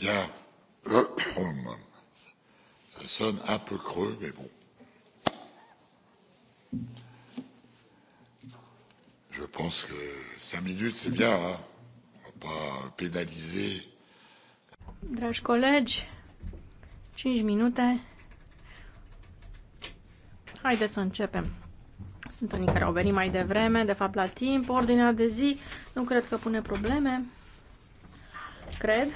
Bien. Oh, Ça sonne un peu creux, mais bon. Je pense que cinq minutes, c'est bien. Hein On va pas pénaliser. Dragi colegi, 5 minute. Haideți să începem. Sunt unii care au venit mai devreme, de fapt la timp, ordinea de zi. Nu cred că pune probleme. Cred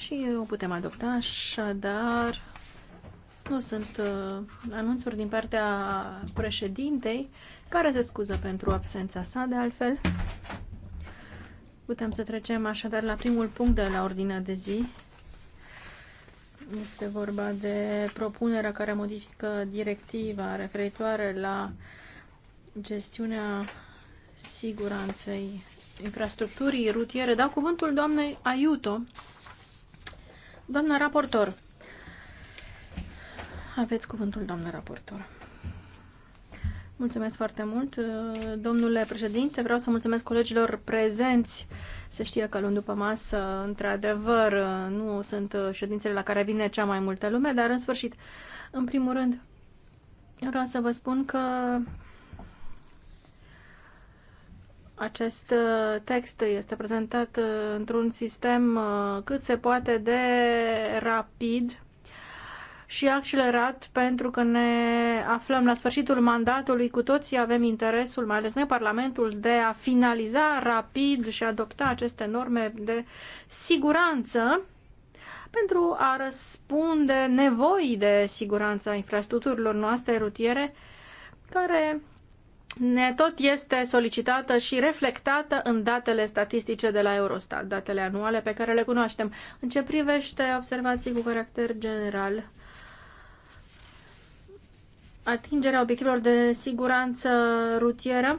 și o putem adopta. Așadar, nu sunt uh, anunțuri din partea președintei, care se scuză pentru absența sa, de altfel. Putem să trecem așadar la primul punct de la ordinea de zi. Este vorba de propunerea care modifică directiva referitoare la gestiunea siguranței infrastructurii rutiere. Da cuvântul doamnei Aiuto Doamna raportor, aveți cuvântul, doamna raportor. Mulțumesc foarte mult, domnule președinte. Vreau să mulțumesc colegilor prezenți. Se știe că luni după masă, într-adevăr, nu sunt ședințele la care vine cea mai multă lume, dar în sfârșit, în primul rând, vreau să vă spun că acest uh, text este prezentat uh, într-un sistem uh, cât se poate de rapid și accelerat pentru că ne aflăm la sfârșitul mandatului. Cu toții avem interesul, mai ales noi, Parlamentul, de a finaliza rapid și adopta aceste norme de siguranță pentru a răspunde nevoii de siguranță a infrastructurilor noastre rutiere care ne tot este solicitată și reflectată în datele statistice de la Eurostat, datele anuale pe care le cunoaștem. În ce privește observații cu caracter general, atingerea obiectivelor de siguranță rutieră,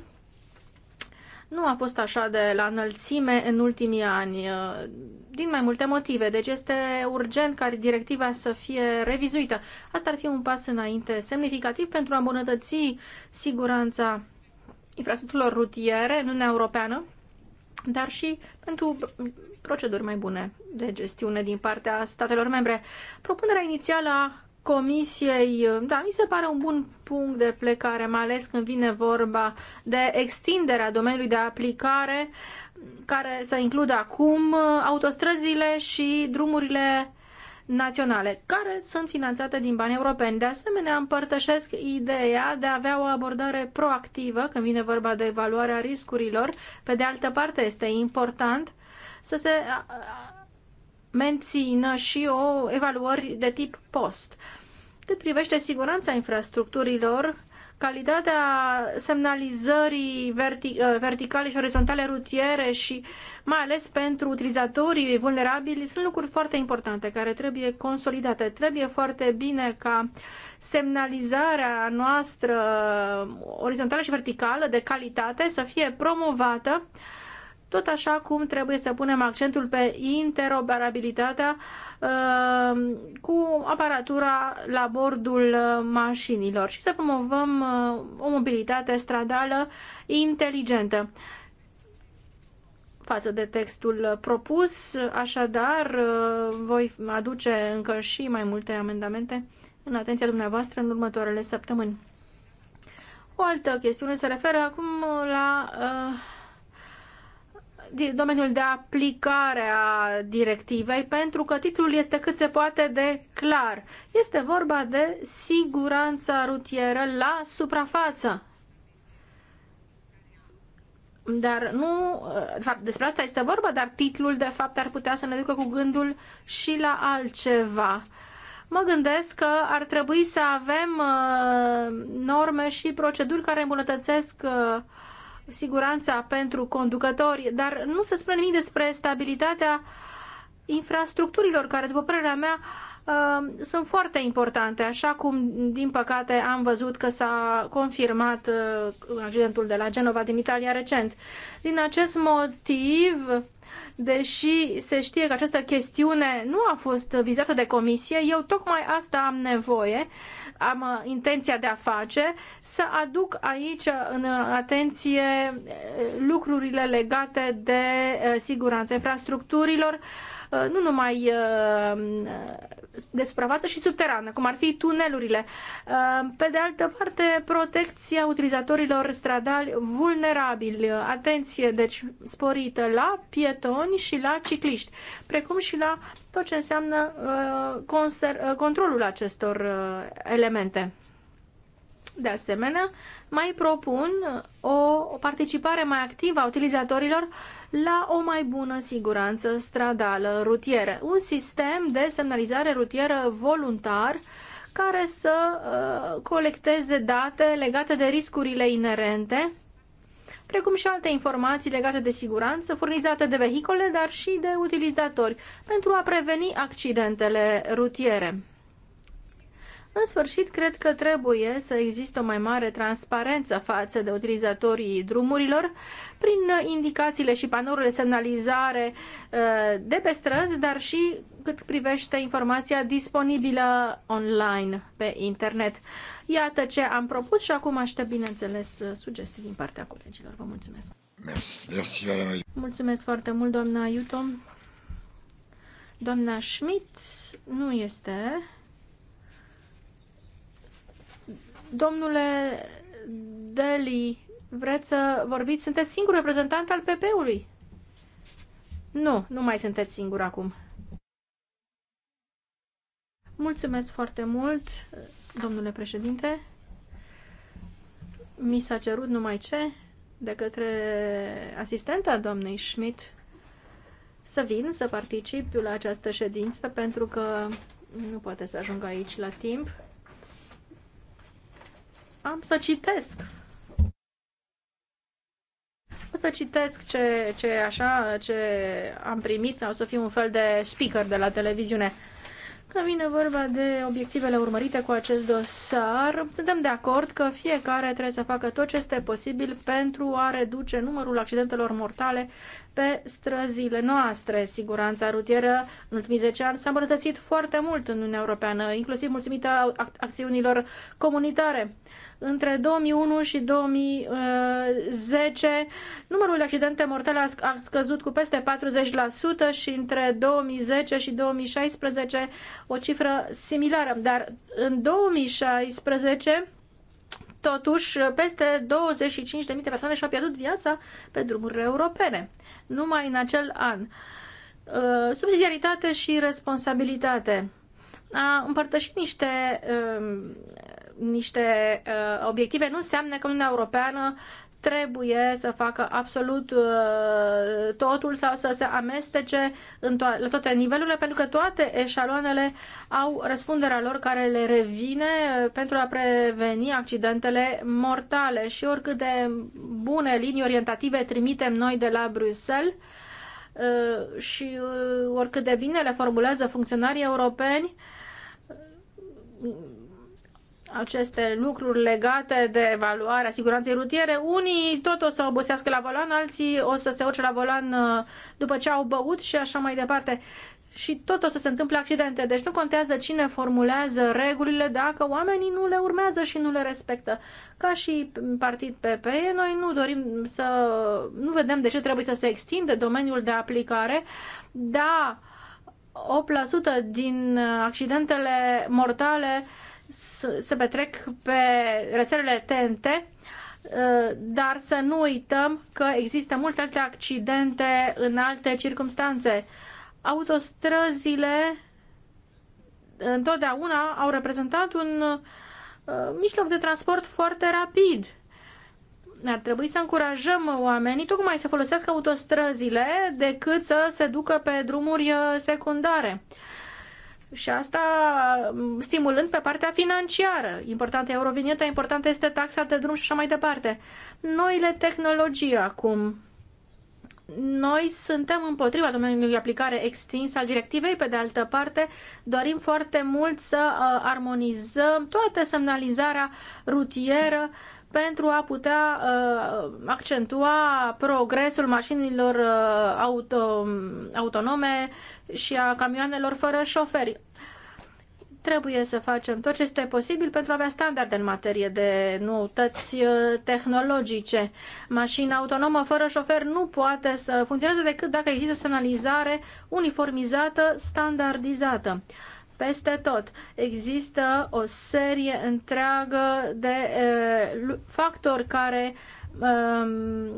nu a fost așa de la înălțime în ultimii ani, uh, din mai multe motive. Deci este urgent ca directiva să fie revizuită. Asta ar fi un pas înainte semnificativ pentru a îmbunătăți siguranța infrastructurilor rutiere în Uniunea Europeană, dar și pentru proceduri mai bune de gestiune din partea statelor membre. Propunerea inițială a Comisiei, da, mi se pare un bun punct de plecare, mai ales când vine vorba de extinderea domeniului de aplicare care să includă acum autostrăzile și drumurile naționale, care sunt finanțate din bani europeni. De asemenea, împărtășesc ideea de a avea o abordare proactivă când vine vorba de evaluarea riscurilor. Pe de altă parte, este important să se mențină și o evaluări de tip post. Cât privește siguranța infrastructurilor, calitatea semnalizării verti- uh, verticale și orizontale rutiere și mai ales pentru utilizatorii vulnerabili sunt lucruri foarte importante care trebuie consolidate. Trebuie foarte bine ca semnalizarea noastră orizontală și verticală de calitate să fie promovată uh, tot așa cum trebuie să punem accentul pe interoperabilitatea uh, cu aparatura la bordul uh, mașinilor și să promovăm uh, o mobilitate stradală inteligentă. Față de textul uh, propus, așadar, uh, voi aduce încă și mai multe amendamente în atenția dumneavoastră în următoarele săptămâni. O altă chestiune se referă acum la uh, domeniul de aplicare a directivei, pentru că titlul este cât se poate de clar. Este vorba de siguranța rutieră la suprafață. Dar nu, de fapt, despre asta este vorba, dar titlul, de fapt, ar putea să ne ducă cu gândul și la altceva mă gândesc că ar trebui să avem uh, norme și proceduri care îmbunătățesc uh, siguranța pentru conducători, dar nu se spune nimic despre stabilitatea infrastructurilor, care, după părerea mea, uh, sunt foarte importante, așa cum, din păcate, am văzut că s-a confirmat uh, accidentul de la Genova din Italia recent. Din acest motiv, deși se știe că această chestiune nu a fost vizată de comisie, eu tocmai asta am nevoie, am uh, intenția de a face, să aduc aici în uh, atenție uh, lucrurile legate de siguranța infrastructurilor, Uh, nu numai uh, de suprafață și subterană, cum ar fi tunelurile. Uh, pe de altă parte, protecția utilizatorilor stradali vulnerabili, atenție deci sporită la pietoni și la cicliști, precum și la tot ce înseamnă controlul acestor elemente. De asemenea, mai propun o participare mai activă a utilizatorilor uh, la o mai bună siguranță stradală rutieră. Un sistem de semnalizare rutieră voluntar care să uh, colecteze date legate de riscurile inerente, precum și alte informații legate de siguranță furnizate de vehicole, dar și de utilizatori, pentru a preveni accidentele rutiere. În sfârșit, cred că trebuie să existe o mai mare transparență față de utilizatorii drumurilor prin indicațiile și panourile semnalizare uh, de pe străzi, dar și cât privește informația disponibilă online pe internet. Iată ce am propus și acum aștept, bineînțeles, uh, sugestii din partea colegilor. Vă mulțumesc! Merci, merci, Mulțumesc foarte mult, doamna Iutom. Doamna Schmidt nu este Domnule Deli, vreți să vorbiți? Sunteți singur reprezentant al PP-ului? Nu, nu mai sunteți singur acum. Mulțumesc foarte mult, domnule președinte. Mi s-a cerut numai ce de către asistenta doamnei Schmidt să vin să particip la această ședință pentru că nu poate să ajungă aici la timp am să citesc. O să citesc ce, ce, așa, ce am primit, o să fiu un fel de speaker de la televiziune. Când vine vorba de obiectivele urmărite cu acest dosar, suntem de acord că fiecare trebuie să facă tot ce este posibil pentru a reduce numărul accidentelor mortale pe străzile noastre. Siguranța rutieră în ultimii 10 ani s-a îmbunătățit foarte mult în Uniunea Europeană, inclusiv mulțumită acțiunilor comunitare. Între 2001 și 2010, numărul de accidente mortale a scăzut cu peste 40% și între 2010 și 2016 o cifră similară. Dar în 2016, totuși, peste 25.000 de persoane și-au pierdut viața pe drumurile europene, numai în acel an. Uh, subsidiaritate și responsabilitate a împărtășit niște um, niște uh, obiective nu înseamnă că Uniunea Europeană trebuie să facă absolut uh, totul sau să se amestece în to- la toate nivelurile, pentru că toate eșaloanele au răspunderea lor care le revine uh, pentru a preveni accidentele mortale și oricât de bune linii orientative trimitem noi de la Bruxelles uh, și uh, oricât de bine le formulează funcționarii europeni, uh, aceste lucruri legate de evaluarea siguranței rutiere, unii tot o să obosească la volan, alții o să se urce la volan uh, după ce au băut și așa mai departe. Și tot o să se întâmple accidente. Deci nu contează cine formulează regulile dacă oamenii nu le urmează și nu le respectă. Ca și partid PPE, noi nu dorim să... nu vedem de ce trebuie să se extinde domeniul de aplicare, dar 8% din accidentele mortale se petrec pe rețelele TNT, uh, dar să nu uităm că există multe alte accidente în alte circunstanțe. Autostrăzile întotdeauna au reprezentat un uh, mijloc de transport foarte rapid ar trebui să încurajăm oamenii tocmai să folosească autostrăzile decât să se ducă pe drumuri uh, secundare și asta mm, stimulând pe partea financiară. Importantă e eurovinieta, importantă este taxa de drum și așa mai departe. Noile tehnologii acum. Noi suntem împotriva domeniului aplicare extinsă al directivei, pe de altă parte dorim foarte mult să uh, armonizăm toată semnalizarea rutieră pentru a putea uh, accentua progresul mașinilor uh, auto, autonome și a camioanelor fără șoferi. Trebuie să facem tot ce este posibil pentru a avea standarde în materie de noutăți uh, tehnologice. Mașina autonomă fără șofer nu poate să funcționeze decât dacă există semnalizare uniformizată, standardizată. Uh, peste tot. Există o serie întreagă de uh, factori care ehm,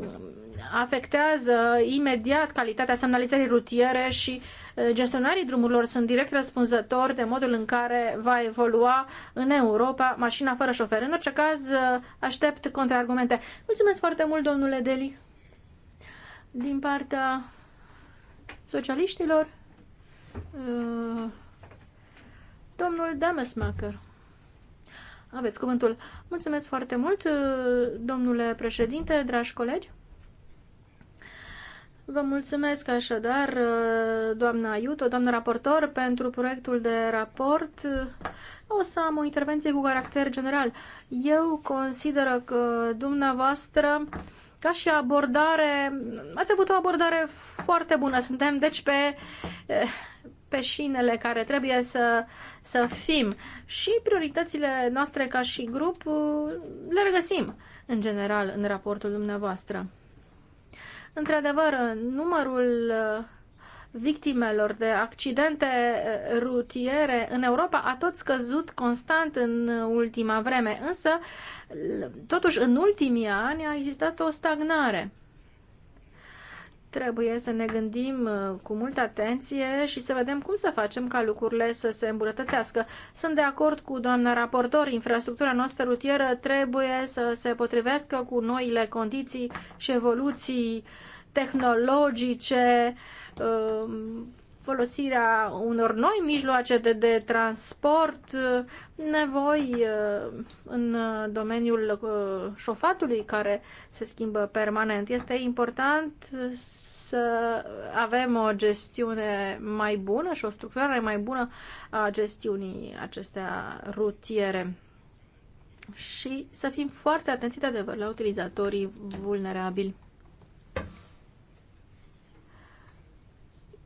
afectează imediat calitatea semnalizării rutiere și eh, gestionarii drumurilor sunt direct răspunzători de modul în care va evolua în Europa mașina fără șofer. În orice caz, eh, aștept contraargumente. Mulțumesc foarte mult, domnule Deli. Din partea socialiștilor, Domnul Damesmacher. Aveți cuvântul. Mulțumesc foarte mult, domnule președinte, dragi colegi. Vă mulțumesc așadar, doamna Iuto, doamna raportor, pentru proiectul de raport. O să am o intervenție cu caracter general. Eu consider că dumneavoastră, ca și abordare, ați avut o abordare foarte bună. Suntem, deci, pe eh, pe șinele care trebuie să, să fim și prioritățile noastre ca și grup uh, le regăsim în general în raportul dumneavoastră. Într-adevăr, numărul uh, victimelor de accidente uh, rutiere în Europa a tot scăzut constant în ultima vreme, însă totuși în ultimii ani a existat o stagnare Trebuie să ne gândim uh, cu multă atenție și să vedem cum să facem ca lucrurile să se îmbunătățească. Sunt de acord cu doamna raportor, infrastructura noastră rutieră trebuie să se potrivească cu noile condiții și evoluții tehnologice, uh, folosirea unor noi mijloace de, de transport, uh, nevoi în domeniul șofatului care se schimbă permanent. Este important să avem o gestiune mai bună și o structurare mai bună a gestiunii acestea rutiere și să fim foarte atenți de adevăr la utilizatorii vulnerabili.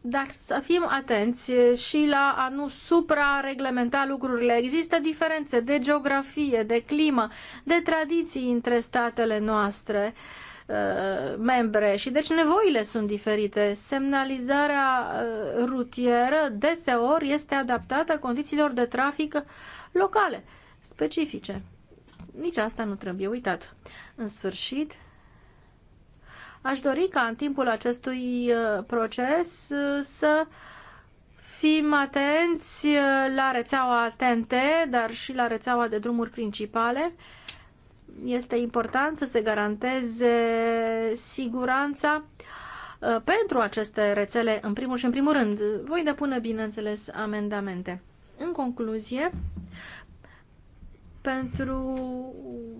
Dar să fim atenți și la a nu suprareglementa lucrurile. Există diferențe de geografie, de climă, de tradiții între statele noastre. Uh, Uh, membre și deci nevoile sunt diferite. Semnalizarea uh, rutieră deseori este adaptată condițiilor de trafic locale, specifice. Nici asta nu trebuie uitat. În sfârșit, aș dori ca în timpul acestui uh, proces să fim atenți la rețeaua TNT, dar și la rețeaua de drumuri principale, este important să se garanteze siguranța uh, pentru aceste rețele, în primul și în primul rând. Voi depune, bineînțeles, amendamente. În concluzie, pentru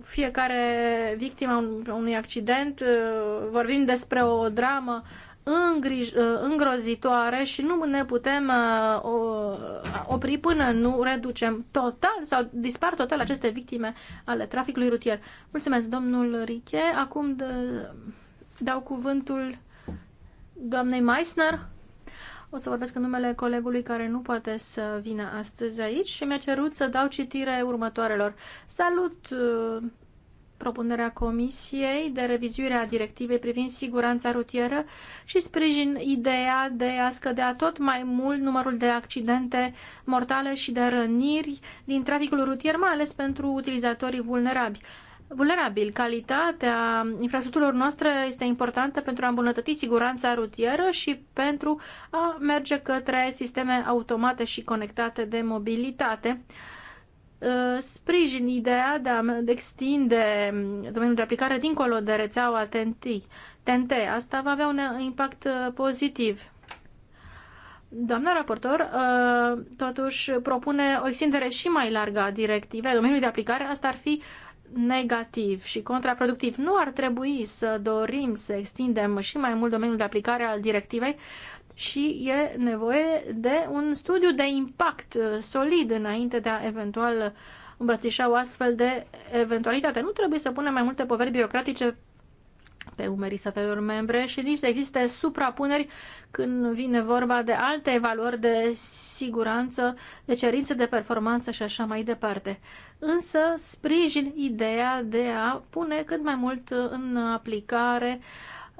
fiecare victima unui accident uh, vorbim despre o dramă Uh, îngrozitoare și nu ne putem uh, opri până nu reducem total sau dispar total aceste victime ale traficului rutier. Mulțumesc, domnul Riche. Acum dau cuvântul doamnei Meissner. O să vorbesc în numele colegului care nu poate să vină astăzi aici și mi-a cerut să dau citire următoarelor. Salut uh, propunerea Comisiei de revizuire a directivei privind siguranța rutieră și sprijin ideea de a scădea tot mai mult numărul de accidente mortale și de răniri din traficul rutier, mai ales pentru utilizatorii vulnerabili vulnerabil. Calitatea infrastructurilor noastre este importantă pentru a îmbunătăți siguranța rutieră și pentru a merge către sisteme automate și conectate de mobilitate. Uh, sprijin ideea de a extinde domeniul de aplicare dincolo de rețeaua TNT. TNT. Asta va avea un impact uh, pozitiv. Doamna raportor, uh, totuși propune o extindere și mai largă a directivei, domeniului de aplicare, asta ar fi negativ și contraproductiv. Nu ar trebui să dorim să extindem și mai mult domeniul de aplicare al directivei, și e nevoie de un studiu de impact uh, solid înainte de a eventual îmbrățișa o astfel de eventualitate. Nu trebuie să punem mai multe poveri birocratice pe umerii statelor membre și nici să existe suprapuneri când vine vorba de alte evaluări de siguranță, de cerințe de performanță și așa mai departe. Însă sprijin ideea de a pune cât mai mult uh, în aplicare uh,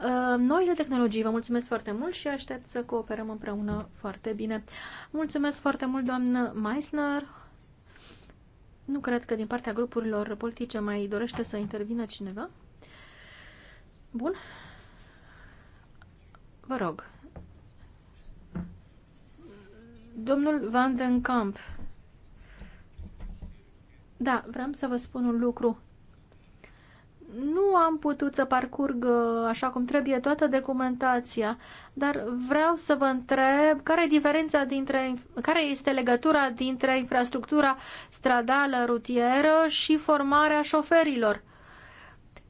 Ehm, noile tehnologii. Vă mulțumesc foarte mult și aștept să cooperăm împreună foarte bine. Mulțumesc foarte mult, doamnă Meissner. Nu cred că din partea grupurilor politice mai dorește să intervină cineva. Bun. Vă rog. Domnul Van den Kamp. Da, vreau să vă spun un lucru nu am putut să parcurg uh, așa cum trebuie toată documentația, dar vreau să vă întreb care, diferența dintre, care este legătura dintre infrastructura stradală rutieră și formarea șoferilor.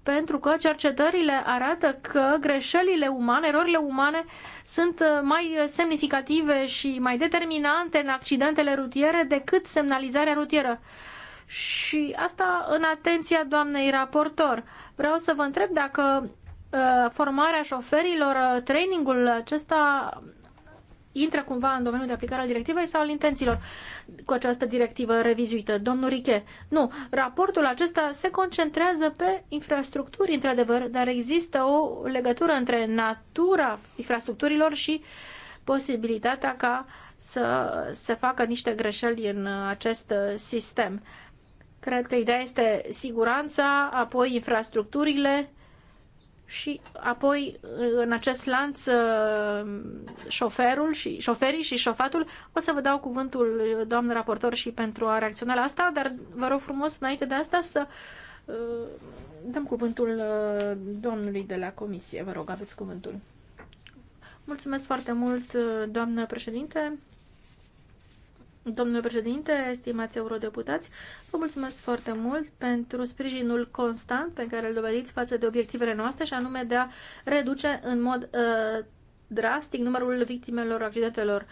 Pentru că cercetările arată că greșelile umane, erorile umane sunt uh, mai semnificative și mai determinante în accidentele rutiere decât semnalizarea rutieră. Uh, și asta în atenția doamnei raportor. Vreau să vă întreb dacă uh, formarea șoferilor, uh, trainingul acesta intră cumva în domeniul de aplicare al directivei sau al intențiilor cu această directivă revizuită. Domnul Riche, nu, raportul acesta se concentrează pe infrastructuri, într-adevăr, dar există o legătură între natura infrastructurilor și posibilitatea ca să se facă niște greșeli în uh, acest sistem. Cred că ideea este siguranța, apoi infrastructurile și apoi în acest lanț uh, șoferul și șoferii și șofatul. O să vă dau cuvântul, doamnă raportor, și pentru a reacționa la asta, dar vă rog frumos, înainte de asta, să uh, dăm cuvântul uh, domnului de la comisie. Vă rog, aveți cuvântul. Mulțumesc foarte mult, doamnă președinte. Domnule președinte, stimați eurodeputați, vă mulțumesc foarte mult pentru sprijinul constant pe care îl dovediți față de obiectivele noastre și anume de a reduce în mod uh, drastic numărul victimelor accidentelor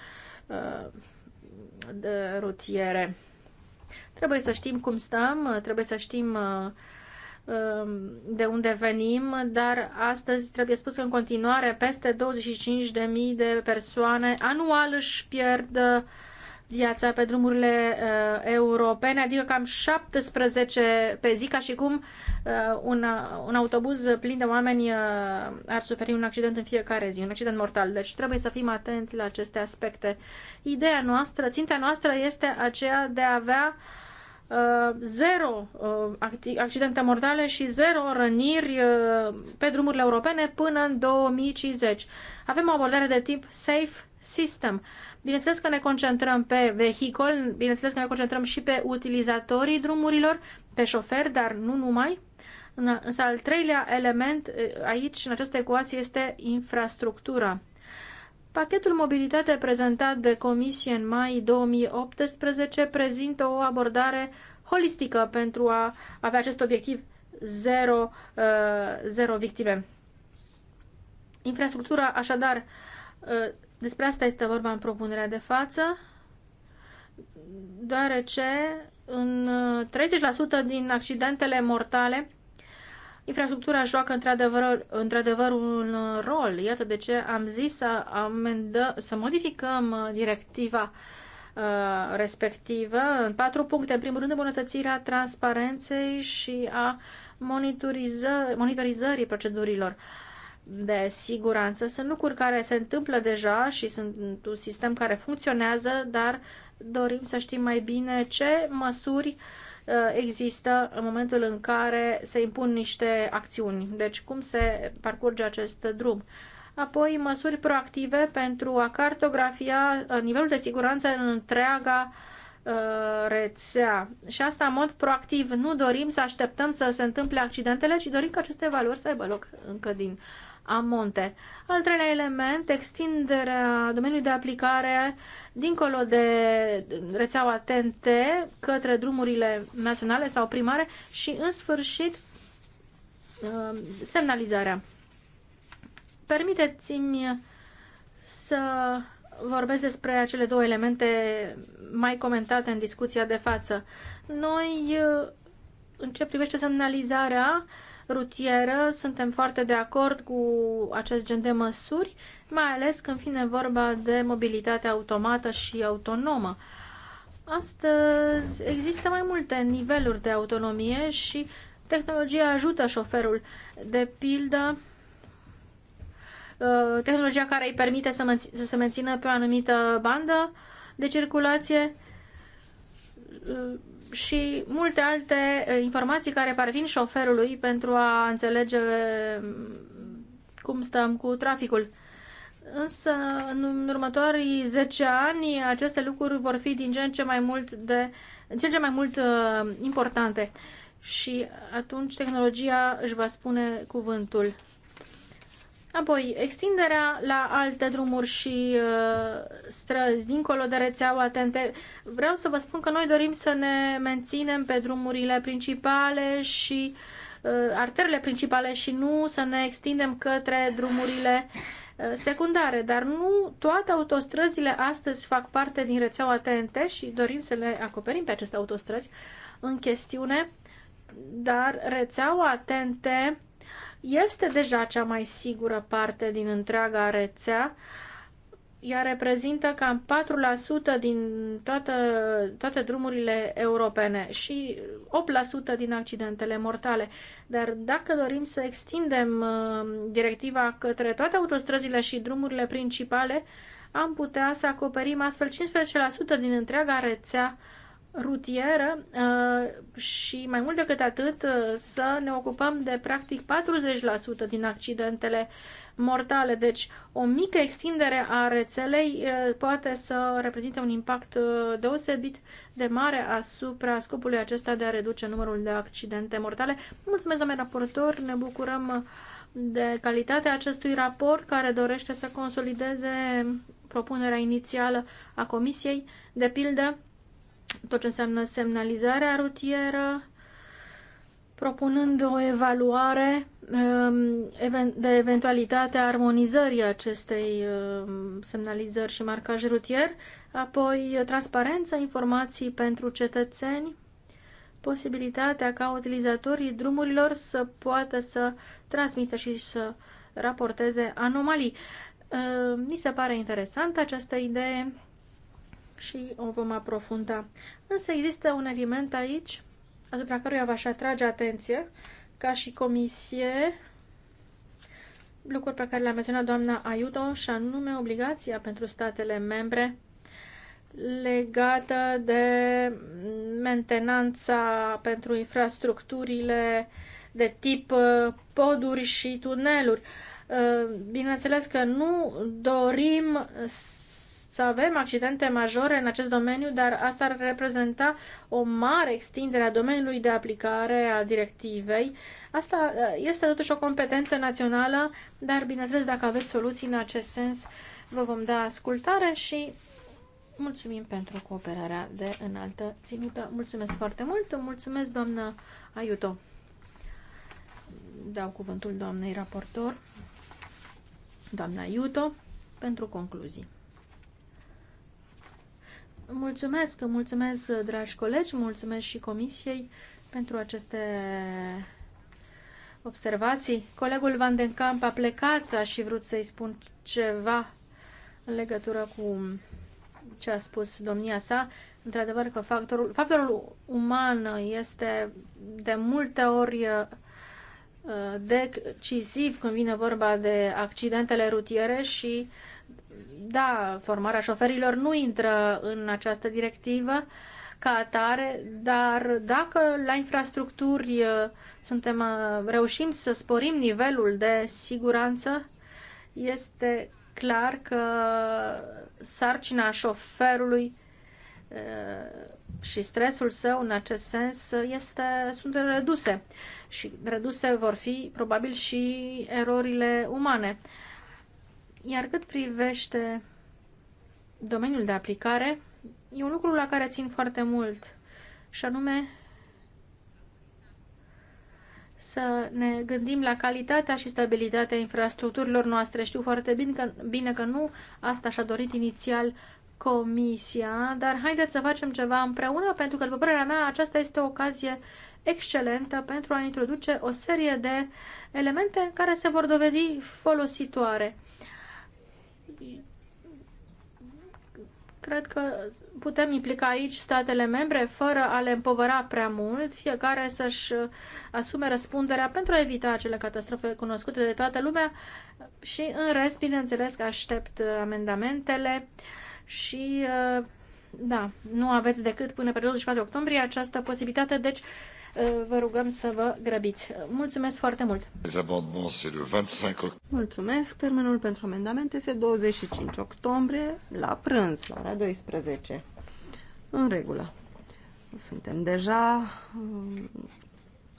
uh, de rutiere. Trebuie să știm cum stăm, trebuie să știm uh, um, de unde venim, dar astăzi trebuie spus că în continuare peste 25.000 de persoane anual își pierd uh, viața pe drumurile uh, europene, adică cam 17 pe zi, ca și cum uh, un, un autobuz plin de oameni uh, ar suferi un accident în fiecare zi, un accident mortal. Deci trebuie să fim atenți la aceste aspecte. Ideea noastră, ținta noastră este aceea de a avea uh, zero uh, accidente mortale și zero răniri uh, pe drumurile europene până în 2050. Avem o abordare de tip safe system. Uh, Bineînțeles că ne concentrăm pe vehicol, bineînțeles că ne concentrăm și pe utilizatorii drumurilor, pe șoferi, dar nu numai. Însă al treilea element aici, în această ecuație, este infrastructura. Pachetul mobilitate prezentat de Comisie în mai 2018 prezintă o abordare holistică pentru a avea acest obiectiv zero, zero victime. Infrastructura, așadar, despre asta este vorba în propunerea de față, deoarece în 30% uh, din accidentele mortale infrastructura joacă într-adevăr, într-adevăr un uh, rol. Iată de ce am zis să, amendă, să modificăm uh, directiva respectivă în patru puncte. În primul rând, îmbunătățirea transparenței și a monitorizării procedurilor uh, de siguranță sunt lucruri care se întâmplă deja și sunt un sistem care funcționează, dar dorim să știm mai bine ce măsuri uh, există în momentul în care se impun niște acțiuni. Deci cum se parcurge acest drum. Apoi măsuri proactive pentru a cartografia uh, nivelul de siguranță în întreaga uh, rețea. Și asta în mod proactiv. Nu dorim să așteptăm să se întâmple accidentele, ci dorim ca aceste valori să aibă loc încă din amonte. Al treilea element, extinderea domeniului de aplicare dincolo de rețeaua TNT către drumurile naționale sau primare și, în sfârșit, uh, semnalizarea. Permiteți-mi să vorbesc despre acele două elemente mai comentate în discuția de față. Noi, uh, în ce privește semnalizarea, rutieră. Suntem foarte de acord cu acest gen de măsuri, mai ales când vine vorba de mobilitate automată și autonomă. Astăzi există mai multe niveluri de autonomie și tehnologia ajută șoferul. De pildă, uh, tehnologia care îi permite să, să se mențină pe o anumită bandă de circulație uh, și multe alte informații care parvin șoferului pentru a înțelege mm, cum stăm cu traficul. Însă, în următorii 10 ani, aceste lucruri vor fi din ce în ce mai mult, de, din ce în ce mai mult uh, importante. Și atunci tehnologia își va spune cuvântul. Apoi, extinderea la alte drumuri și uh, străzi, dincolo de rețeaua TNT. Vreau să vă spun că noi dorim să ne menținem pe drumurile principale și uh, arterele principale și nu să ne extindem către drumurile uh, secundare. Dar nu toate autostrăzile astăzi fac parte din rețeaua TNT și dorim să le acoperim pe aceste autostrăzi în chestiune, dar rețeaua TNT este deja cea mai sigură parte din întreaga rețea. Ea reprezintă cam 4% din toată, toate drumurile europene și 8% din accidentele mortale. Dar dacă dorim să extindem uh, directiva către toate autostrăzile și drumurile principale, am putea să acoperim astfel 15% din întreaga rețea rutieră uh, și mai mult decât atât uh, să ne ocupăm de practic 40% din accidentele mortale. Deci o mică extindere a rețelei uh, poate să reprezinte un impact deosebit de mare asupra scopului acesta de a reduce numărul de accidente mortale. Mulțumesc, domnule raportor, ne bucurăm de calitatea acestui raport care dorește să consolideze propunerea inițială a Comisiei, de pildă tot ce înseamnă semnalizarea rutieră, propunând o evaluare um, de eventualitatea armonizării acestei um, semnalizări și marcaj rutier, apoi transparență, informații pentru cetățeni, posibilitatea ca utilizatorii drumurilor să poată să transmită și să raporteze anomalii. Uh, mi se pare interesantă această idee și o vom aprofunda. Însă există un element aici asupra căruia v-aș atrage atenție ca și comisie lucruri pe care le-a menționat doamna Aiuto și anume obligația pentru statele membre legată de mentenanța pentru infrastructurile de tip uh, poduri și tuneluri. Uh, bineînțeles că nu dorim să avem accidente majore în acest domeniu, dar asta ar reprezenta o mare extindere a domeniului de aplicare a directivei. Asta uh, este totuși o competență națională, dar bineînțeles dacă aveți soluții în acest sens, vă vom da ascultare și mulțumim pentru cooperarea de înaltă ținută. Mulțumesc foarte mult, mulțumesc doamnă Aiuto. Dau cuvântul doamnei raportor, doamna Iuto, pentru concluzii. Mulțumesc, mulțumesc, dragi colegi, mulțumesc și comisiei pentru aceste observații. Colegul Van den Kamp a plecat, aș fi vrut să-i spun ceva în legătură cu ce a spus domnia sa. Într-adevăr că factorul, factorul uman este de multe ori uh, decisiv când vine vorba de accidentele rutiere și uh, da, formarea șoferilor nu intră în această directivă ca atare, dar dacă la infrastructuri uh, suntem, uh, reușim să sporim nivelul de siguranță, este clar că sarcina șoferului uh, și stresul său în acest sens este, sunt reduse și reduse vor fi probabil și erorile umane. Iar cât privește domeniul de aplicare, e un lucru la care țin foarte mult, și anume să ne gândim la calitatea și stabilitatea infrastructurilor noastre. Știu foarte bine că, bine că nu asta și-a dorit inițial Comisia, dar haideți să facem ceva împreună, pentru că, după părerea mea, aceasta este o ocazie excelentă pentru a introduce o serie de elemente care se vor dovedi folositoare. cred că putem implica aici statele membre fără a le împovăra prea mult, fiecare să-și uh, asume răspunderea pentru a evita acele catastrofe cunoscute de toată lumea și în rest, bineînțeles, că aștept uh, amendamentele și uh, da, nu aveți decât până pe 24 octombrie această posibilitate, deci vă rugăm să vă grăbiți. Mulțumesc foarte mult! Mulțumesc! Termenul pentru amendamente este 25 octombrie la prânz, la ora 12. În regulă. Suntem deja mm,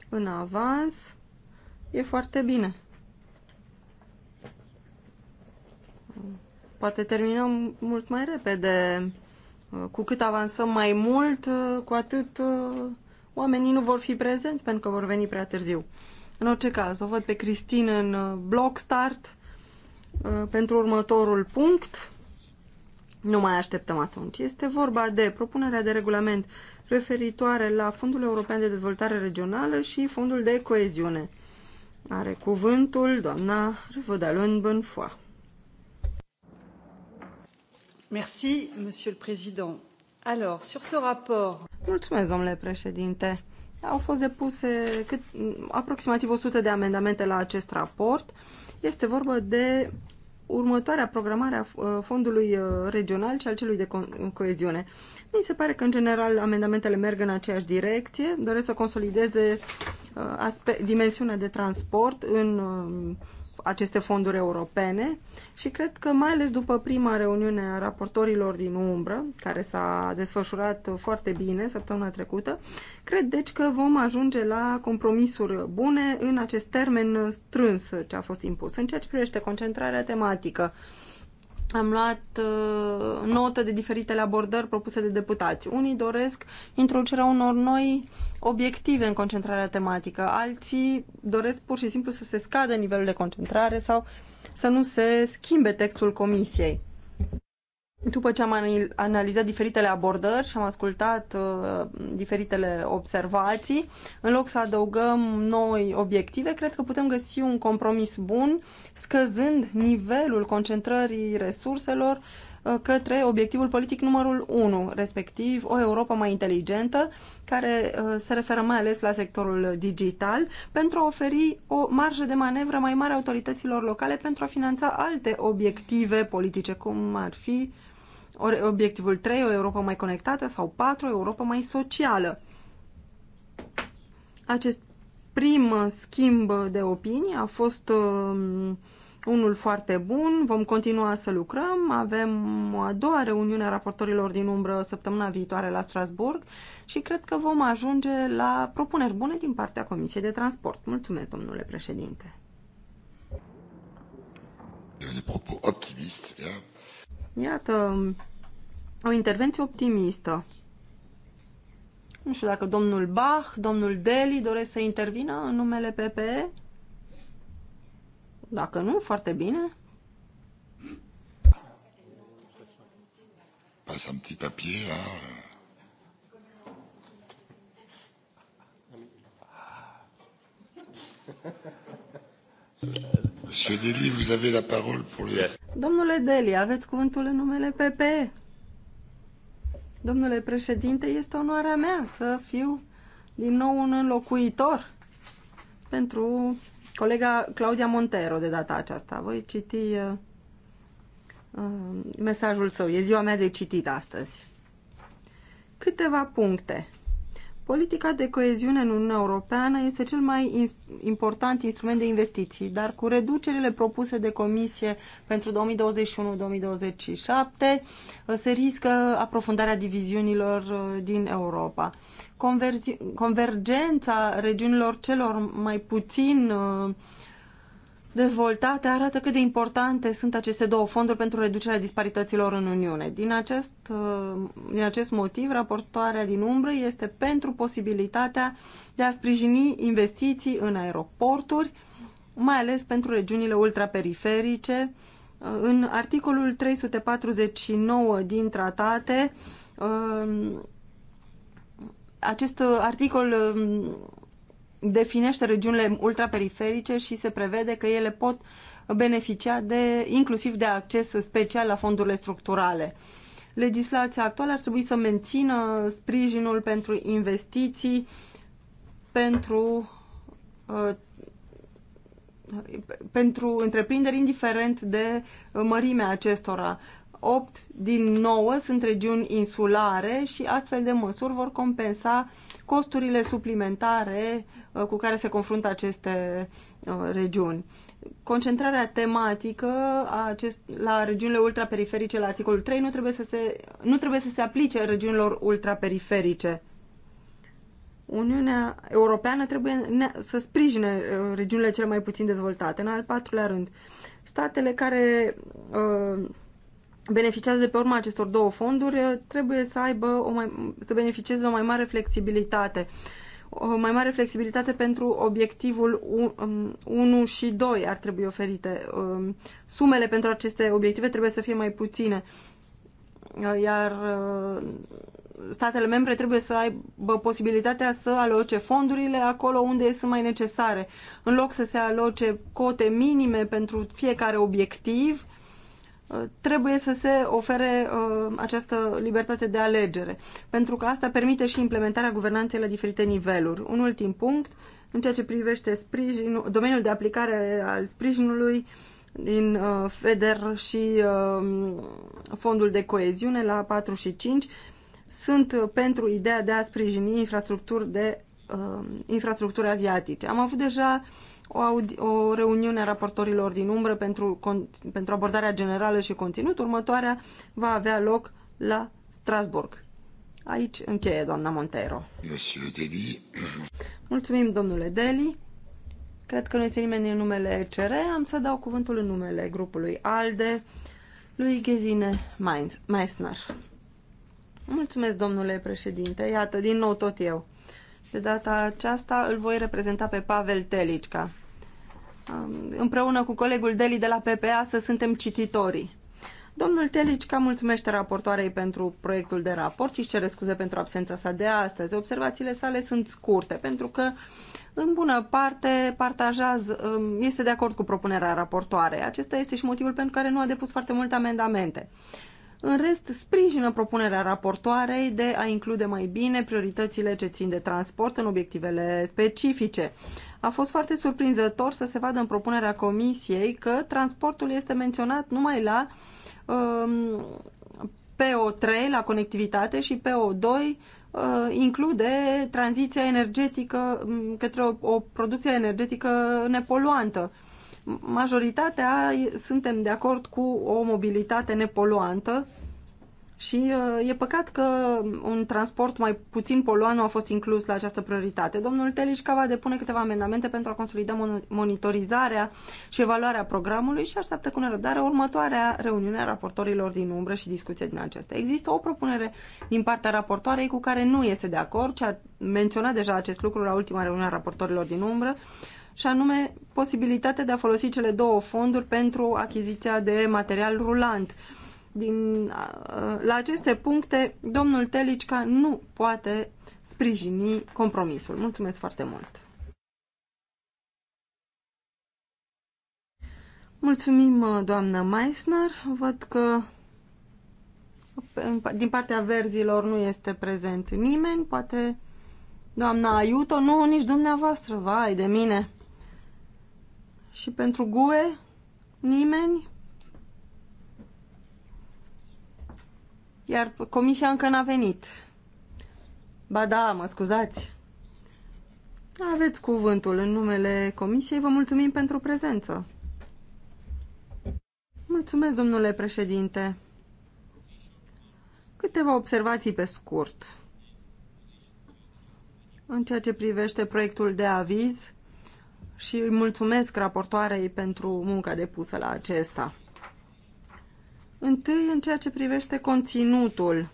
în avans. E foarte bine. Poate terminăm mult mai repede. Cu cât avansăm mai mult, cu atât mm, oamenii nu vor fi prezenți pentru că vor veni prea târziu. În orice caz, o văd pe Cristin în uh, block start uh, pentru următorul punct. Nu mai așteptăm atunci. Este vorba de propunerea de regulament referitoare la Fondul European de Dezvoltare Regională și Fondul de Coeziune. Are cuvântul doamna Revodalun Bănfoa. Merci, Monsieur le Président. Alors, sur ce rapport... Mulțumesc, domnule președinte. Au fost depuse cât, aproximativ 100 de amendamente la acest raport. Este vorba de următoarea programare a uh, fondului uh, regional și al celui de co coeziune. Mi se pare că, în general, amendamentele merg în aceeași direcție. Doresc să consolideze uh, dimensiunea de transport în um, aceste fonduri europene și cred că mai ales după prima reuniune a raportorilor din umbră, care s-a desfășurat foarte bine săptămâna trecută, cred deci că vom ajunge la compromisuri bune în acest termen strâns ce a fost impus. În ceea ce privește concentrarea tematică, am luat uh, notă de diferitele abordări propuse de deputați. Unii doresc introducerea unor noi obiective în concentrarea tematică, alții doresc pur și simplu să se scadă nivelul de concentrare sau să nu se schimbe textul comisiei. După ce am analizat diferitele abordări și am ascultat uh, diferitele observații, în loc să adăugăm noi obiective, cred că putem găsi un compromis bun, scăzând nivelul concentrării resurselor Uh, către obiectivul politic numărul 1, respectiv o Europa mai inteligentă, care uh, se referă mai ales la sectorul digital, pentru a oferi o marjă de manevră mai mare autorităților locale pentru a finanța alte obiective politice, cum ar fi obiectivul 3, o Europa mai conectată, sau 4, o Europa mai socială. Acest prim schimb de opinii a fost uh, unul foarte bun, vom continua să lucrăm, avem a doua reuniune a raportorilor din umbră săptămâna viitoare la Strasburg și cred că vom ajunge la propuneri bune din partea Comisiei de Transport. Mulțumesc, domnule președinte! Iată, o intervenție optimistă. Nu știu dacă domnul Bach, domnul Deli doresc să intervină în numele PPE. Dacă nu, foarte bine. Passe un petit papier, là. Monsieur Deli, vous avez la parole pour le... Yes. Domnule Deli, aveți cuvântul în numele PP. Domnule președinte, este onoarea mea să fiu din nou un înlocuitor pentru colega Claudia Montero de data aceasta. Voi citi uh, uh, mesajul său. E ziua mea de citit astăzi. Câteva puncte. Politica de coeziune în Uniunea Europeană este cel mai ins important instrument de investiții, dar cu reducerile propuse de Comisie pentru 2021-2027 uh, se riscă aprofundarea diviziunilor uh, din Europa convergența regiunilor celor mai puțin uh, dezvoltate arată cât de importante sunt aceste două fonduri pentru reducerea disparităților în Uniune. Din acest, uh, din acest motiv, raportoarea din umbră este pentru posibilitatea de a sprijini investiții în aeroporturi, mai ales pentru regiunile ultraperiferice. Uh, în articolul 349 din tratate, acest uh, articol um, definește regiunile ultraperiferice și se prevede că ele pot beneficia de, inclusiv de acces special la fondurile structurale. Legislația actuală ar trebui să mențină sprijinul pentru investiții, pentru, uh, pentru întreprinderi, indiferent de uh, mărimea acestora. 8 din 9 sunt regiuni insulare și astfel de măsuri vor compensa costurile suplimentare uh, cu care se confruntă aceste uh, regiuni. Concentrarea tematică a acest, la regiunile ultraperiferice la articolul 3 nu trebuie să se, nu trebuie să se aplice regiunilor ultraperiferice. Uniunea Europeană trebuie să sprijine uh, regiunile cele mai puțin dezvoltate. În al patrulea rând, statele care uh, beneficiază de pe urma acestor două fonduri trebuie să aibă o mai, să beneficieze de o mai mare flexibilitate. O mai mare flexibilitate pentru obiectivul 1 um, și 2 ar trebui oferite. Um, sumele pentru aceste obiective trebuie să fie mai puține. Uh, iar uh, statele membre trebuie să aibă posibilitatea să aloce fondurile acolo unde sunt mai necesare. În loc să se aloce cote minime pentru fiecare obiectiv, trebuie să se ofere uh, această libertate de alegere, pentru că asta permite și implementarea guvernanței la diferite niveluri. Un ultim punct, în ceea ce privește sprijinul, domeniul de aplicare al sprijinului din uh, FEDER și uh, fondul de coeziune la 4 și 5, sunt pentru ideea de a sprijini infrastructuri, de, uh, infrastructuri aviatice. Am avut deja uh, o, audi- o reuniune a raportorilor din umbră pentru, pentru abordarea generală și conținut. Următoarea va avea loc la Strasburg. Aici încheie doamna Montero. Deli. Mulțumim, domnule Deli. Cred că nu este nimeni în numele CR. Am să dau cuvântul în numele grupului ALDE lui Ghezine Meissner. Mulțumesc, domnule președinte. Iată, din nou tot eu. De data aceasta îl voi reprezenta pe Pavel Telicca. Um, împreună cu colegul Deli de la PPA să suntem cititorii. Domnul Telicca mulțumește raportoarei pentru proiectul de raport și cere scuze pentru absența sa de astăzi. Observațiile sale sunt scurte pentru că în bună parte partajează, um, este de acord cu propunerea raportoarei. Acesta este și motivul pentru care nu a depus foarte multe amendamente. În rest, sprijină propunerea raportoarei de a include mai bine prioritățile ce țin de transport în obiectivele specifice. A fost foarte surprinzător să se vadă în propunerea comisiei că transportul este menționat numai la um, PO3, la conectivitate, și PO2 uh, include tranziția energetică um, către o, o producție energetică nepoluantă. Uh, majoritatea suntem de acord cu o mobilitate nepoluantă și uh, e păcat că un transport mai puțin poluant nu a fost inclus la această prioritate. Domnul Telișca va depune câteva amendamente pentru a consolida monitorizarea și evaluarea programului și așteaptă cu nerăbdare următoarea reuniune a raportorilor din umbră și discuția din acestea. Există o propunere din partea raportoarei cu care nu este de acord ce a menționat deja acest lucru la ultima reuniune a raportorilor din umbră și anume posibilitatea de a folosi cele două fonduri pentru achiziția de material rulant. Din, uh, la aceste puncte, domnul Telicca nu poate sprijini compromisul. Mulțumesc foarte mult! Mulțumim, uh, doamnă Meissner. Văd că uh, din partea verzilor nu este prezent nimeni. Poate doamna Aiuto, nu, nici dumneavoastră, vai de mine. Și pentru GUE? Nimeni? Iar comisia încă n-a venit. Ba da, mă scuzați. Aveți cuvântul în numele comisiei. Vă mulțumim pentru prezență. Mulțumesc, domnule președinte. Câteva observații pe scurt. În ceea ce privește proiectul de aviz, și îi mulțumesc raportoarei pentru munca depusă la acesta. Întâi, în ceea ce privește conținutul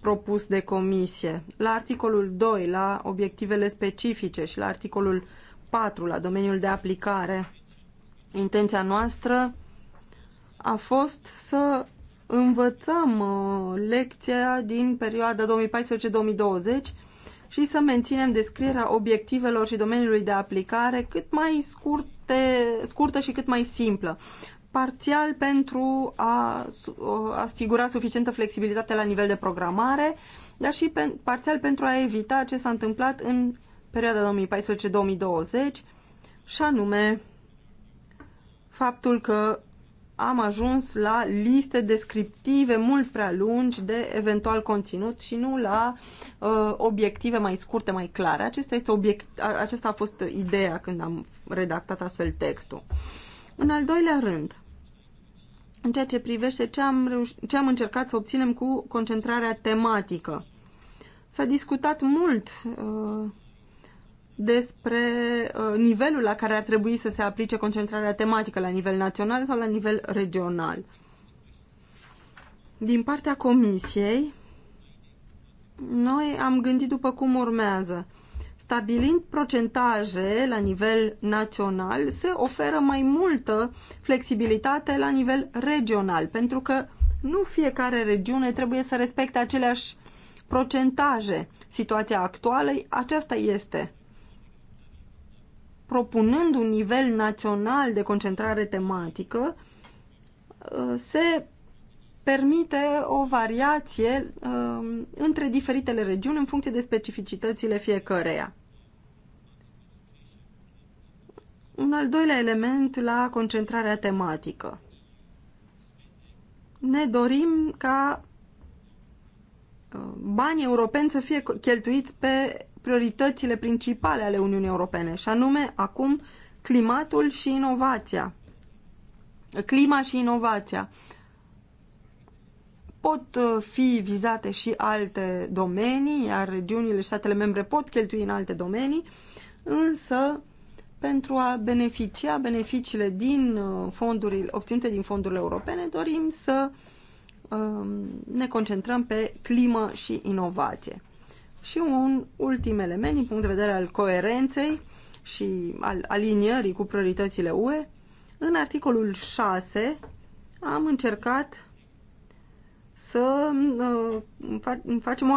propus de comisie, la articolul 2, la obiectivele specifice și la articolul 4, la domeniul de aplicare, intenția noastră a fost să învățăm uh, lecția din perioada 2014-2020 și să menținem descrierea obiectivelor și domeniului de aplicare cât mai scurte, scurtă și cât mai simplă, parțial pentru a asigura suficientă flexibilitate la nivel de programare, dar și pe, parțial pentru a evita ce s-a întâmplat în perioada 2014-2020, și anume faptul că am ajuns la liste descriptive mult prea lungi de eventual conținut și nu la uh, obiective mai scurte, mai clare. Acesta, este obiect, acesta a fost ideea când am redactat astfel textul. În al doilea rând, în ceea ce privește ce am, reuș- ce am încercat să obținem cu concentrarea tematică. S-a discutat mult uh, despre uh, nivelul la care ar trebui să se aplice concentrarea tematică la nivel național sau la nivel regional. Din partea Comisiei, noi am gândit după cum urmează. Stabilind procentaje la nivel național, se oferă mai multă flexibilitate la nivel regional, pentru că nu fiecare regiune trebuie să respecte aceleași procentaje. Situația actuală aceasta este propunând un nivel național de concentrare tematică, uh, se permite o variație uh, între diferitele regiuni în funcție de specificitățile fiecăreia. Un al doilea element la concentrarea tematică. Ne dorim ca uh, banii europeni să fie cheltuiți pe prioritățile principale ale Uniunii Europene, și anume acum climatul și inovația. Clima și inovația. Pot uh, fi vizate și alte domenii, iar regiunile și statele membre pot cheltui în alte domenii, însă pentru a beneficia beneficiile din uh, fondurile obținute din fondurile europene, dorim să um, ne concentrăm pe climă și inovație. Și un ultim element din punct de vedere al coerenței și al alinierii cu prioritățile UE, în articolul 6 am încercat să uh, facem o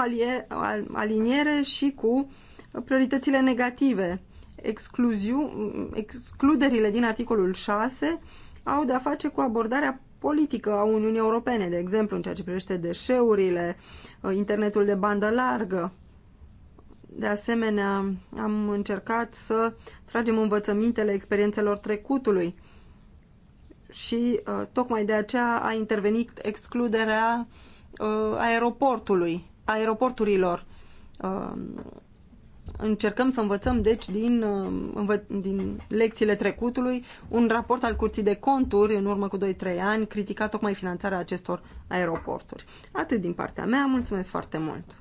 aliniere și cu prioritățile negative. Excluziu, excluderile din articolul 6 au de-a face cu abordarea politică a Uniunii Europene, de exemplu, în ceea ce privește deșeurile, uh, internetul de bandă largă. De asemenea, am încercat să tragem învățămintele experiențelor trecutului și uh, tocmai de aceea a intervenit excluderea uh, aeroportului, aeroporturilor. Uh, încercăm să învățăm, deci, din, din lecțiile trecutului, un raport al Curții de Conturi în urmă cu 2-3 ani criticat tocmai finanțarea acestor aeroporturi. Atât din partea mea, mulțumesc foarte mult!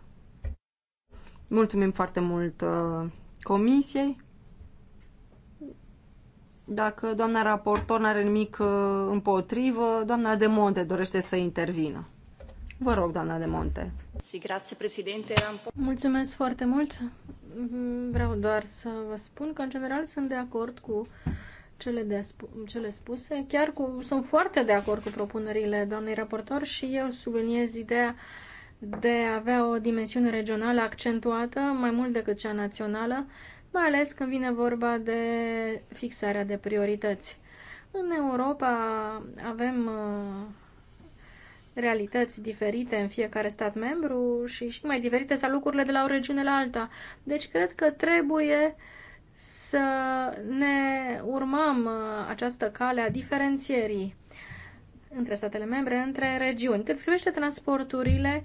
Mulțumim foarte mult uh, comisiei. Dacă doamna raportor n-are nimic uh, împotrivă, doamna de Monte dorește să intervină. Vă rog, doamna de Monte. Mulțumesc foarte mult. Mm, vreau doar să vă spun că, în general, sunt de acord cu cele, de sp- cele spuse. Chiar cu, sunt foarte de acord cu propunerile doamnei raportor și eu subliniez ideea uh, de a avea o dimensiune regională accentuată mai mult decât cea națională, mai ales când vine vorba de fixarea de priorități. În Europa avem uh, realități diferite în fiecare stat membru și și mai diferite sunt lucrurile de la o regiune la alta. Deci cred că trebuie să ne urmăm uh, această cale a diferențierii între statele membre, între regiuni. Cât privește transporturile,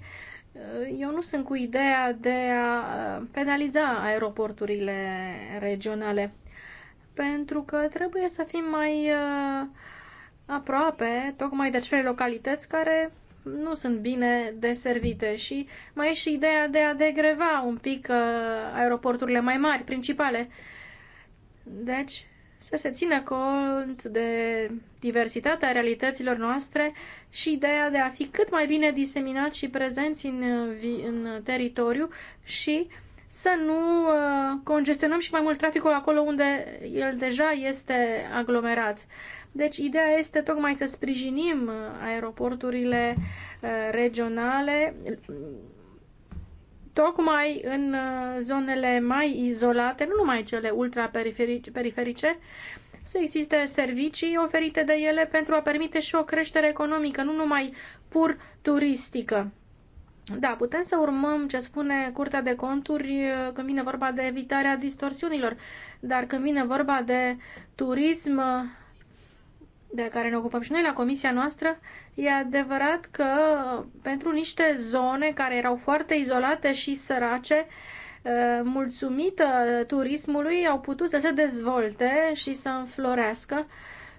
eh, eu nu sunt cu ideea de a eh, penaliza aeroporturile regionale, pentru că trebuie să fim mai eh, aproape, tocmai de acele localități care nu sunt bine deservite și mai e și ideea de a degreva un pic aeroporturile mai mari, principale. Deci, să se țină cont de diversitatea realităților noastre și ideea de a fi cât mai bine diseminat și prezenți în, în teritoriu și să nu uh, congestionăm și mai mult traficul acolo unde el deja este aglomerat. Deci ideea este tocmai să sprijinim uh, aeroporturile uh, regionale tocmai în uh, zonele mai izolate, nu numai cele ultraperiferice, să existe servicii oferite de ele pentru a permite și o creștere economică, nu numai pur turistică. Da, putem să urmăm ce spune Curtea de Conturi uh, când vine vorba de evitarea distorsiunilor, dar când vine vorba de turism, uh, de care ne ocupăm și noi la comisia noastră, e adevărat că pentru niște zone care erau foarte izolate și sărace, eh, mulțumită turismului, au putut să se dezvolte și să înflorească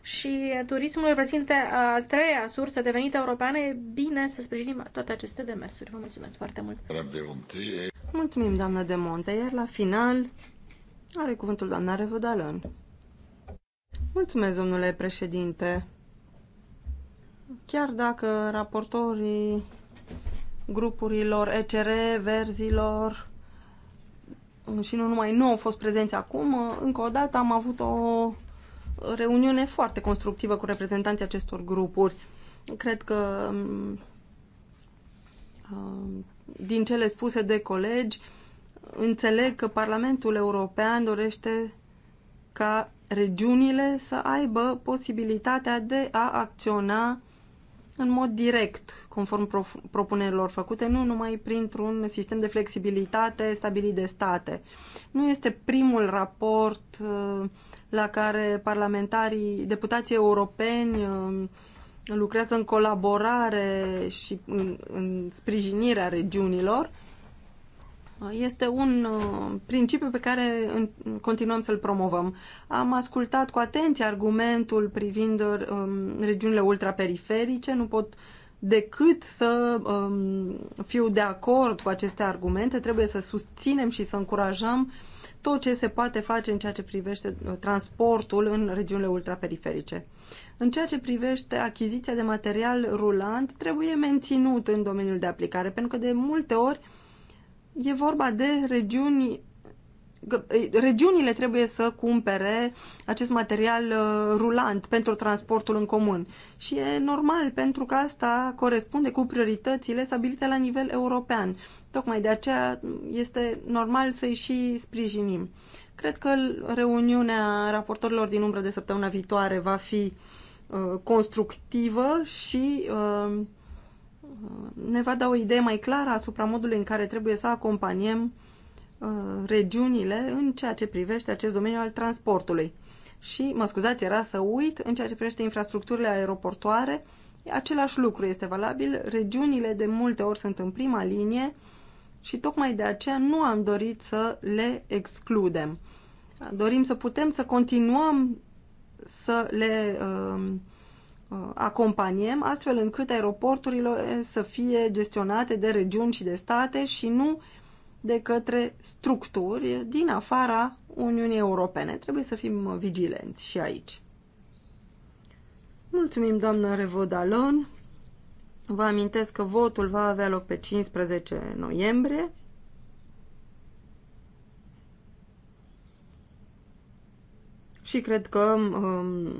și turismul reprezintă a treia sursă de venit europeană. E bine să sprijinim toate aceste demersuri. Vă mulțumesc foarte mult! Mulțumim, doamnă de Monte, iar la final are cuvântul doamna Revodalon. Mulțumesc, domnule președinte. Chiar dacă raportorii grupurilor ECR, verzilor și nu numai nu au fost prezenți acum, încă o dată am avut o reuniune foarte constructivă cu reprezentanții acestor grupuri. Cred că um, din cele spuse de colegi, înțeleg că Parlamentul European dorește ca regiunile să aibă posibilitatea de a acționa în mod direct, conform propunerilor făcute, nu numai printr-un sistem de flexibilitate stabilit de state. Nu este primul raport uh, la care parlamentarii, deputații europeni uh, lucrează în colaborare și în, în sprijinirea regiunilor este un uh, principiu pe care continuăm să-l promovăm. Am ascultat cu atenție argumentul privind uh, um, regiunile ultraperiferice, nu pot decât să um, fiu de acord cu aceste argumente, trebuie să susținem și să încurajăm tot ce se poate face în ceea ce privește uh, transportul în regiunile ultraperiferice. În ceea ce privește achiziția de material rulant, trebuie menținut în domeniul de aplicare, pentru că de multe ori E vorba de regiuni regiunile trebuie să cumpere acest material uh, rulant pentru transportul în comun. Și e normal, pentru că asta corespunde cu prioritățile stabilite la nivel european. Tocmai de aceea este normal să-i și sprijinim. Cred că reuniunea raportorilor din umbră de săptămâna viitoare va fi uh, constructivă și uh, Uh, ne va da o idee mai clară asupra modului în care trebuie să acompaniem uh, regiunile în ceea ce privește acest domeniu al transportului. Și, mă scuzați, era să uit, în ceea ce privește infrastructurile aeroportoare, același lucru este valabil. Regiunile de multe ori sunt în prima linie și tocmai de aceea nu am dorit să le excludem. Dorim să putem să continuăm să le uh, Uh, acompaniem, astfel încât aeroporturile să fie gestionate de regiuni și de state și nu de către structuri din afara Uniunii Europene. Trebuie să fim vigilenți și aici. Mulțumim, doamnă Revodalon. Vă amintesc că votul va avea loc pe 15 noiembrie. Și cred că um,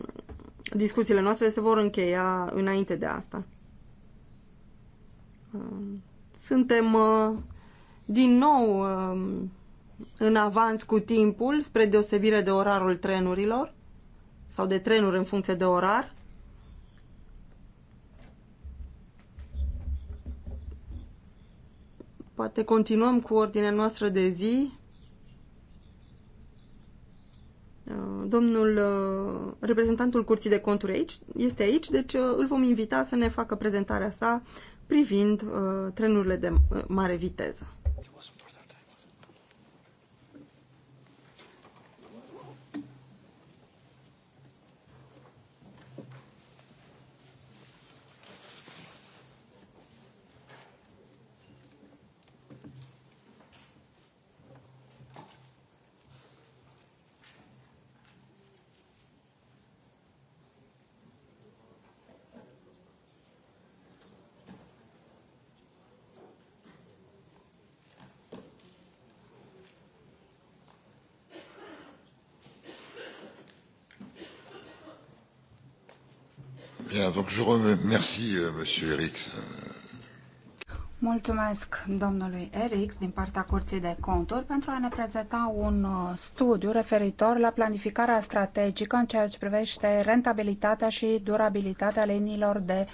Discuțiile noastre se vor încheia înainte de asta. Um, suntem uh, din nou um, în avans cu timpul, spre deosebire de orarul trenurilor sau de trenuri în funcție de orar. Poate continuăm cu ordinea noastră de zi. Uh, domnul uh, reprezentantul Curții de Conturi aici, este aici, deci uh, îl vom invita să ne facă prezentarea sa privind trenurile de mare viteză. Donc je remercie euh, monsieur euh. Mulțumesc domnului Erix din partea Curții de Conturi pentru a ne prezenta un uh, studiu referitor la planificarea strategică în ceea ce privește rentabilitatea și durabilitatea liniilor de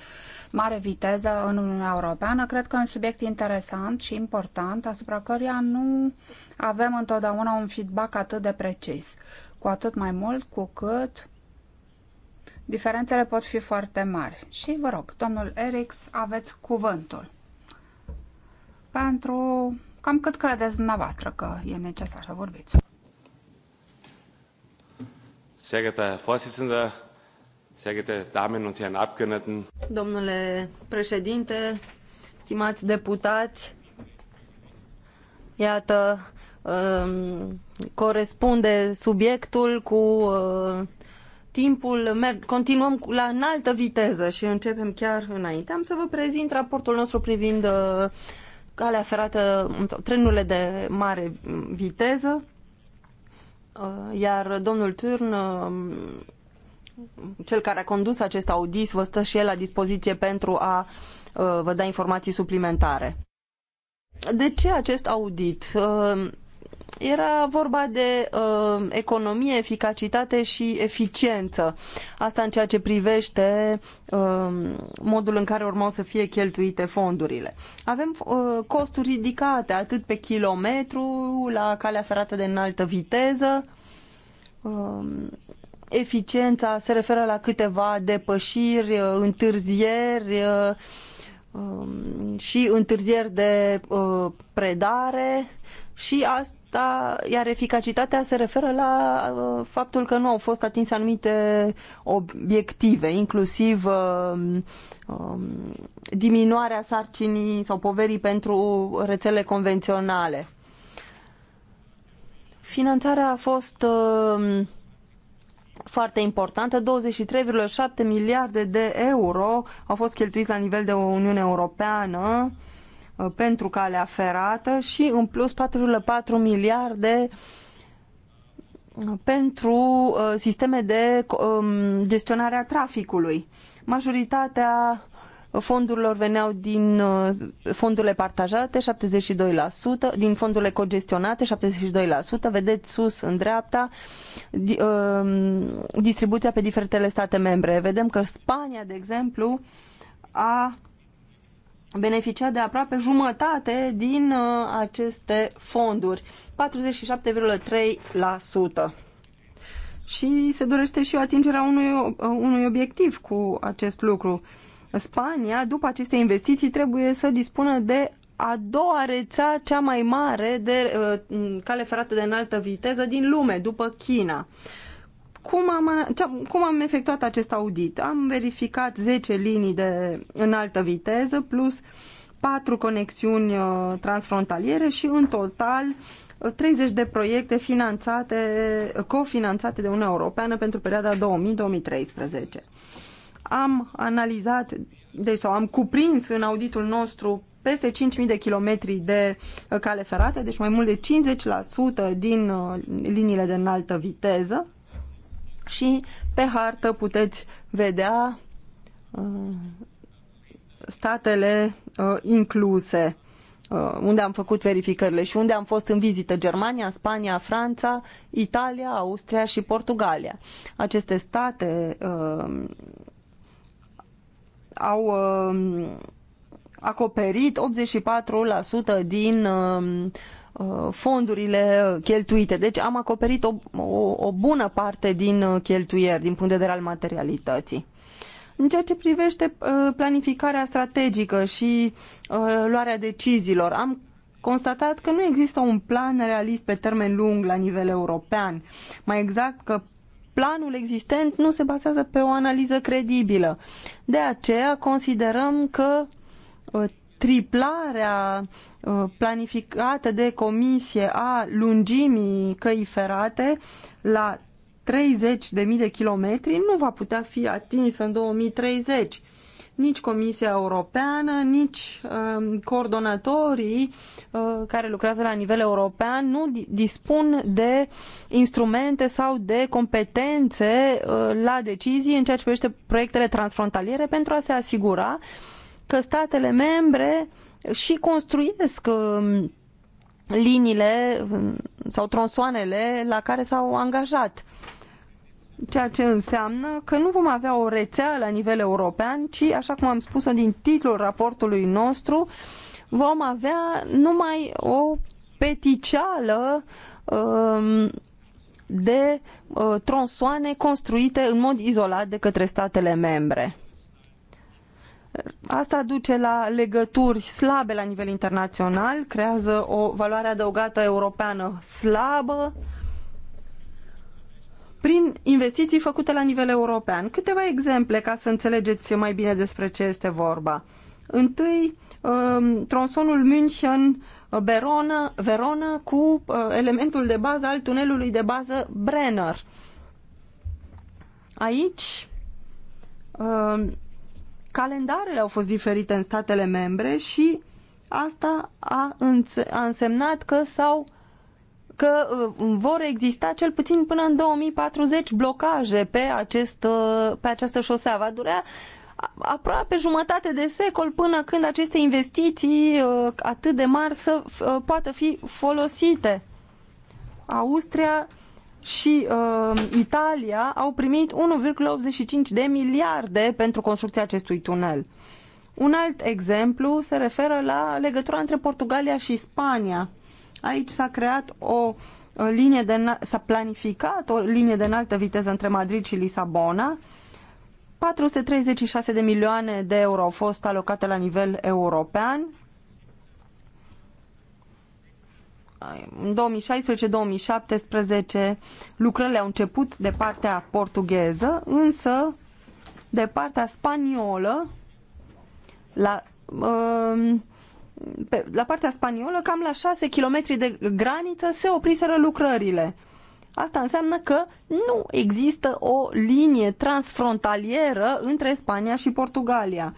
mare viteză în Uniunea Europeană. Cred că e un subiect interesant și important asupra căruia nu avem întotdeauna un feedback atât de precis. Cu atât mai mult cu cât diferențele pot fi foarte mari. Și vă rog, domnul Erix, aveți cuvântul. Pentru cam cât credeți dumneavoastră că e necesar să vorbiți. Sehr geehrter Herr Vorsitzender, sehr geehrte Damen und Herren Abgeordneten. Domnule președinte, stimați deputați, iată, um, corespunde subiectul cu uh, timpul merg, continuăm la înaltă viteză și începem chiar înainte. Am să vă prezint raportul nostru privind uh, calea ferată, trenurile de mare mm, viteză, uh, iar domnul Turn, uh, cel care a condus acest audis, vă stă și el la dispoziție pentru a vă da informații suplimentare. De ce acest audit? era vorba de uh, economie, eficacitate și eficiență. Asta în ceea ce privește uh, modul în care urmau să fie cheltuite fondurile. Avem uh, costuri ridicate, atât pe kilometru, la calea ferată de înaltă viteză. Uh, eficiența se referă la câteva depășiri, uh, întârzieri uh, uh, și întârzieri de uh, predare și asta asta, iar eficacitatea se referă la uh, faptul că nu au fost atinse anumite obiective, inclusiv uh, um, diminuarea sarcinii sau poverii pentru rețele convenționale. Finanțarea a fost um, foarte importantă, 23,7 miliarde de euro au fost cheltuiți la nivel de Uniune Europeană Uh, pentru calea ferată și în plus 4,4 miliarde uh, pentru uh, sisteme de um, gestionare a traficului. Majoritatea fondurilor veneau din fondurile partajate, 72%, din fondurile cogestionate, 72%, vedeți sus în dreapta um, distribuția pe diferitele state membre. Vedem că Spania, de exemplu, a beneficia de aproape jumătate din uh, aceste fonduri, 47,3%. Și se dorește și atingerea unui, uh, unui obiectiv cu acest lucru. Spania, după aceste investiții, trebuie să dispună de a doua rețea cea mai mare de uh, cale ferată de înaltă viteză din lume, după China. Uh, cum am, cum am efectuat acest audit? Am verificat 10 linii de înaltă viteză plus 4 conexiuni uh, transfrontaliere și în total 30 uh, de proiecte finanțate, cofinanțate de Uniunea Europeană pentru perioada 2000-2013. Am analizat, deci sau am cuprins în auditul nostru peste 5.000 de kilometri de uh, cale ferată, deci mai mult de 50% din liniile de înaltă viteză și pe hartă puteți vedea uh, statele uh, incluse uh, unde am făcut verificările și unde am fost în vizită Germania, Spania, Franța, Italia, Austria și Portugalia. Aceste state uh, au uh, acoperit 84% din uh, Uh, fondurile cheltuite. Deci am acoperit o, o, o bună parte din uh, cheltuieri din punct de vedere al materialității. În ceea ce privește uh, planificarea strategică și luarea deciziilor, am constatat că nu există un plan realist pe termen lung la nivel european. Mai exact că planul existent nu se bazează pe o analiză credibilă. De aceea considerăm că triplarea uh, planificată de comisie a lungimii căi ferate la 30.000 de kilometri nu va putea fi atinsă în 2030. Nici Comisia Europeană, nici uh, coordonatorii uh, care lucrează la nivel european nu dispun de instrumente sau de competențe uh, la decizii în ceea ce privește proiectele transfrontaliere pentru a se asigura uh, că statele membre și construiesc um, liniile um, sau tronsoanele la care s-au angajat. Ceea ce înseamnă că nu vom avea o rețea la nivel european, ci, așa cum am spus-o din titlul raportului nostru, vom avea numai o peticeală um, de uh, tronsoane construite în mod izolat de către statele membre. Asta duce la legături slabe la nivel internațional, creează o valoare adăugată europeană slabă prin investiții făcute la nivel european. Câteva exemple ca să înțelegeți mai bine despre ce este vorba. Întâi, um, tronsonul München Verona, Verona cu uh, elementul de bază al tunelului de bază Brenner. Aici um, Calendarele au fost diferite în statele membre și asta a, a însemnat că s-au că uh, vor exista cel puțin până în 2040 blocaje pe, acest, uh, pe această șosea. Va durea aproape jumătate de secol până când aceste investiții uh, atât de mari să poată fi folosite. Austria și uh, Italia au primit 1,85 de miliarde pentru construcția acestui tunel. Un alt exemplu se referă la legătura între Portugalia și Spania. Aici s-a creat o uh, linie de s-a planificat o linie de înaltă viteză între Madrid și Lisabona. 436 de milioane de euro au fost alocate la nivel european în 2016-2017 lucrările au început de partea portugheză, însă de partea spaniolă la um, pe, la partea spaniolă, cam la 6 km de graniță se opriseră lucrările. Asta înseamnă că nu există o linie transfrontalieră între Spania și Portugalia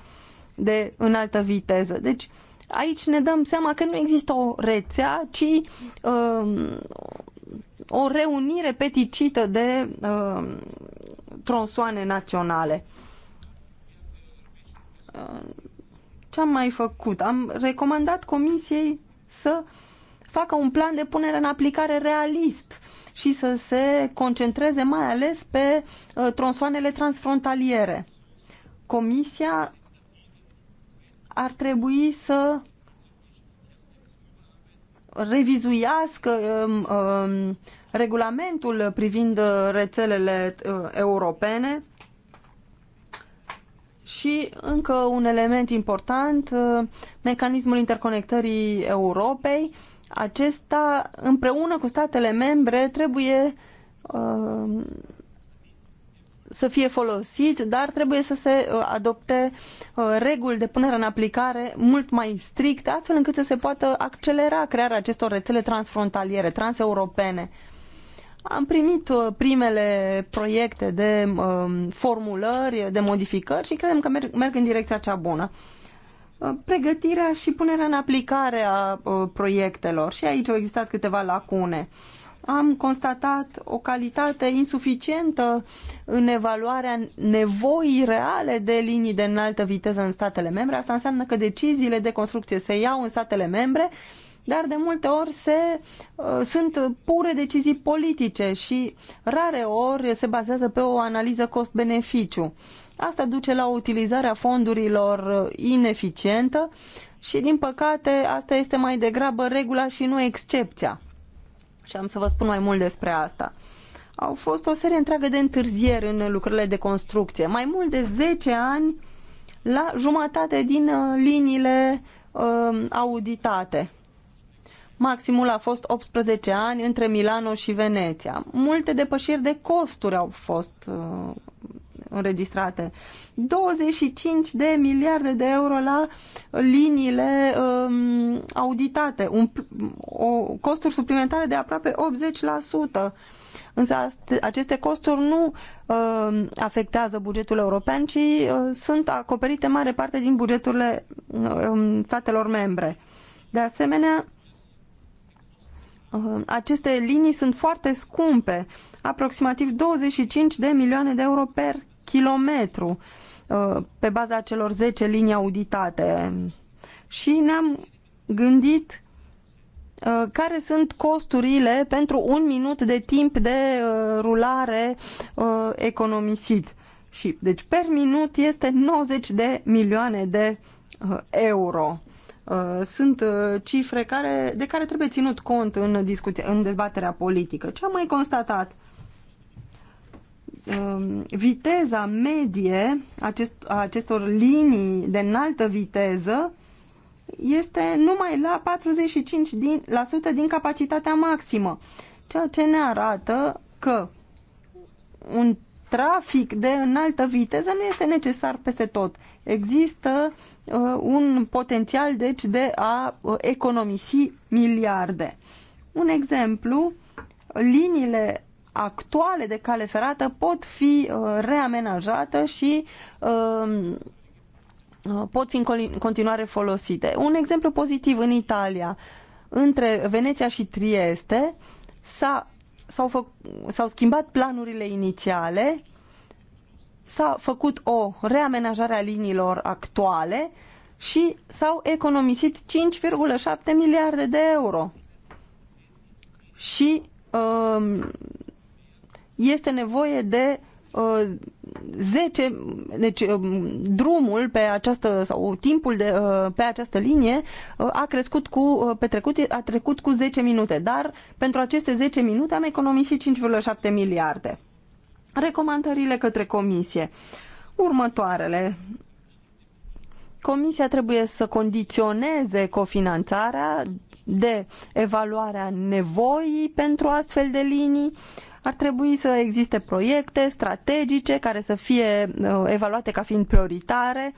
de înaltă viteză. Deci, uh, aici ne dăm seama că nu există o rețea, ci uh, o reunire peticită de uh, tronsoane naționale. Uh, ce am mai făcut? Am recomandat comisiei să facă un plan de punere în aplicare realist și să se concentreze mai ales pe uh, tronsoanele transfrontaliere. Comisia ar trebui să revizuiască um, um, regulamentul privind rețelele uh, europene și încă un element important, uh, mecanismul interconectării Europei. Acesta, împreună cu statele membre, trebuie uh, să fie folosit, dar trebuie să se uh, adopte uh, reguli de punere în aplicare mult mai stricte, astfel încât să se poată accelera crearea acestor rețele transfrontaliere, transeuropene. Am primit uh, primele proiecte de um, formulări, de modificări și credem că merg, merg în direcția cea bună. Pregătirea și punerea în aplicare a proiectelor. Și aici au existat câteva lacune am constatat o calitate insuficientă în evaluarea nevoii reale de linii de înaltă viteză în statele membre. Asta înseamnă că deciziile de construcție se iau în statele membre, dar de multe ori se, uh, sunt pure decizii politice și rare ori se bazează pe o analiză cost-beneficiu. Asta duce la utilizarea fondurilor uh, ineficientă și, din păcate, asta este mai degrabă regula și nu excepția și am să vă spun mai mult despre asta. Au fost o serie întreagă de întârzieri în lucrările de construcție. Mai mult de 10 ani la jumătate din uh, liniile uh, auditate. Maximul a fost 18 ani între Milano și Veneția. Multe depășiri de costuri au fost uh, înregistrate. 25 de miliarde de euro la liniile um, auditate, un, o, costuri suplimentare de aproape 80%. Însă aceste costuri nu uh, afectează bugetul european, ci uh, sunt acoperite mare parte din bugeturile uh, statelor membre. De asemenea, uh, aceste linii sunt foarte scumpe, aproximativ 25 de milioane de euro per kilometru uh, pe baza celor 10 linii auditate și ne-am gândit uh, care sunt costurile pentru un minut de timp de uh, rulare economisit. Și, deci, per minut este 90 de milioane de euro. Sunt cifre care, de care trebuie ținut cont în, discuție, în dezbaterea politică. Ce am mai constatat? Um, viteza medie acest, a acestor linii de înaltă viteză este numai la 45% din, la sută din capacitatea maximă, ceea ce ne arată că un trafic de înaltă viteză nu este necesar peste tot. Există uh, un potențial, deci, de a uh, economisi miliarde. Un exemplu, liniile actuale de cale ferată pot fi uh, reamenajate și um, uh, pot fi în continuare folosite. Un exemplu pozitiv în Italia, între Veneția și Trieste s-au schimbat planurile inițiale, s-a făcut o reamenajare a liniilor actuale și s-au economisit 5,7 miliarde de euro. Și um, este nevoie de 10, uh, deci um, drumul pe această sau timpul de, uh, pe această linie uh, a crescut cu petrecut, a trecut cu 10 minute, dar pentru aceste 10 minute am economisit 5,7 miliarde. Recomandările către comisie. Următoarele. Comisia trebuie să condiționeze cofinanțarea de evaluarea nevoii pentru astfel de linii, uh, ar trebui să existe proiecte strategice care să fie uh, evaluate ca fiind prioritare.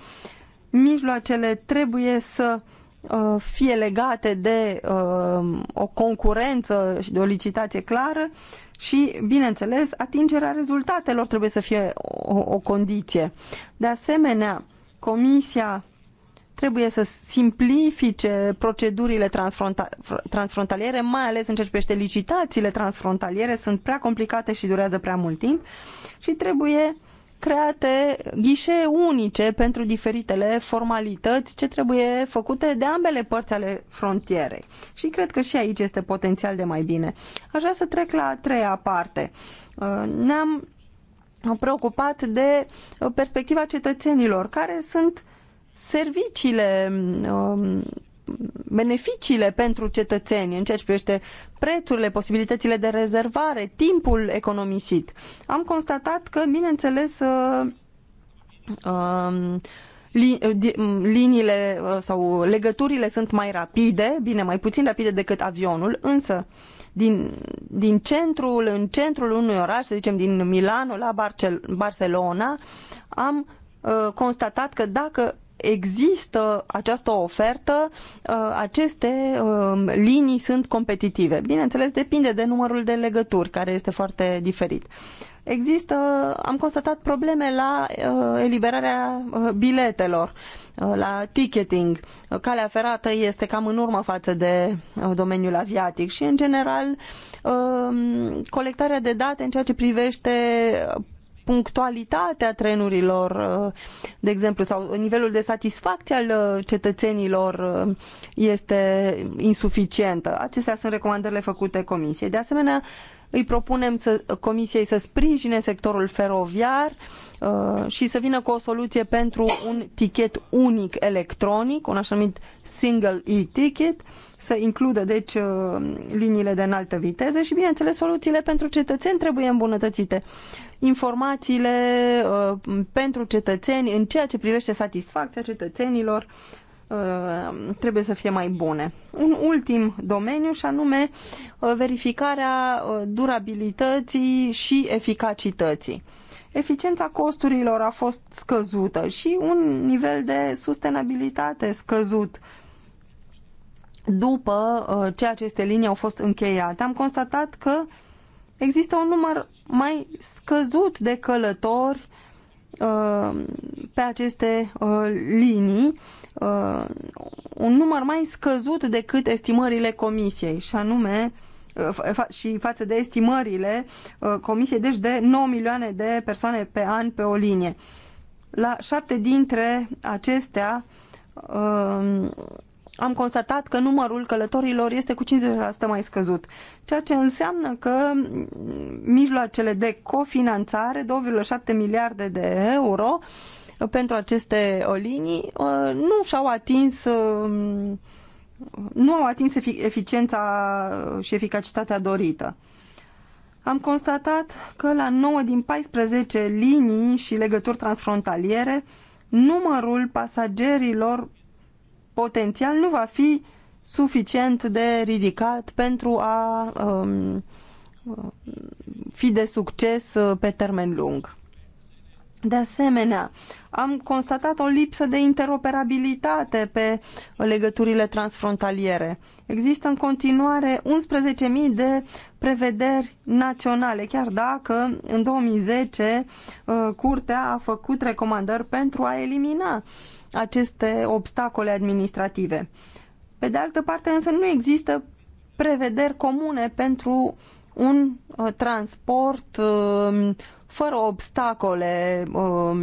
Mijloacele trebuie să uh, fie legate de uh, o concurență și de o licitație clară și, bineînțeles, atingerea rezultatelor trebuie să fie o, o condiție. De asemenea, Comisia trebuie să simplifice procedurile transfrontaliere, mai ales în ceea ce privește licitațiile transfrontaliere, sunt prea complicate și durează prea mult timp și trebuie create ghișee unice pentru diferitele formalități ce trebuie făcute de ambele părți ale frontierei. Și cred că și aici este potențial de mai bine. Aș vrea să trec la a treia parte. Uh, ne-am preocupat de perspectiva cetățenilor, care sunt serviciile, um, beneficiile pentru cetățeni în ceea ce privește prețurile, posibilitățile de rezervare, timpul economisit. Am constatat că, bineînțeles, uh, um, uh, um, liniile uh, sau legăturile sunt mai rapide, bine, mai puțin rapide decât avionul, însă din, din centrul, în centrul unui oraș, să zicem din Milano la Barcel- Barcelona, am uh, constatat că dacă există această ofertă, uh, aceste um, linii sunt competitive. Bineînțeles, depinde de numărul de legături, care este foarte diferit. Există, am constatat probleme la uh, eliberarea uh, biletelor, la ticketing. Calea ferată este cam în urmă față de domeniul aviatic și, în general, um, colectarea de date în ceea ce privește punctualitatea trenurilor, uh, de exemplu, sau nivelul de satisfacție al uh, cetățenilor uh, este insuficientă. Acestea sunt recomandările făcute Comisiei. De asemenea, îi propunem să, Comisiei să sprijine sectorul feroviar și să vină cu o soluție pentru un tichet unic electronic, un așa numit single e-ticket, să includă, deci, uh, liniile de înaltă viteză și, bineînțeles, soluțiile pentru cetățeni trebuie îmbunătățite. Informațiile uh, pentru cetățeni în ceea ce privește satisfacția cetățenilor uh, trebuie să fie mai bune. Un ultim domeniu și anume verificarea durabilității și eficacității. Eficiența costurilor a fost scăzută și un nivel de sustenabilitate scăzut după uh, ce aceste linii au fost încheiate, am constatat că există un număr mai scăzut de călători uh, pe aceste uh, linii, un număr mai scăzut decât estimările comisiei, și anume și față de estimările comisiei, deci de 9 milioane de persoane pe an pe o linie. La șapte dintre acestea am constatat că numărul călătorilor este cu 50% mai scăzut, ceea ce înseamnă că mm, mijloacele de cofinanțare, 2,7 miliarde de euro uh, pentru aceste uh, linii, uh, nu și-au atins nu au atins eficiența și eficacitatea dorită. Am constatat că la 9 din 14 linii și legături transfrontaliere, numărul pasagerilor potențial nu va fi suficient de ridicat pentru a um, fi de succes uh, pe termen lung. De asemenea, am constatat o lipsă de interoperabilitate pe legăturile transfrontaliere. Există în continuare 11.000 de prevederi naționale, chiar dacă în 2010 uh, Curtea a făcut recomandări pentru a elimina uh, aceste obstacole administrative. Pe de altă parte, însă, nu există prevederi comune pentru un uh, transport uh, fără obstacole. Uh,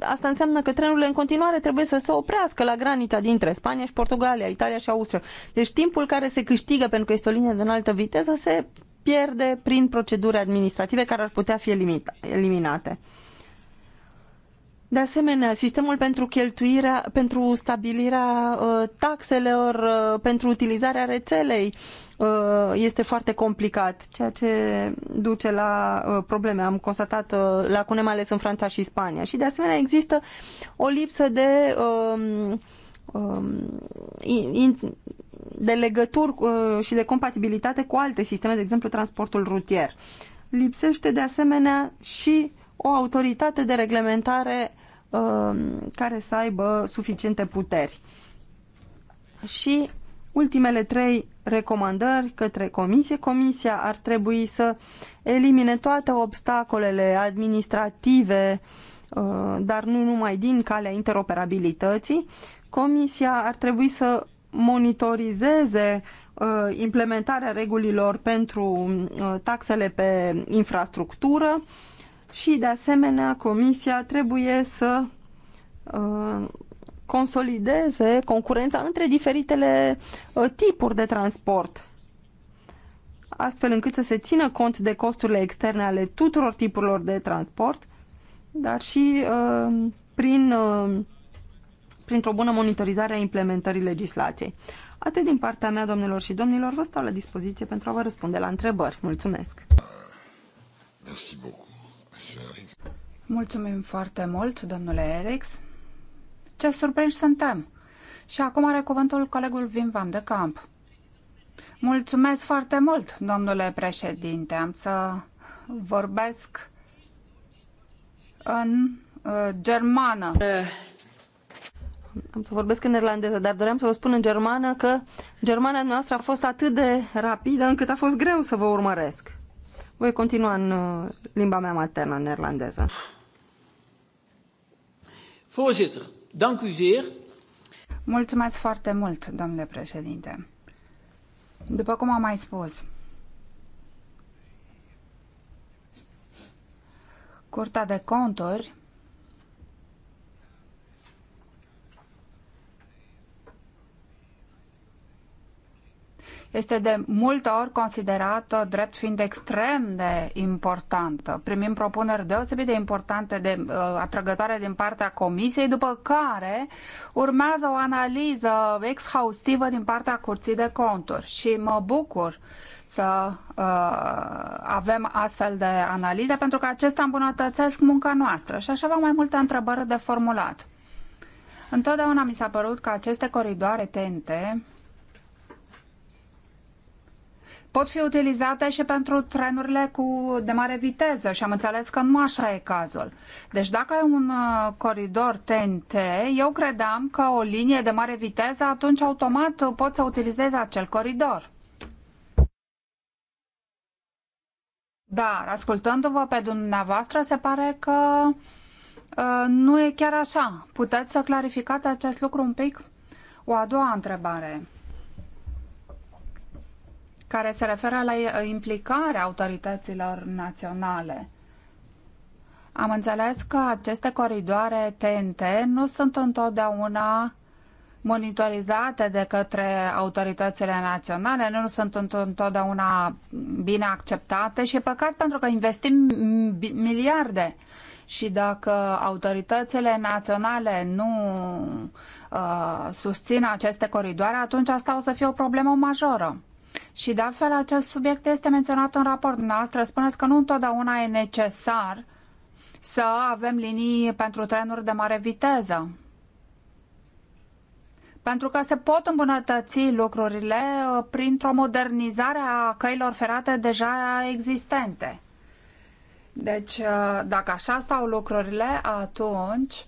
asta înseamnă că trenurile în continuare trebuie să se oprească la granița dintre Spania și Portugalia, Italia și Austria. Deci timpul care se câștigă pentru că este o linie de înaltă viteză se pierde prin proceduri administrative care ar putea fi eliminate. De asemenea, sistemul pentru cheltuirea, pentru stabilirea uh, taxelor, uh, pentru utilizarea rețelei uh, este foarte complicat, ceea ce duce la uh, probleme. Am constatat uh, lacune mai ales în Franța și Spania. Și de asemenea există o lipsă de um, um, de legături uh, și de compatibilitate cu alte sisteme, de exemplu transportul rutier. Lipsește de asemenea și o autoritate de reglementare um, care să aibă suficiente puteri. Și ultimele trei recomandări către comisie. Comisia ar trebui să elimine toate obstacolele administrative, uh, dar nu numai din calea interoperabilității. Comisia ar trebui să monitorizeze uh, implementarea regulilor pentru uh, taxele pe infrastructură și, de asemenea, Comisia trebuie să uh, consolideze concurența între diferitele uh, tipuri de transport, astfel încât să se țină cont de costurile externe ale tuturor tipurilor de transport, dar și uh, prin, printr-o bună monitorizare a implementării legislației. Atât din partea mea, domnilor și domnilor, vă stau la dispoziție pentru a vă răspunde la întrebări. Mulțumesc! Merci beaucoup. Mulțumim foarte mult, domnule Erix. Ce surprinși suntem! Și acum are cuvântul colegul Vin Van de Camp. Mulțumesc foarte mult, domnule președinte. Am să vorbesc în uh, germană. Am să vorbesc în irlandeză, dar doream să vă spun în germană că germana noastră a fost atât de rapidă încât a fost greu să vă urmăresc. Voi continua în uh, limba mea maternă, în neerlandeză. Voorzitter, dank u zeer. Mulțumesc foarte mult, domnule președinte. După cum am mai spus, Curtea de Conturi este de multe ori considerată drept fiind extrem de importantă. Primim propuneri deosebit de importante, de uh, atrăgătoare din partea Comisiei, după care urmează o analiză exhaustivă din partea Curții de Conturi. Și mă bucur să uh, avem astfel de analize, pentru că acestea îmbunătățesc munca noastră. Și așa aveam mai multe întrebări de formulat. Întotdeauna mi s-a părut că aceste coridoare tente pot fi utilizate și pentru trenurile cu de mare viteză și am înțeles că nu așa e cazul. Deci dacă e un uh, coridor TNT, eu credeam că o linie de mare viteză, atunci automat pot să utilizez acel coridor. Dar, ascultându-vă pe dumneavoastră, se pare că uh, nu e chiar așa. Puteți să clarificați acest lucru un pic? O a doua întrebare care se referă la uh, implicarea autorităților naționale. Am înțeles că aceste coridoare TNT nu sunt întotdeauna monitorizate de către autoritățile naționale, nu sunt întotdeauna bine acceptate și e păcat pentru că investim miliarde și dacă autoritățile naționale nu uh, susțin aceste coridoare, atunci asta o să fie o problemă majoră. Și de altfel, acest subiect este menționat în raport. noastră. spuneți că nu întotdeauna e necesar să avem linii pentru trenuri de mare viteză. Pentru că se pot îmbunătăți lucrurile uh, printr-o modernizare a căilor ferate deja existente. Deci, uh, dacă așa stau lucrurile, atunci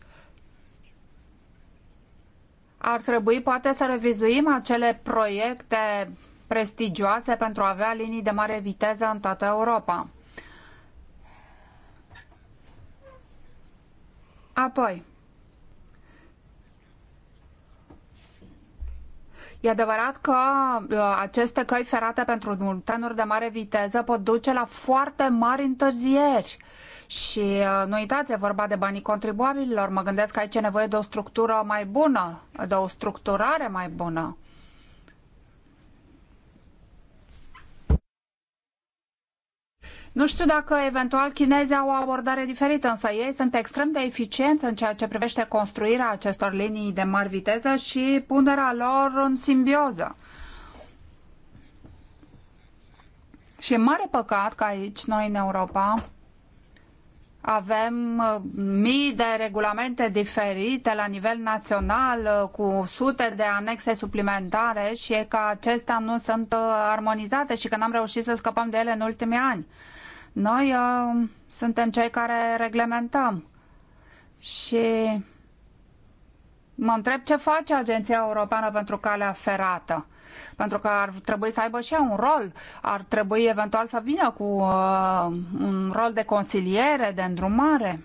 ar trebui poate să revizuim acele proiecte prestigioase pentru a avea linii de mare viteză în toată Europa. Apoi, E adevărat că uh, aceste căi ferate pentru trenuri de mare viteză pot duce la foarte mari întârzieri. Și uh, nu uitați, e vorba de banii contribuabililor. Mă gândesc că aici e nevoie de o structură mai bună, de o structurare mai bună. Nu știu dacă eventual chinezii au o abordare diferită, însă ei sunt extrem de eficienți în ceea ce privește construirea acestor linii de mari viteză și punerea lor în simbioză. Și e mare păcat că aici, noi în Europa, avem uh, mii de regulamente diferite la nivel național uh, cu sute de anexe suplimentare și e că acestea nu sunt uh, armonizate și că n-am reușit să scăpăm de ele în ultimii ani. Noi uh, suntem cei care reglementăm și mă întreb ce face Agenția Europeană pentru Calea Ferată. Pentru că ar trebui să aibă și ea un rol, ar trebui eventual să vină cu uh, un rol de consiliere, de îndrumare.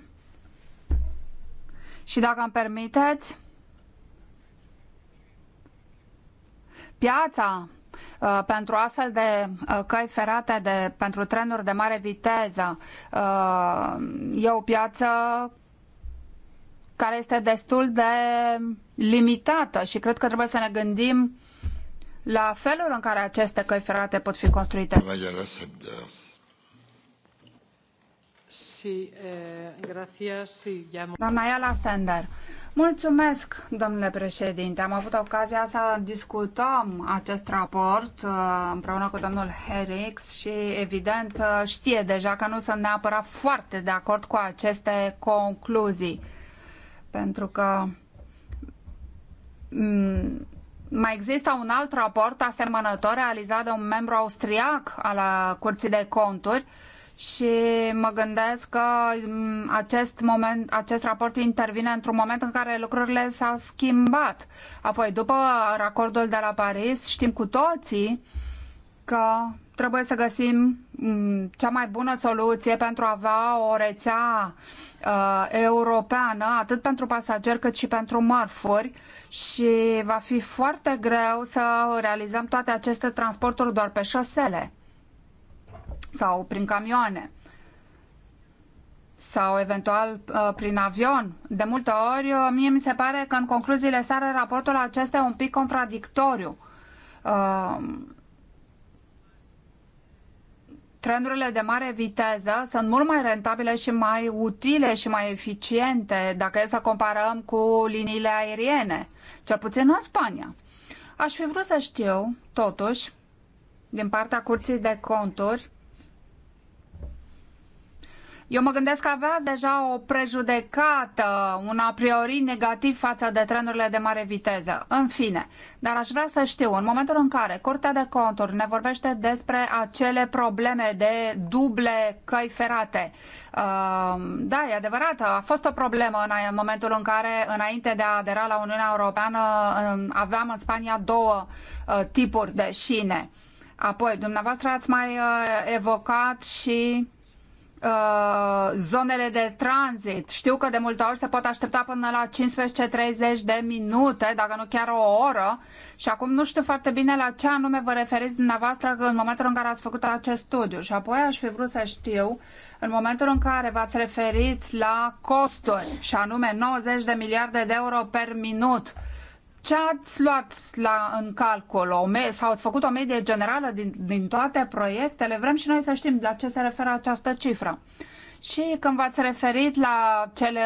Și dacă îmi permiteți, piața Uh, pentru astfel de uh, căi ferate de, pentru trenuri de mare viteză. Uh, e o piață care este destul de limitată și cred că trebuie să ne gândim la felul în care aceste căi ferate pot fi construite. Eh, Doamna Iala Sender, Mulțumesc, domnule președinte. Am avut ocazia să discutăm acest raport uh, împreună cu domnul Herix și, evident, uh, știe deja că nu sunt neapărat foarte de acord cu aceste concluzii. Pentru că mm, mai există un alt raport asemănător realizat de un membru austriac al uh, Curții de Conturi și mă gândesc că mm, acest, moment, acest raport intervine într-un moment în care lucrurile s-au schimbat. Apoi, după acordul de la Paris, știm cu toții că trebuie să găsim mm, cea mai bună soluție pentru a avea o rețea uh, europeană, atât pentru pasageri cât și pentru mărfuri și va fi foarte greu să realizăm toate aceste transporturi doar pe șosele sau prin camioane sau eventual uh, prin avion. De multe ori, uh, mie mi se pare că în concluziile sale raportul acesta e un pic contradictoriu. Uh, trenurile de mare viteză sunt mult mai rentabile și mai utile și mai eficiente dacă e să comparăm cu liniile aeriene, cel puțin în Spania. Aș fi vrut să știu, totuși, din partea Curții de Conturi, eu mă gândesc că aveați deja o prejudecată, un a priori negativ față de trenurile de mare viteză. În fine, dar aș vrea să știu, în momentul în care Curtea de Conturi ne vorbește despre acele probleme de duble căi ferate, uh, da, e adevărat, a fost o problemă în momentul în care, înainte de a adera la Uniunea Europeană, um, aveam în Spania două uh, tipuri de șine. Apoi, dumneavoastră ați mai uh, evocat și Uh, zonele de tranzit. Știu că de multe ori se pot aștepta până la 15-30 de minute, dacă nu chiar o oră. Și acum nu știu foarte bine la ce anume vă referiți dumneavoastră în momentul în care ați făcut acest studiu. Și apoi aș fi vrut să știu, în momentul în care v-ați referit la costuri, și anume 90 de miliarde de euro per minut, ce ați luat la, în calcul o sau ați făcut o medie generală din, din toate proiectele? Vrem și noi să știm la ce se referă această cifră. Și când v-ați referit la cele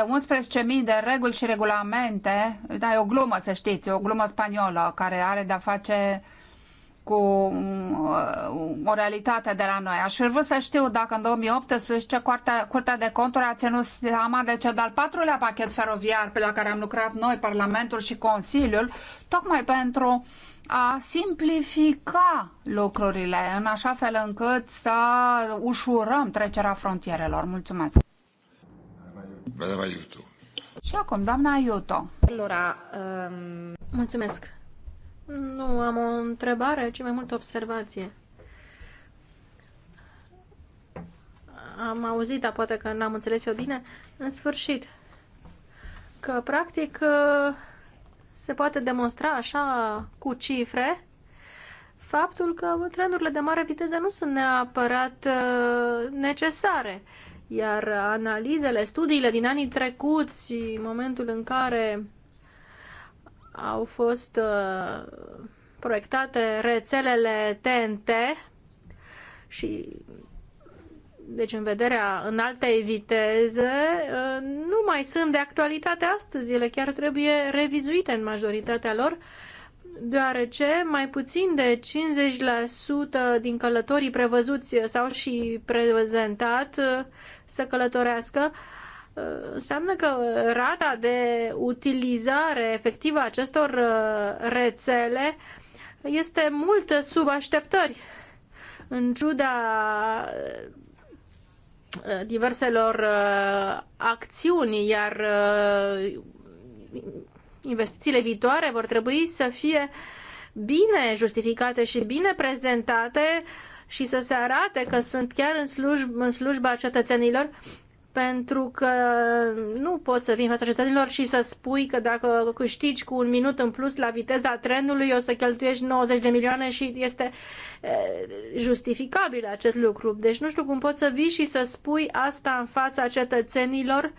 11.000 de reguli și regulamente, da, e o glumă, să știți, e o glumă spaniolă care are de-a face uh, cu uh, o realitate de la noi. Aș fi vrut să știu dacă în 2018 Curtea, Curtea de Conturi a ținut seama de cel de-al patrulea pachet feroviar pe la care am lucrat noi, Parlamentul și Consiliul, tocmai pentru a simplifica lucrurile în așa fel încât să ușurăm trecerea frontierelor. Mulțumesc! Și acum, doamna Iuto. Allora, um... Mulțumesc! Nu am o întrebare, ci mai mult observație. Am auzit, dar poate că n-am înțeles eu bine, în sfârșit, că practic se poate demonstra așa cu cifre faptul că trenurile de mare viteză nu sunt neapărat uh, necesare. Iar analizele, studiile din anii trecuți, momentul în care au fost uh, proiectate rețelele TNT și deci în vederea înaltei viteze, uh, nu mai sunt de actualitate astăzi. Ele chiar trebuie revizuite în majoritatea lor, deoarece mai puțin de 50% din călătorii prevăzuți sau și prezentat uh, să călătorească Uh, înseamnă că rata de utilizare efectivă a acestor uh, rețele este mult sub așteptări. În ciuda uh, diverselor acțiuni, iar investițiile viitoare vor trebui să fie bine justificate și bine prezentate și să se arate că sunt chiar în, slujb, în slujba cetățenilor pentru că nu poți să vii în fața cetățenilor și să spui că dacă câștigi cu un minut în plus la viteza trenului, o să cheltuiești 90 de milioane și este justificabil acest lucru. Deci nu știu cum poți să vii și să spui asta în fața cetățenilor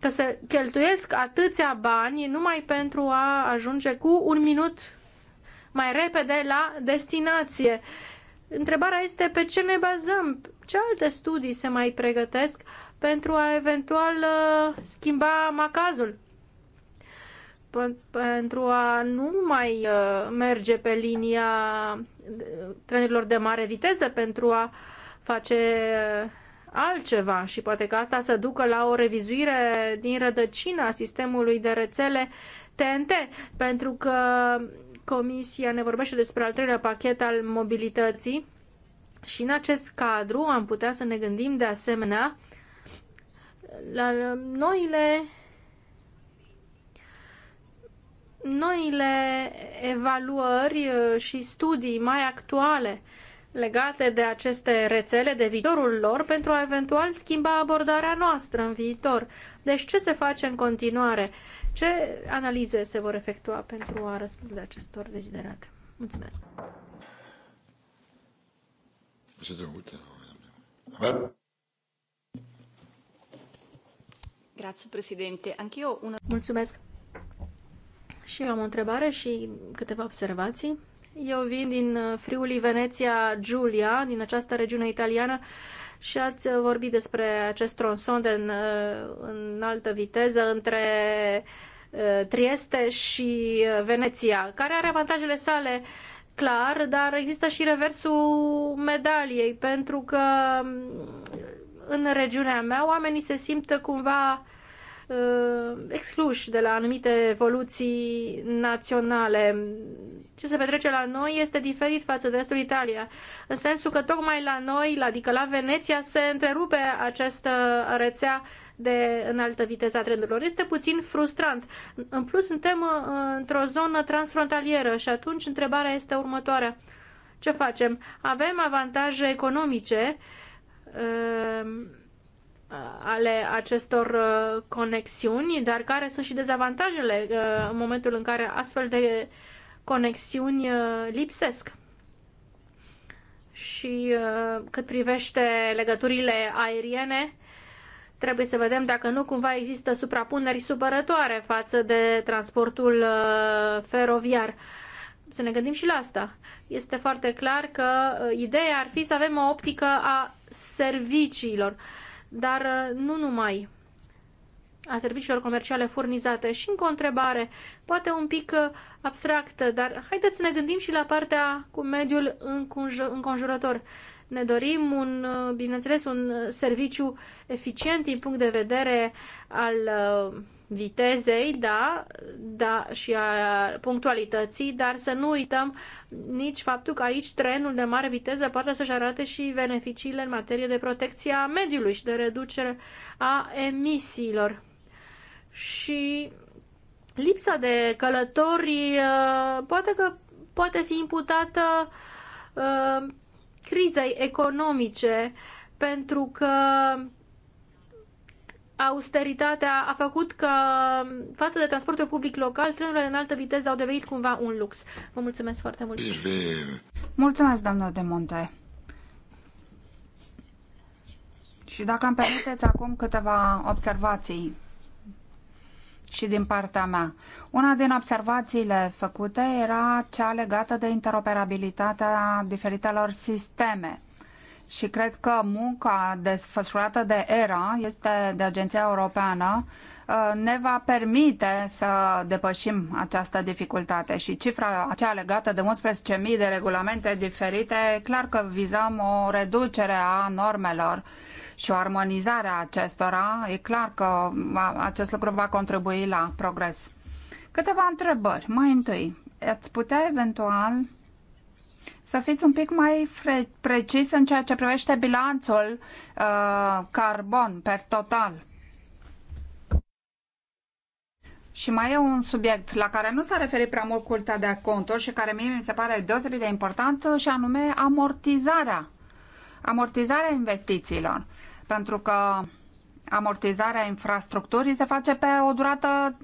că se cheltuiesc atâția bani numai pentru a ajunge cu un minut mai repede la destinație. Întrebarea este pe ce ne bazăm, ce alte studii se mai pregătesc pentru a eventual uh, schimba macazul, pentru a nu mai uh, merge pe linia uh, trenurilor de mare viteză, pentru a face altceva și poate că asta să ducă la o revizuire din rădăcina sistemului de rețele TNT, pentru că Comisia ne vorbește despre al treilea pachet al mobilității și în acest cadru am putea să ne gândim de asemenea la noile noile evaluări uh, și studii mai actuale legate de aceste rețele, de viitorul lor, pentru a eventual schimba abordarea noastră în viitor. Deci ce se face în continuare? Ce analize se vor efectua pentru a răspunde acestor deziderate? Mulțumesc! Grazie, președinte. Anch'io una... Mulțumesc. Și eu am o întrebare și câteva observații. Eu vin din uh, Friuli, Veneția, Giulia, din această regiune italiană și ați vorbit despre acest tronson de în, uh, în altă viteză între uh, Trieste și Veneția, care are avantajele sale clar, dar există și reversul medaliei, pentru că în regiunea mea oamenii se simt cumva uh, excluși de la anumite evoluții naționale. Ce se petrece la noi este diferit față de restul Italia, în sensul că tocmai la noi, adică la Veneția, se întrerupe această rețea de înaltă viteză a trenurilor. Este puțin frustrant. În plus, suntem uh, într-o zonă transfrontalieră și atunci întrebarea este următoarea. Ce facem? Avem avantaje economice uh, Um, ale acestor uh, conexiuni, dar care sunt și dezavantajele uh, în momentul în care astfel de conexiuni uh, lipsesc. Și cât privește legăturile aeriene, trebuie să vedem dacă nu cumva există suprapuneri supărătoare față de transportul feroviar. Să ne gândim și la asta. Este foarte clar că ideea ar fi să avem o optică a serviciilor, dar uh, nu numai a serviciilor comerciale furnizate. Și încă o întrebare, poate un pic uh, abstractă, dar haideți să ne gândim și la partea cu mediul înconjurător. Ne dorim, un, uh, bineînțeles, un serviciu eficient din punct de vedere al vitezei, da, da, și a punctualității, dar să nu uităm nici faptul că aici trenul de mare viteză poate să-și arate și beneficiile în materie de protecție a mediului și de reducere a emisiilor. Și lipsa de călători uh, poate că poate fi imputată uh, crizei economice, pentru că austeritatea a făcut că față de transportul public local, trenurile în altă viteză au devenit cumva un lux. Vă mulțumesc foarte mult! Deci, mulțumesc, doamnă de Monte! Și dacă îmi permiteți acum câteva observații și din partea mea. Una din observațiile făcute era cea legată de interoperabilitatea diferitelor sisteme și cred că munca desfășurată de ERA, este de Agenția Europeană, uh, ne va permite să depășim această dificultate și cifra aceea legată de 11.000 de regulamente diferite, clar că vizăm o reducere a normelor și o armonizare a acestora. E clar că acest lucru va contribui la progres. Câteva întrebări. Mai întâi, ați putea eventual să fiți un pic mai precis în ceea ce privește bilanțul uh, carbon per total. Și mai e un subiect la care nu s-a referit prea mult curtea de conturi și care mie mi se pare deosebit de important și anume amortizarea. Amortizarea investițiilor. Pentru că amortizarea infrastructurii se face pe o durată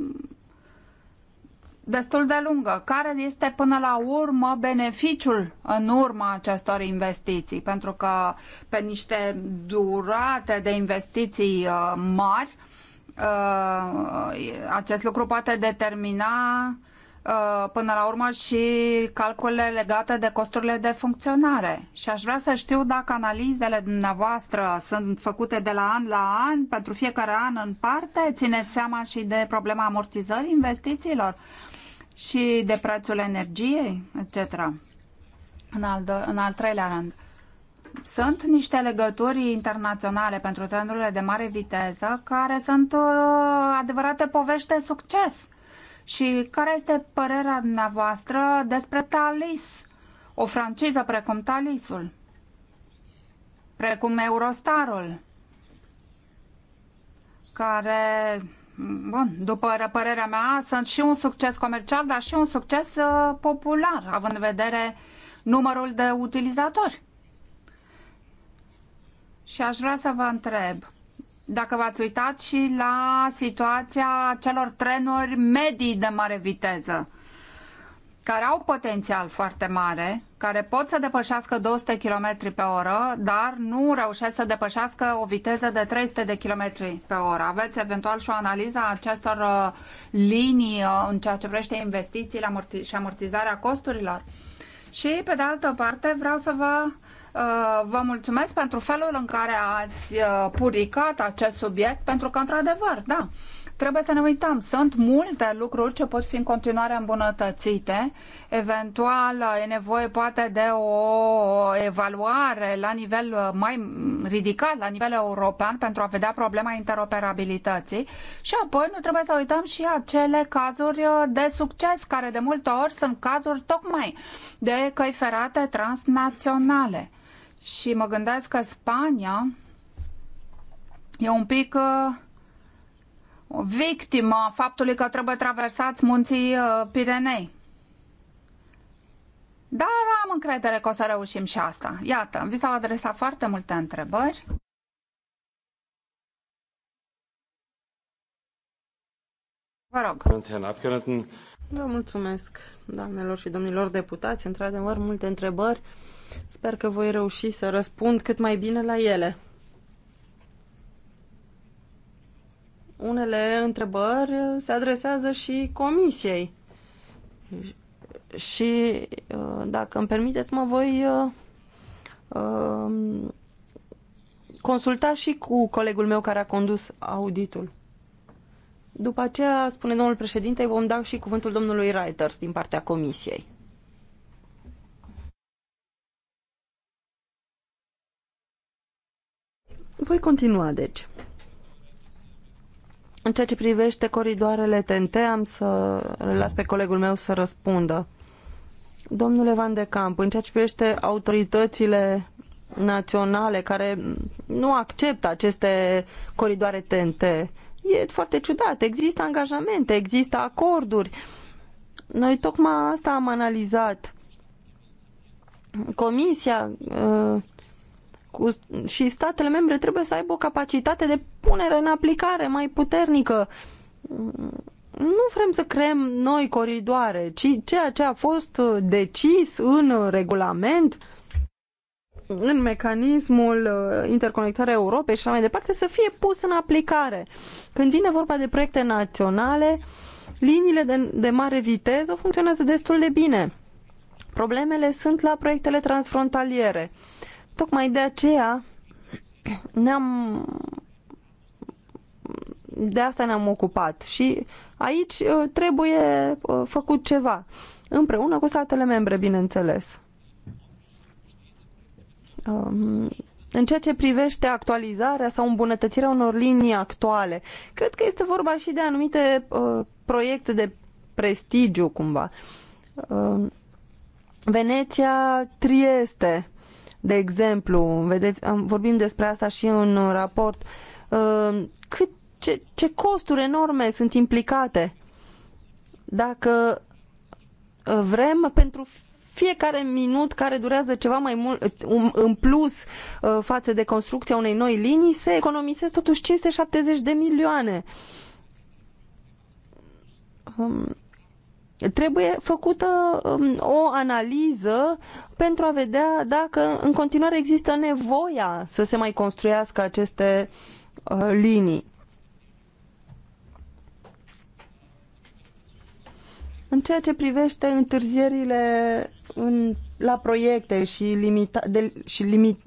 destul de lungă. Care este până la urmă beneficiul în urma acestor investiții? Pentru că pe niște durate de investiții uh, mari, uh, acest lucru poate determina uh, până la urmă și calculele legate de costurile de funcționare. Și aș vrea să știu dacă analizele dumneavoastră sunt făcute de la an la an, pentru fiecare an în parte, țineți seama și de problema amortizării investițiilor și de prețul energiei, etc. În al, do- în al treilea rând, sunt niște legături internaționale pentru trenurile de mare viteză care sunt uh, adevărate povești de succes. Și care este părerea dumneavoastră despre Talis, O franciză precum Talisul, precum Eurostarul, care bun, după părerea mea, sunt și un succes comercial, dar și un succes uh, popular, având în vedere numărul de utilizatori. Și aș vrea să vă întreb dacă v-ați uitat și la situația celor trenuri medii de mare viteză care au potențial foarte mare, care pot să depășească 200 km pe oră, dar nu reușesc să depășească o viteză de 300 de km pe oră. Aveți eventual și o analiză a acestor uh, linii uh, în ceea ce privește investițiile și amortizarea costurilor? Și, pe de altă parte, vreau să vă uh, vă mulțumesc pentru felul în care ați puricat acest subiect, pentru că, într-adevăr, da, trebuie să ne uităm. Sunt multe lucruri ce pot fi în continuare îmbunătățite. Eventual e nevoie poate de o evaluare la nivel uh, mai ridicat, la nivel european, pentru a vedea problema interoperabilității. Și apoi nu trebuie să uităm și acele cazuri uh, de succes, care de multe ori sunt cazuri tocmai de căi ferate transnaționale. Și mă gândesc că Spania e un pic uh, o victimă a faptului că trebuie traversați munții uh, Pirenei. Dar am încredere că o să reușim și asta. Iată, vi s-au adresat foarte multe întrebări. Vă rog. Vă mulțumesc, doamnelor și domnilor deputați. Într-adevăr, multe întrebări. Sper că voi reuși să răspund cât mai bine la ele. unele întrebări se adresează și comisiei. Și uh, dacă îmi permiteți, mă voi uh, um, consulta și cu colegul meu care a condus auditul. După aceea, spune domnul președinte, vom da și cuvântul domnului Reuters din partea comisiei. Voi continua, deci. În ceea ce privește coridoarele TNT, am să las pe colegul meu să răspundă. Domnule Van de Camp, în ceea ce privește autoritățile naționale care nu acceptă aceste coridoare TNT, e foarte ciudat. Există angajamente, există acorduri. Noi tocmai asta am analizat. Comisia uh, cu, și statele membre trebuie să aibă o capacitate de punere în aplicare mai puternică. Nu vrem să creăm noi coridoare, ci ceea ce a fost uh, decis în regulament, în mecanismul uh, interconectarea Europei și așa mai departe, să fie pus în aplicare. Când vine vorba de proiecte naționale, liniile de, de mare viteză funcționează destul de bine. Problemele sunt la proiectele transfrontaliere. Uh, Tocmai de aceea ne-am de asta ne-am ocupat și aici uh, trebuie uh, făcut ceva împreună cu statele membre, bineînțeles. Um, în ceea ce privește actualizarea sau îmbunătățirea unor linii actuale, cred că este vorba și de anumite uh, proiecte de prestigiu, cumva. Um, Veneția, Trieste, de exemplu, vedeți, vorbim despre asta și în raport, uh, cât, ce, ce costuri enorme sunt implicate. Dacă uh, vrem pentru fiecare minut care durează ceva mai mult în plus uh, față de construcția unei noi linii, se economisesc totuși 570 de milioane. Um, trebuie făcută um, o analiză pentru a vedea dacă în continuare există nevoia să se mai construiască aceste uh, linii. În ceea ce privește întârzierile în la proiecte și, limita, de, și limit,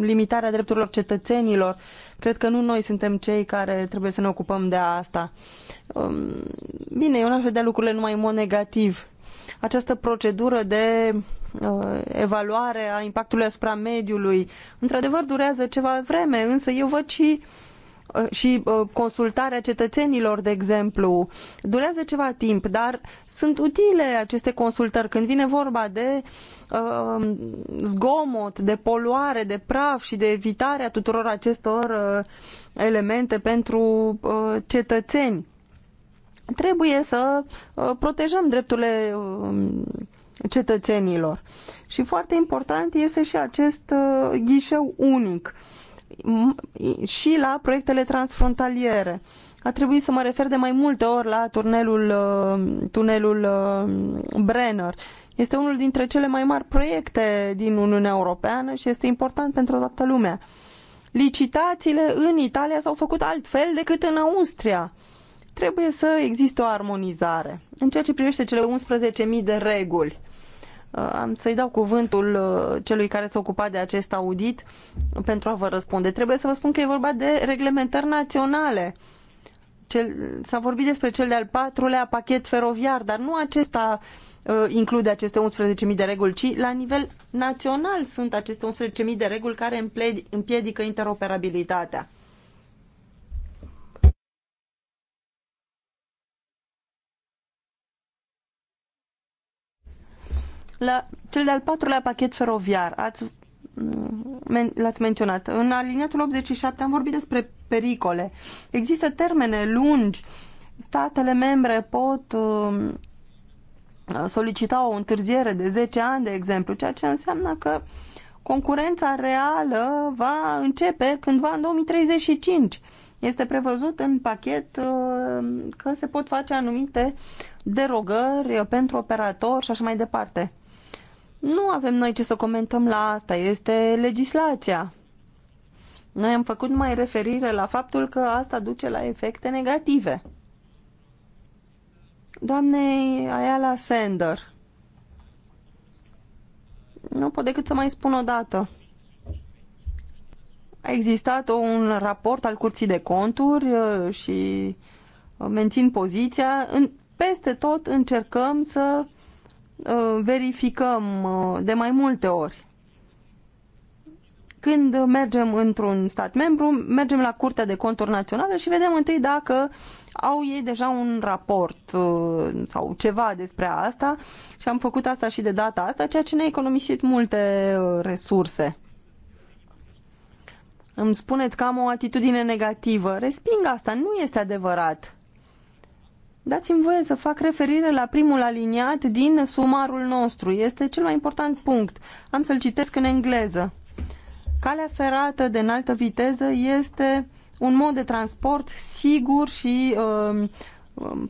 limitarea drepturilor cetățenilor. Cred că nu noi suntem cei care trebuie să ne ocupăm de asta. Um, bine, eu n-aș vedea lucrurile numai în mod negativ. Această procedură de uh, evaluare a impactului asupra mediului, într-adevăr durează ceva vreme, însă eu văd și uh, Uh, și uh, consultarea cetățenilor, de exemplu, durează ceva timp, dar sunt utile aceste consultări când vine vorba de uh, zgomot, de poluare, de praf și de evitarea tuturor acestor uh, elemente pentru uh, cetățeni. Trebuie să uh, protejăm drepturile um, cetățenilor. Și foarte important este și acest ghișeu unic și la proiectele transfrontaliere. A trebuit să mă refer de mai multe ori la tunelul, uh, tunelul uh, Brenner. Este unul dintre cele mai mari proiecte din Uniunea Europeană și este important pentru toată lumea. Licitațiile în Italia s-au făcut altfel decât în Austria. Trebuie să existe o armonizare. În ceea ce privește cele 11.000 de reguli, Uh, am să-i dau cuvântul uh, celui care s-a ocupat de acest audit pentru a vă răspunde. Trebuie să vă spun că e vorba de reglementări naționale. s-a vorbit despre cel de-al patrulea pachet feroviar, dar nu acesta uh, include aceste 11.000 de reguli, ci la nivel național sunt aceste 11.000 de reguli care împiedică interoperabilitatea. La cel de-al patrulea pachet feroviar, ați, mm, l-ați menționat, în aliniatul 87 am vorbit despre pericole. Există termene lungi, statele membre pot uh, solicita o întârziere de 10 ani, de exemplu, ceea ce înseamnă că concurența reală va începe cândva în 2035. Este prevăzut în pachet um, că se pot face anumite derogări pentru operator și așa mai departe. Nu avem noi ce să comentăm la asta, este legislația. Noi am făcut mai referire la faptul că asta duce la efecte negative. Doamnei Ayala Sender, nu pot decât să mai spun o dată. A existat un raport al Curții de Conturi uh, și uh, mențin poziția. peste tot încercăm să Uh, verificăm uh, de mai multe ori. Când mergem într-un stat membru, mergem la Curtea de Conturi Națională și vedem întâi dacă au ei deja un raport uh, sau ceva despre asta și am făcut asta și de data asta, ceea ce ne-a economisit multe resurse. Îmi spuneți că am o atitudine negativă. Resping asta, nu este adevărat Dați-mi voie să fac referire la primul aliniat din sumarul nostru. Este cel mai important punct. Am să-l citesc în engleză. Calea ferată de înaltă viteză este un mod de transport sigur și uh,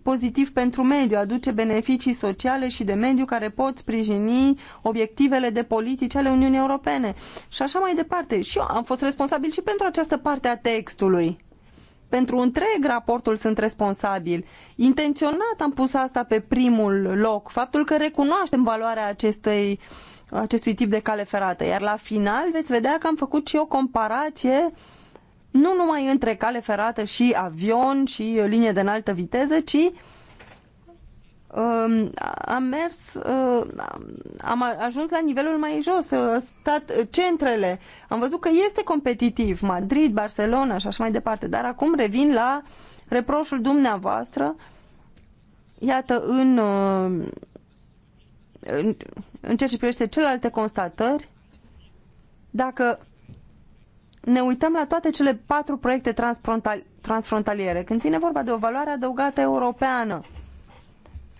pozitiv pentru mediu, aduce beneficii sociale și de mediu care pot sprijini obiectivele de politici ale Uniunii Europene. Și așa mai departe. Și eu am fost responsabil și pentru această parte a textului pentru întreg raportul sunt responsabil. Intenționat am pus asta pe primul loc, faptul că recunoaștem valoarea acestei, acestui tip de cale ferată. Iar la final veți vedea că am făcut și o comparație nu numai între cale ferată și avion și linie de înaltă viteză, ci Um, uh, am mers, am ajuns la nivelul mai jos, uh, stat, uh, centrele. Am văzut că este competitiv, Madrid, Barcelona și așa mai departe, dar acum revin la reproșul dumneavoastră. Iată, în, în, în ceea ce privește celelalte constatări, dacă ne uităm la toate cele patru proiecte transfrontaliere, când vine vorba de o valoare adăugată europeană,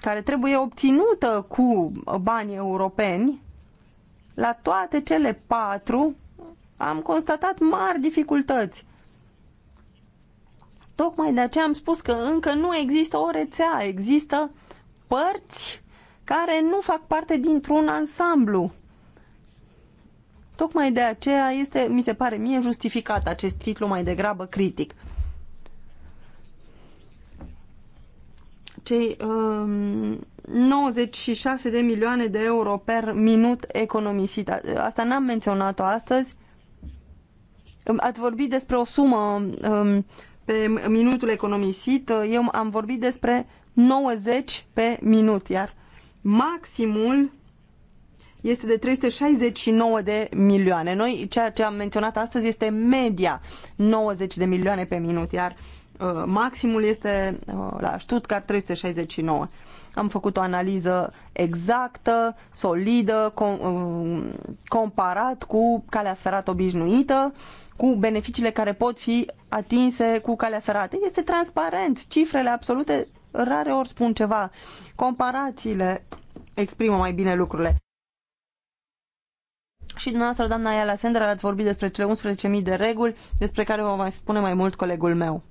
care trebuie obținută cu bani europeni, la toate cele patru am constatat mari dificultăți. Tocmai de aceea am spus că încă nu există o rețea, există părți care nu fac parte dintr-un ansamblu. Tocmai de aceea este, mi se pare mie, justificat acest titlu mai degrabă critic. cei um, 96 de milioane de euro per minut economisit. Asta n-am menționat-o astăzi. Um, ați vorbit despre o sumă um, pe minutul economisit. Eu am vorbit despre 90 pe minut, iar maximul este de 369 de milioane. Noi, ceea ce am menționat astăzi este media 90 de milioane pe minut, iar uh, Uh, maximul este uh, la Stuttgart 369. Am făcut o analiză exactă, solidă, com- uh, comparat cu calea ferată obișnuită, cu beneficiile care pot fi atinse cu calea ferată. Este transparent, cifrele absolute rare ori spun ceva. Comparațiile exprimă mai bine lucrurile. Și dumneavoastră, doamna Iala Sender, ați vorbit despre cele 11.000 de reguli despre care vă mai spune mai mult colegul meu.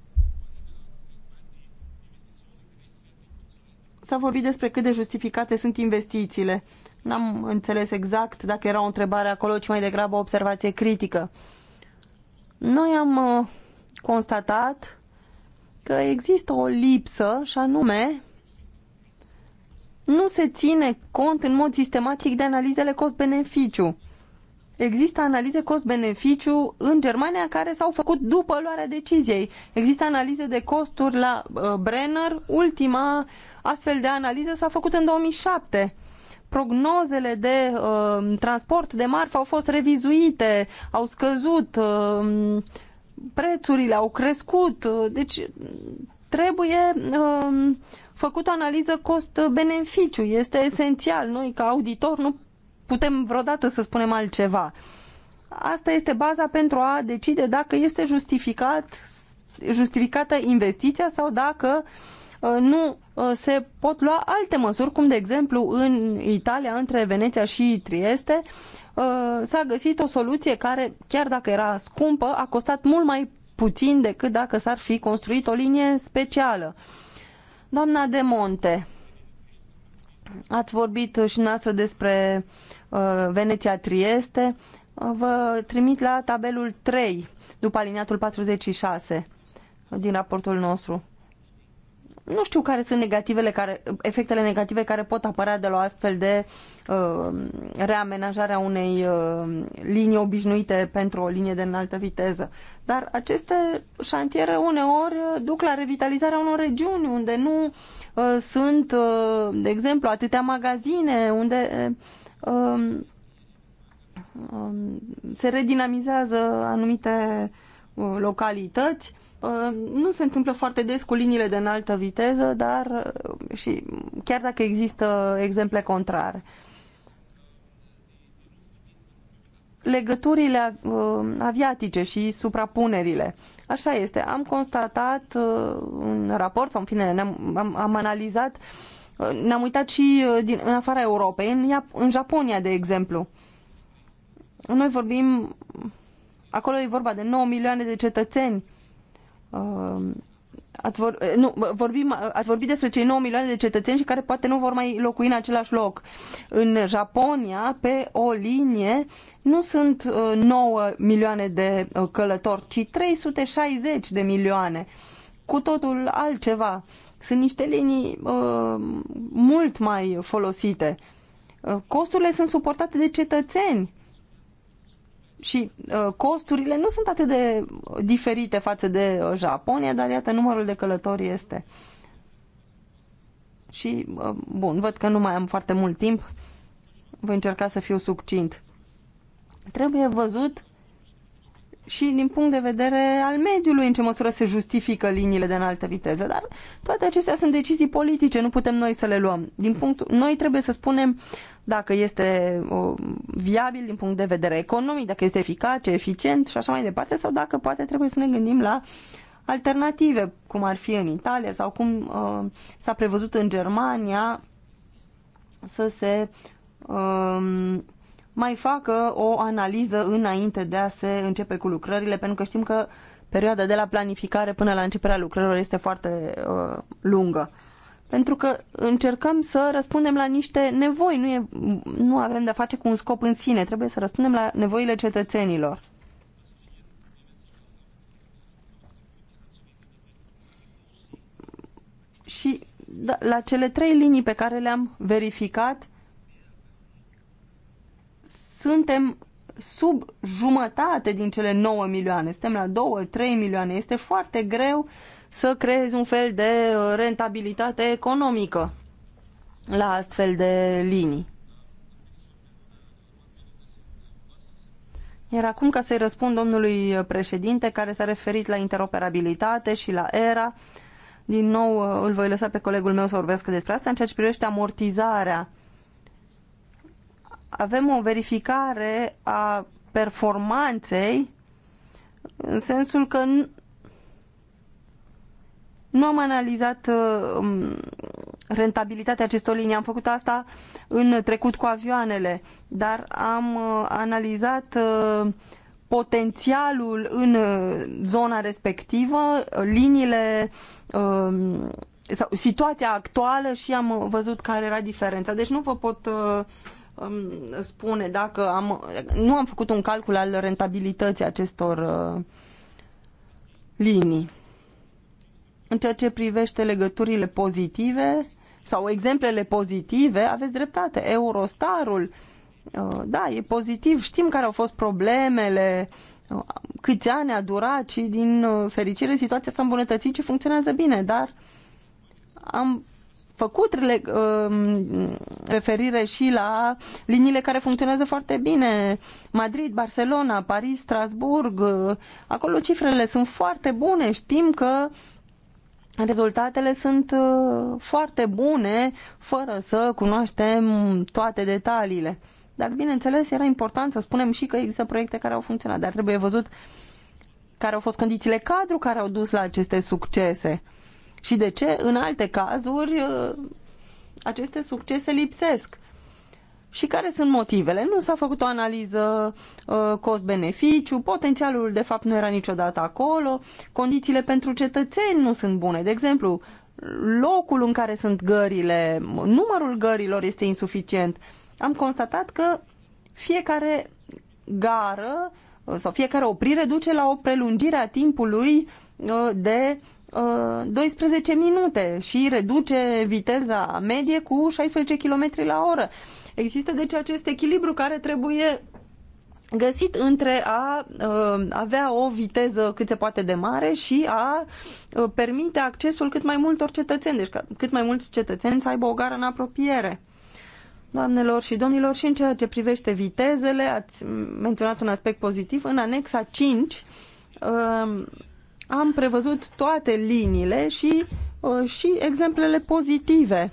S-a vorbit despre cât de justificate sunt investițiile. N-am înțeles exact dacă era o întrebare acolo, ci mai degrabă o observație critică. Noi am uh, constatat că există o lipsă și anume nu se ține cont în mod sistematic de analizele cost-beneficiu. Există analize cost-beneficiu în Germania care s-au făcut după luarea deciziei. Există analize de costuri la uh, Brenner, ultima Astfel de analiză s-a făcut în 2007 prognozele de uh, transport de marfă au fost revizuite, au scăzut, uh, prețurile au crescut, uh, deci trebuie uh, făcut o analiză cost-beneficiu, este esențial. Noi ca auditor nu putem vreodată să spunem altceva. Asta este baza pentru a decide dacă este justificat, justificată investiția sau dacă uh, Uh, nu uh, se pot lua alte măsuri, cum de exemplu în Italia, între Veneția și Trieste, uh, s-a găsit o soluție care, chiar dacă era scumpă, a costat mult mai puțin decât dacă s-ar fi construit o linie specială. Doamna de Monte, ați vorbit și noastră despre Veneția Trieste. Vă trimit la tabelul 3, după aliniatul 46 din raportul nostru. Nu știu care sunt negativele care, efectele negative care pot apărea de la o astfel de uh, reamenajare a unei uh, linii obișnuite pentru o linie de înaltă viteză. Dar aceste șantiere uneori uh, duc la revitalizarea unor regiuni unde nu uh, sunt, uh, de exemplu, atâtea magazine, unde uh, uh, se redinamizează anumite uh, localități. Uh, Uh, nu se întâmplă foarte des cu liniile de înaltă viteză, dar uh, și chiar dacă există exemple contrare. Legăturile uh, aviatice și suprapunerile. Așa este. Am constatat în raport, sau în fine, am am, am analizat, ne-am uitat și din, în afara Europei, în, în Japonia, de exemplu. Noi vorbim, acolo e vorba de 9 milioane de cetățeni Um, ați, vor, eh, nu, vorbim, ați vorbit despre cei 9 milioane de cetățeni și care poate nu vor mai locui în același loc. În Japonia, pe o linie, nu sunt 9 eh, milioane de eh, călători, ci 360 de milioane. Cu totul altceva. Sunt niște linii uh, mult mai folosite. Costurile sunt suportate de cetățeni și uh, costurile nu sunt atât de uh, diferite față de uh, Japonia, dar iată, numărul de călători este. Și, bun, văd că nu mai am foarte mult timp, voi încerca să fiu succint. Trebuie văzut și din punct de vedere al mediului în ce măsură se justifică liniile de înaltă viteză, dar toate acestea sunt decizii politice, nu putem noi să le luăm. Din punctul, noi trebuie să spunem dacă este viabil din punct de vedere economic, dacă este eficace, eficient și așa mai departe, sau dacă poate trebuie să ne gândim la alternative, cum ar fi în Italia sau cum uh, s-a prevăzut în Germania să se uh, mai facă o analiză înainte de a se începe cu lucrările, pentru că știm că perioada de la planificare până la începerea lucrărilor este foarte uh, lungă. Pentru că încercăm să răspundem la niște nevoi, nu, e, nu avem de-a face cu un scop în sine, trebuie să răspundem la nevoile cetățenilor. Și da, la cele trei linii pe care le-am verificat, uh, suntem sub jumătate din cele 9 milioane, suntem la 2-3 milioane. Este foarte greu să creezi un fel de uh, rentabilitate economică la astfel de linii. Iar acum ca să-i răspund domnului președinte care s-a referit la interoperabilitate și la ERA, din nou uh, îl voi lăsa pe colegul meu să vorbească despre asta în ceea ce privește amortizarea avem o verificare a performanței în sensul că nu am analizat uh, um, rentabilitatea acestor linii. Am făcut asta în trecut cu avioanele, dar am uh, analizat uh, potențialul în zona respectivă, liniile, um, situația actuală și am văzut care era diferența. Deci nu vă pot spune dacă am, nu am făcut un calcul al rentabilității acestor uh, linii. În ceea ce privește legăturile pozitive sau exemplele pozitive, aveți dreptate. Eurostarul, uh, da, e pozitiv. Știm care au fost problemele, uh, câți ani a durat și din fericire situația s-a îmbunătățit și funcționează bine, dar am făcut um, referire și la liniile care funcționează foarte bine. Madrid, Barcelona, Paris, Strasburg, uh, acolo cifrele sunt foarte bune. Știm că rezultatele sunt uh, foarte bune fără să cunoaștem toate detaliile. Dar, bineînțeles, era important să spunem și că există proiecte care au funcționat, dar trebuie văzut care au fost condițiile cadru care au dus la aceste succese. Și de ce, în alte cazuri, uh, aceste succese lipsesc? Și care sunt motivele? Nu s-a făcut o analiză uh, cost-beneficiu, potențialul de fapt nu era niciodată acolo, condițiile pentru cetățeni nu sunt bune. De exemplu, locul în care sunt gările, numărul gărilor este insuficient. Am constatat că fiecare gară uh, sau fiecare oprire duce la o prelungire a timpului de 12 uh, minute și reduce viteza medie cu 16 km la oră. Există deci acest echilibru care trebuie găsit între a uh, avea o viteză cât se poate de mare și a uh, permite accesul cât mai multor cetățeni, deci cât mai mulți cetățeni să aibă o gară în apropiere. Doamnelor și domnilor, și în ceea ce privește vitezele, ați menționat un aspect pozitiv, în anexa 5 uh, am prevăzut toate liniile și, uh, și exemplele pozitive.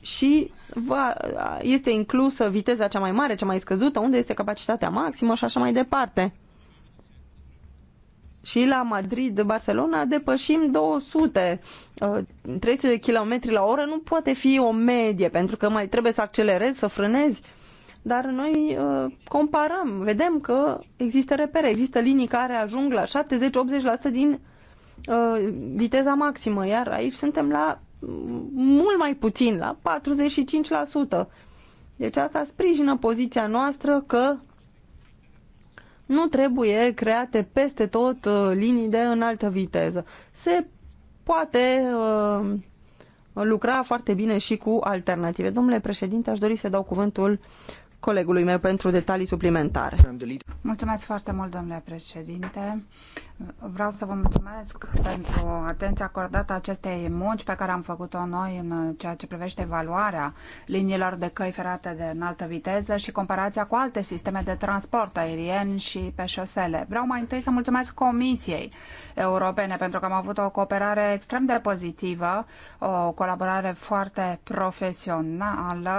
Și va, este inclusă viteza cea mai mare, cea mai scăzută, unde este capacitatea maximă și așa mai departe. Și la Madrid-Barcelona depășim 200. 300 uh, de km la oră nu poate fi o medie, pentru că mai trebuie să accelerezi, să frânezi dar noi uh, comparăm, vedem că există repere, există linii care ajung la 70-80% din uh, viteza maximă, iar aici suntem la mm, mult mai puțin, la 45%. Deci asta sprijină poziția noastră că nu trebuie create peste tot uh, linii de înaltă viteză. Se poate uh, lucra foarte bine și cu alternative. Domnule președinte, aș dori să dau cuvântul colegului meu pentru detalii suplimentare. Mulțumesc foarte mult, domnule președinte. Vreau să vă mulțumesc pentru atenția acordată acestei munci pe care am făcut-o noi în ceea ce privește evaluarea liniilor de căi ferate de înaltă viteză și comparația cu alte sisteme de transport aerien și pe șosele. Vreau mai întâi să mulțumesc Comisiei Europene pentru că am avut o cooperare extrem de pozitivă, o colaborare foarte profesională,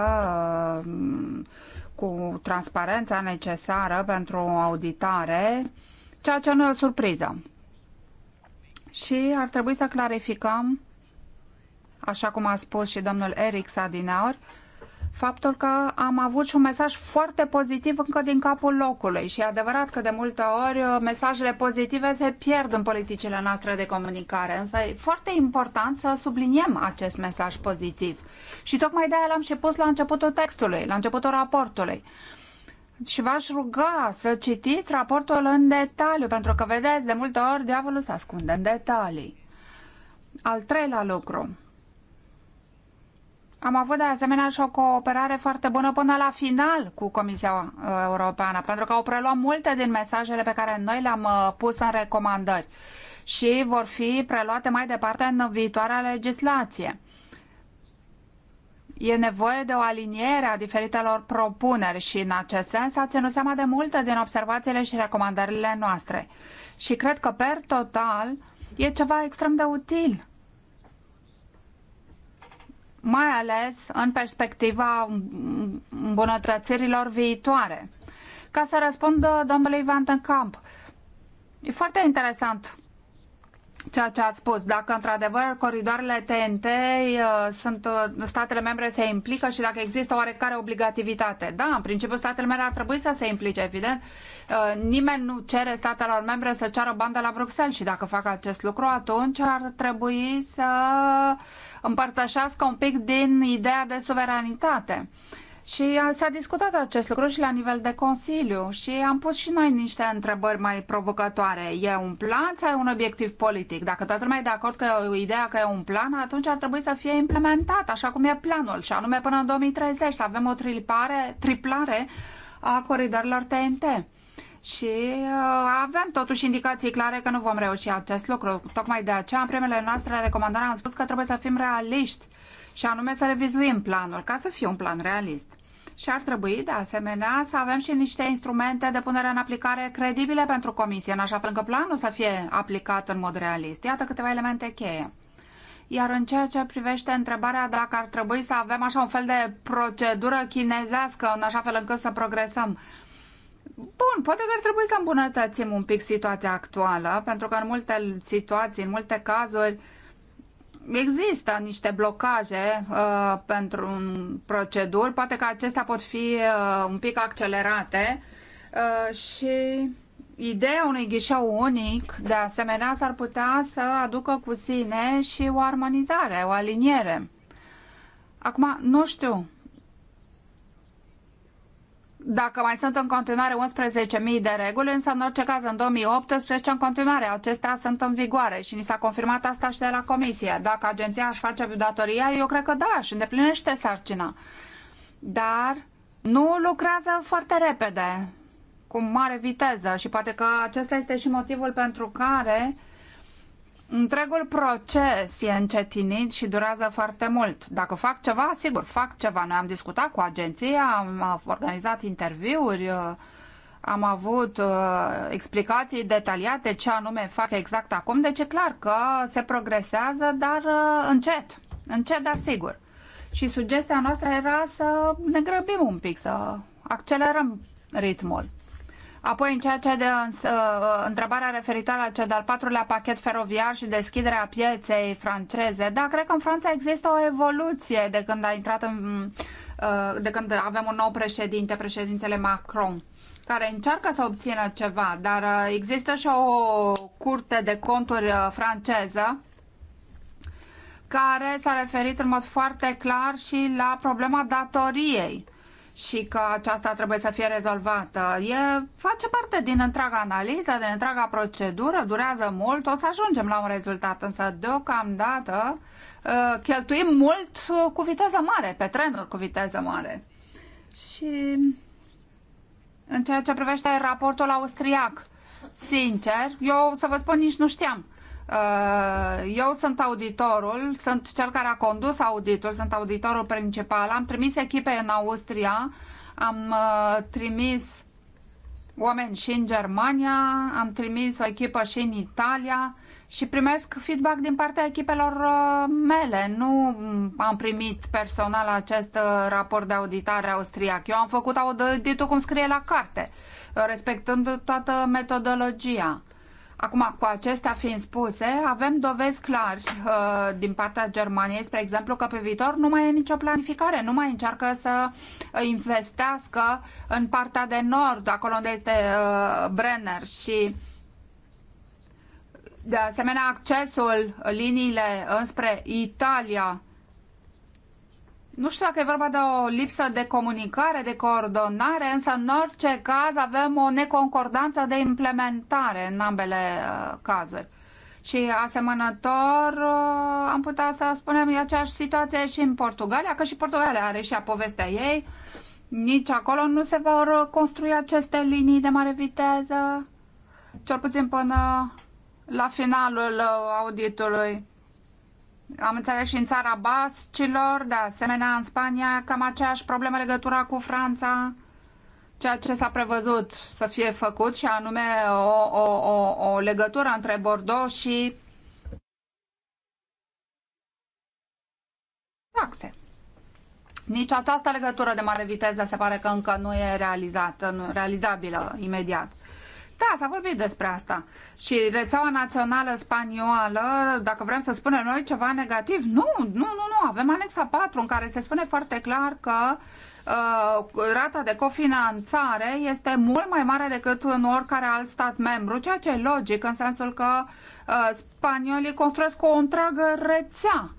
cu transparența necesară pentru o auditare, ceea ce nu e o surpriză. Și ar trebui să clarificăm, așa cum a spus și domnul Eric Sadinaur, faptul că am avut și un mesaj foarte pozitiv încă din capul locului și e adevărat că de multe ori uh, mesajele pozitive se pierd în politicile noastre de comunicare, însă e foarte important să subliniem acest mesaj pozitiv. Și tocmai de-aia l-am și pus la începutul textului, la începutul raportului și v-aș ruga să citiți raportul în detaliu, pentru că, vedeți, de multe ori diavolul se ascunde în detalii. Al treilea lucru, am avut de asemenea și o cooperare foarte bună până la final cu Comisia uh, Europeană, pentru că au preluat multe din mesajele pe care noi le-am uh, pus în recomandări și vor fi preluate mai departe în viitoarea legislație. E nevoie de o aliniere a diferitelor propuneri și în acest sens a ținut seama de multe din observațiile și recomandările noastre. Și cred că, per total, e ceva extrem de util mai ales în perspectiva îmbunătățirilor viitoare. Ca să răspund domnului Van den Kamp, e foarte interesant ceea ce ați spus. Dacă într-adevăr coridoarele TNT uh, sunt, uh, statele membre se implică și dacă există oarecare obligativitate. Da, în principiu statele membre ar trebui să se implice, evident. Uh, nimeni nu cere statelor membre să ceară bandă la Bruxelles și dacă fac acest lucru, atunci ar trebui să împărtășească un pic din ideea de suveranitate. Și uh, s-a discutat acest lucru și la nivel de Consiliu și am pus și noi niște întrebări mai provocatoare. E un plan sau e un obiectiv politic? Dacă toată lumea e de acord că e o idee, că e un plan, atunci ar trebui să fie implementat așa cum e planul și anume până în 2030 să avem o tripare, triplare a coridorilor TNT și uh, avem totuși indicații clare că nu vom reuși acest lucru. Tocmai de aceea, în primele noastre recomandări am spus că trebuie să fim realiști și anume să revizuim planul, ca să fie un plan realist. Și ar trebui, de asemenea, să avem și niște instrumente de punere în aplicare credibile pentru comisie, în așa fel încât planul să fie aplicat în mod realist. Iată câteva elemente cheie. Iar în ceea ce privește întrebarea dacă ar trebui să avem așa un fel de procedură chinezească, în așa fel încât să progresăm, uh, Bun, poate că ar trebui să îmbunătățim un pic situația actuală, pentru că în multe situații, în multe cazuri, există niște blocaje uh, pentru un procedur, poate că acestea pot fi uh, un pic accelerate uh, și ideea unui ghișeu unic, de asemenea, s-ar putea să aducă cu sine și o armonizare, o aliniere. Acum, nu știu dacă mai sunt în continuare 11.000 de reguli, însă în orice caz în 2018 în continuare acestea sunt în vigoare și ni s-a confirmat asta și de la comisie. Dacă agenția își face datoria, eu cred că da, și îndeplinește sarcina. Dar nu lucrează foarte repede, cu mare viteză și poate că acesta este și motivul pentru care Întregul proces e încetinit și durează foarte mult. Dacă fac ceva, sigur, fac ceva. Noi am discutat cu agenția, am organizat interviuri, uh, am avut uh, explicații detaliate ce anume fac exact acum, deci e clar că se progresează, dar uh, încet, încet, dar sigur. Și sugestia noastră era să ne grăbim un pic, să accelerăm ritmul. Apoi, în ceea ce de uh, uh, întrebarea referitoare la cel de-al patrulea pachet feroviar și deschiderea pieței franceze, da, cred că în Franța există o evoluție de când a intrat în, uh, de când avem un nou președinte, președintele Macron care încearcă să obțină ceva, dar există și o curte de conturi franceză care s-a referit în mod foarte clar și la problema datoriei și că aceasta trebuie să fie rezolvată. E, face parte din întreaga analiză, din întreaga procedură, durează mult, o să ajungem la un rezultat, însă deocamdată ă, cheltuim mult cu viteză mare, pe trenuri cu viteză mare. Și în ceea ce privește raportul austriac, sincer, eu să vă spun nici nu știam Uh, eu sunt auditorul, sunt cel care a condus auditul, sunt auditorul principal. Am trimis echipe în Austria, am uh, trimis oameni și în Germania, am trimis o echipă și în Italia și primesc feedback din partea echipelor uh, mele. Nu am primit personal acest raport de auditare austriac. Eu am făcut auditul cum scrie la carte, respectând toată metodologia. Acum, cu acestea fiind spuse, avem dovezi clari uh, din partea Germaniei, spre exemplu, că pe viitor nu mai e nicio planificare, nu mai încearcă să investească în partea de nord, acolo unde este uh, Brenner și de asemenea accesul liniile înspre Italia nu știu dacă e vorba de o lipsă de comunicare, de coordonare, însă în orice caz avem o neconcordanță de implementare în ambele uh, cazuri. Și asemănător uh, am putea să spunem e aceeași situație și în Portugalia, că și Portugalia are și a povestea ei. Nici acolo nu se vor construi aceste linii de mare viteză, cel puțin până la finalul uh, auditului am înțeles și în țara bascilor, de asemenea în Spania, cam aceeași problemă legătura cu Franța, ceea ce s-a prevăzut să fie făcut și anume o, o, o, o legătură între Bordeaux și taxe. Nici această legătură de mare viteză se pare că încă nu e realizată, nu, realizabilă imediat. Da, s-a vorbit despre asta. Și rețeaua națională spaniolă, dacă vrem să spunem noi ceva negativ, nu, nu, nu, nu. Avem anexa 4 în care se spune foarte clar că uh, rata de cofinanțare este mult mai mare decât în oricare alt stat membru, ceea ce e logic în sensul că uh, spaniolii construiesc o întreagă rețea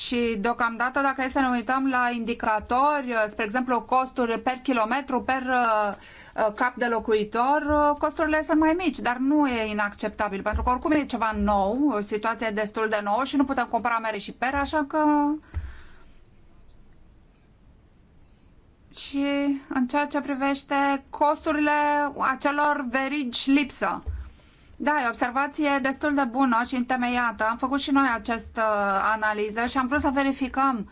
și deocamdată, dacă e să ne uităm la indicatori, uh, spre exemplu costuri per kilometru, per uh, uh, cap de locuitor, costurile sunt mai mici, dar nu e inacceptabil, pentru că oricum e ceva nou, situația e destul de nouă și nu putem compara mere și pere, așa că... Și în ceea ce privește costurile acelor verigi lipsă. Da, e o observație destul de bună și întemeiată. Am făcut și noi această uh, analiză și am vrut să verificăm.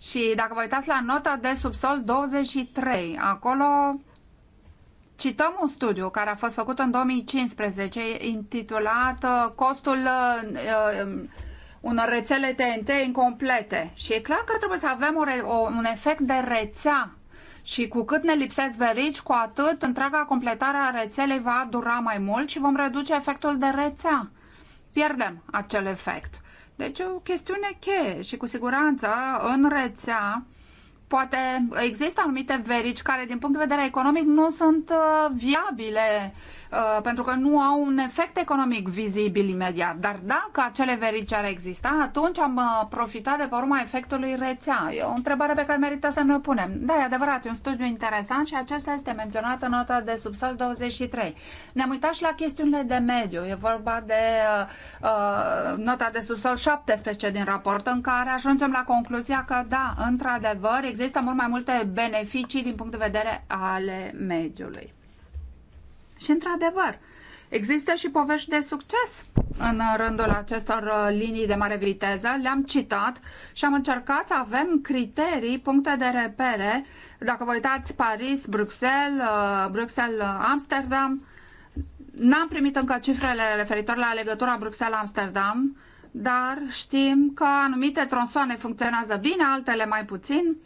Și dacă vă uitați la nota de subsol 23, acolo Cităm un studiu care a fost făcut în 2015 intitulat uh, Costul uh, uh, unor rețele TNT incomplete și e clar că trebuie să avem o, o, un efect de rețea și cu cât ne lipsesc verici, cu atât întreaga completare a rețelei va dura mai mult și vom reduce efectul de rețea. Pierdem acel efect. Deci e o chestiune cheie și cu siguranță în rețea poate există anumite verici care din punct de vedere economic nu sunt uh, viabile uh, pentru că nu au un efect economic vizibil imediat. Dar dacă acele verici ar exista, atunci am uh, profitat de pe urma efectului rețea. E o întrebare pe care merită să ne punem. Da, e adevărat, e un studiu interesant și acesta este menționat în nota de subsol 23. Ne-am uitat și la chestiunile de mediu. E vorba de uh, nota de subsol 17 din raport în care ajungem la concluzia că da, într-adevăr, există există mult mai multe beneficii din punct de vedere ale mediului. Și într-adevăr, există și povești de succes în rândul acestor uh, linii de mare viteză. Le-am citat și am încercat să avem criterii, puncte de repere. Dacă vă uitați Paris, Bruxelles, uh, Bruxelles, uh, Amsterdam, n-am primit încă cifrele referitor la legătura Bruxelles-Amsterdam, dar știm că anumite tronsoane funcționează bine, altele mai puțin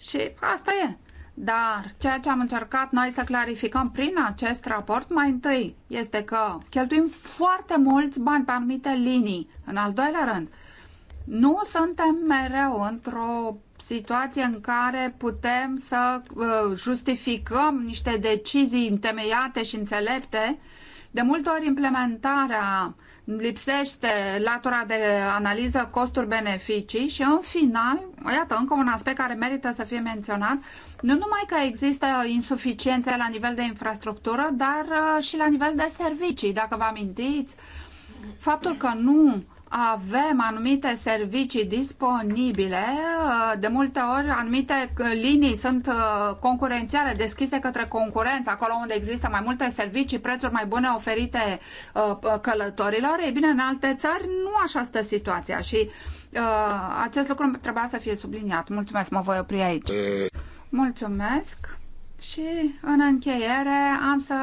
și asta e. Dar ceea ce am încercat noi să clarificăm prin acest raport mai întâi este că cheltuim foarte mulți bani pe anumite linii. În al doilea rând, nu suntem mereu într-o situație în care putem să uh, justificăm niște decizii întemeiate și înțelepte. De multe ori implementarea lipsește latura de analiză costuri-beneficii și în final, iată, încă un aspect care merită să fie menționat, nu numai că există insuficiențe la nivel de infrastructură, dar uh, și la nivel de servicii. Dacă vă amintiți, faptul că nu avem anumite servicii disponibile, uh, de multe ori anumite uh, linii sunt uh, concurențiale, deschise către concurență, acolo unde există mai multe servicii, prețuri mai bune oferite călătorilor, ei bine, în alte țări nu așa stă situația și acest lucru trebuia să fie subliniat. Mulțumesc, mă voi opri aici. Mulțumesc și în încheiere am să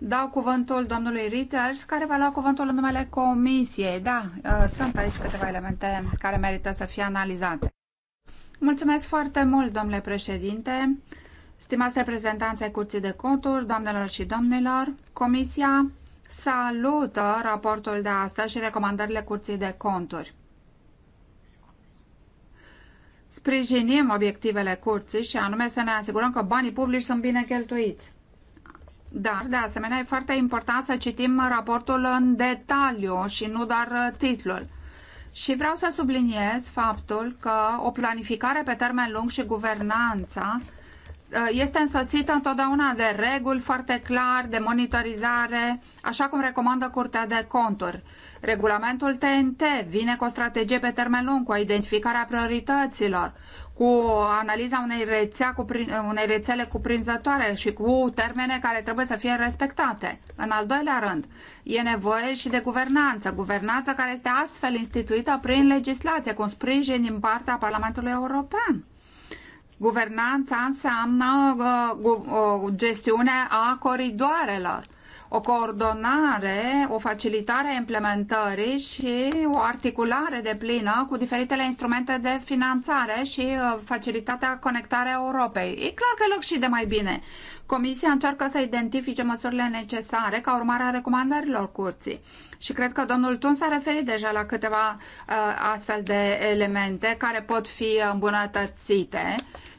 dau cuvântul domnului Ritters, care va lua cuvântul în numele Comisiei. Da, uh, sunt aici câteva elemente care merită să fie analizate. Mulțumesc foarte mult, domnule președinte, stimați reprezentanțe Curții de Conturi, doamnelor și domnilor. Comisia salută raportul de astăzi și recomandările Curții de Conturi. Sprijinim obiectivele curții și anume să ne asigurăm că banii publici sunt bine cheltuiți. Da, de asemenea, e foarte important să citim raportul în detaliu și nu doar titlul. Și vreau să subliniez faptul că o planificare pe termen lung și guvernanța Eh, este însoțită întotdeauna de reguli foarte clar, de monitorizare, așa cum recomandă Curtea de Conturi. Regulamentul TNT vine cu o strategie pe termen lung, cu identificarea priorităților, cu analiza unei, rețea, cu, unei rețele cuprinzătoare și cu termene care trebuie să fie respectate. În al doilea rând, e nevoie și de guvernanță, guvernanță care este astfel instituită prin legislație, cu sprijin din partea Parlamentului European Guvernanța înseamnă uh, uh, gestiune a coridoarelor, o coordonare, o facilitare a implementării și o articulare de plină cu diferitele instrumente de finanțare și uh, facilitatea conectarea Europei. E clar că loc și de mai bine. Comisia încearcă să identifice măsurile necesare ca urmare a recomandărilor curții. Și cred că domnul Tun s-a referit deja la câteva uh, astfel de elemente care pot fi îmbunătățite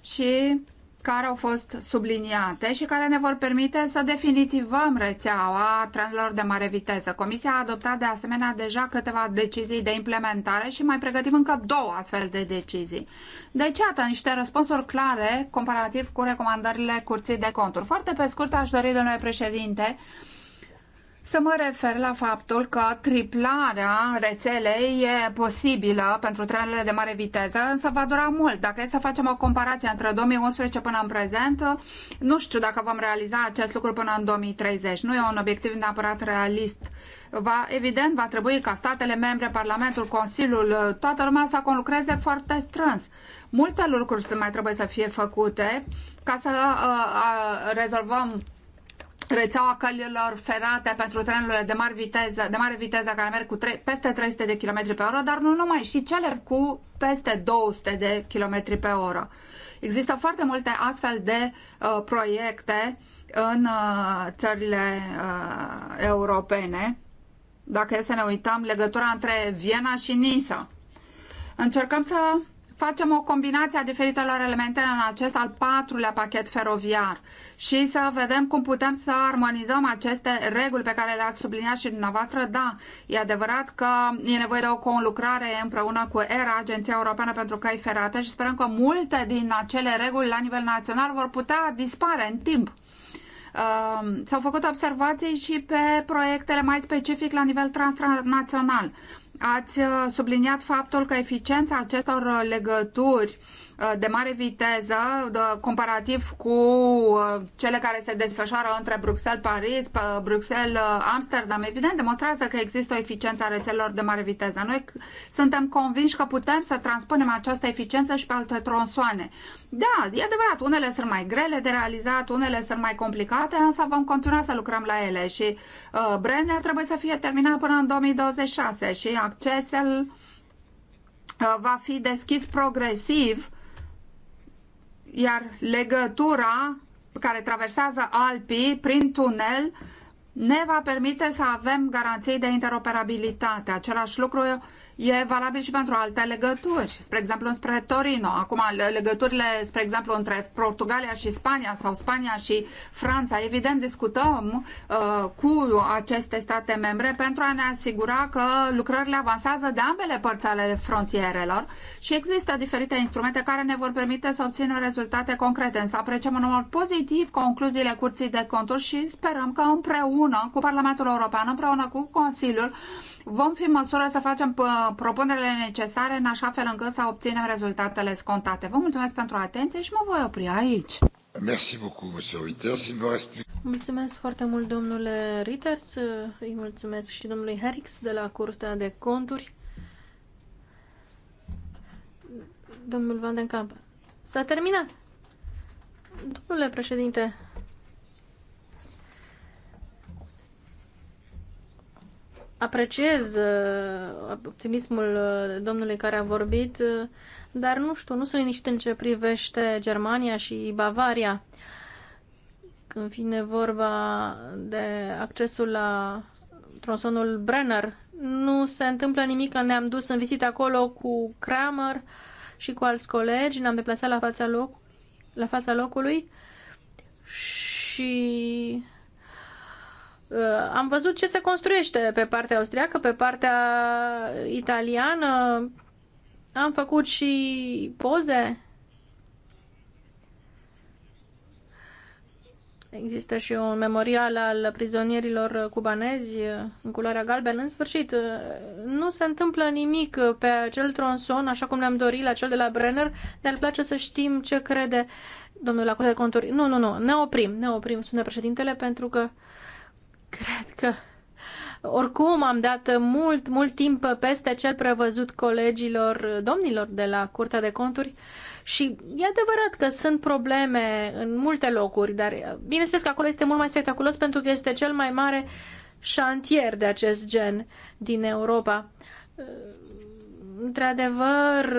și care au fost subliniate și care ne vor permite să definitivăm rețeaua trenurilor de mare viteză. Comisia a adoptat de asemenea deja câteva decizii de implementare și mai pregătim încă două astfel de decizii. Deci, iată, niște răspunsuri clare comparativ cu recomandările Curții de Conturi. Foarte pe scurt aș dori, domnule președinte, să mă refer la faptul că triplarea rețelei e posibilă pentru trenurile de mare viteză, însă va dura mult. Dacă e să facem o comparație între 2011 până în prezent, nu știu dacă vom realiza acest lucru până în 2030. Nu e un obiectiv neapărat realist. Va, evident, va trebui ca statele membre, Parlamentul, Consiliul, toată lumea să conlucreze foarte strâns. Multe lucruri mai trebuie să fie făcute ca să uh, uh, rezolvăm rețeaua călilor ferate pentru trenurile de mare viteză, de mare viteză care merg cu tre- peste 300 de km pe oră, dar nu numai, și cele cu peste 200 de km pe oră. Există foarte multe astfel de uh, proiecte în uh, țările uh, europene. Dacă e să ne uităm legătura între Viena și Nisa. Încercăm să facem o combinație a diferitelor elemente în acest al patrulea pachet feroviar și să vedem cum putem să armonizăm aceste reguli pe care le-ați subliniat și dumneavoastră. Da, e adevărat că e nevoie de o conlucrare împreună cu ERA, Agenția Europeană pentru Căi Ferate și sperăm că multe din acele reguli la nivel național vor putea dispare în timp. Uh, s-au făcut observații și pe proiectele mai specific la nivel transnațional. Ați uh, subliniat faptul că eficiența acestor uh, legături Uh, de mare viteză comparativ cu uh, cele care se desfășoară între Bruxelles-Paris, Bruxelles-Amsterdam, uh, evident, demonstrează că există o eficiență a rețelelor de mare viteză. Noi suntem convinși că putem să transpunem această eficiență și pe alte tronsoane. Da, e adevărat, unele sunt mai grele de realizat, unele sunt mai complicate, însă vom continua să lucrăm la ele și uh, Brenner trebuie să fie terminat până în 2026 și accesul uh, va fi deschis progresiv iar legătura care traversează Alpii prin tunel ne va permite să avem garanții de interoperabilitate. Același lucru e valabil și pentru alte legături, spre exemplu spre Torino. Acum, legăturile, spre exemplu, între Portugalia și Spania sau Spania și Franța, evident, discutăm uh, cu aceste state membre pentru a ne asigura că lucrările avansează de ambele părți ale frontierelor și există diferite instrumente care ne vor permite să obținem rezultate concrete. Însă apreciem în mod pozitiv concluziile Curții de Conturi și sperăm că împreună cu Parlamentul European, împreună cu Consiliul, vom fi în măsură să facem propunerile necesare în așa fel încât să obținem rezultatele scontate. Vă mulțumesc pentru atenție și mă voi opri aici. Merci beaucoup, monsieur Reuters. Il me reste plus... Mulțumesc foarte mult, domnule Ritters. Îi mulțumesc și domnului Herix de la Curtea de Conturi. Domnul Van den Kamp. S-a terminat. Domnule președinte, apreciez uh, optimismul uh, domnului care a vorbit, uh, dar nu știu, nu sunt liniștit în ce privește Germania și Bavaria. Când vine vorba de accesul la tronsonul Brenner, nu se întâmplă nimic. Ne-am dus în vizită acolo cu Kramer și cu alți colegi, ne-am deplasat la fața, loc, la fața locului și Uh, am văzut ce se construiește pe partea austriacă, pe partea italiană. Am făcut și poze. Există și un memorial al prizonierilor cubanezi în culoarea galben. În sfârșit, uh, nu se întâmplă nimic pe acel tronson, așa cum ne-am dorit la cel de la Brenner, ne-ar place să știm ce crede domnul la de Conturi. Nu, nu, nu, ne oprim, ne oprim, spune președintele, pentru că Cred că oricum am dat mult, mult timp peste cel prevăzut colegilor, domnilor de la Curtea de Conturi și e adevărat că sunt probleme în multe locuri, dar bineînțeles că acolo este mult mai spectaculos pentru că este cel mai mare șantier de acest gen din Europa. Într-adevăr,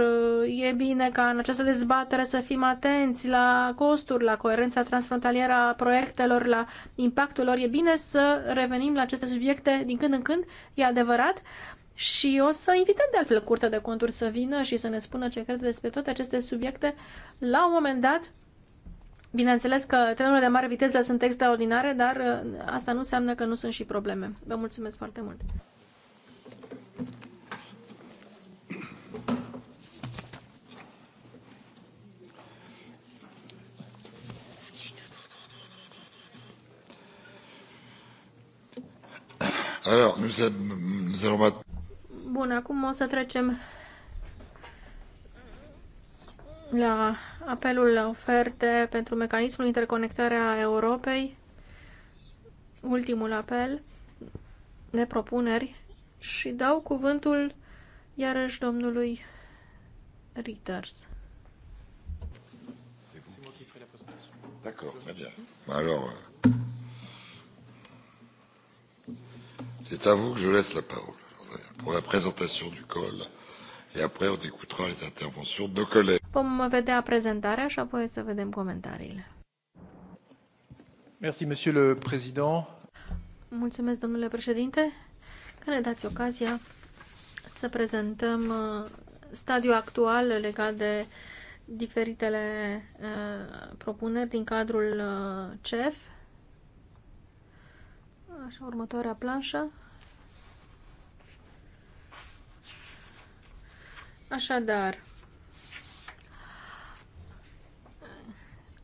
e bine ca în această dezbatere să fim atenți la costuri, la coerența transfrontalieră a proiectelor, la impactul lor. E bine să revenim la aceste subiecte din când în când, e adevărat. Și o să invităm de altfel Curtea de Conturi să vină și să ne spună ce crede despre toate aceste subiecte la un moment dat. Bineînțeles că trenurile de mare viteză sunt extraordinare, dar uh, asta nu înseamnă că nu sunt și probleme. Vă mulțumesc foarte mult! Alors, nous, nous allons... Bun, acum o să trecem la apelul la oferte pentru mecanismul interconectarea Europei. Ultimul apel de propuneri și dau cuvântul iarăși domnului Bine. D'accord, très bien. Alors, C'est à vous que je laisse la parole pour la présentation du col et après on écoutera les interventions de nos collègues. Vom vedea prezentarea și apoi să vedem comentariile. Merci, monsieur le président. Mulțumesc, domnule președinte, că ne dați ocazia să prezentăm uh, stadiul actual legat de diferitele uh, propuneri din cadrul uh, CEF Așa, următoarea planșă. Așadar,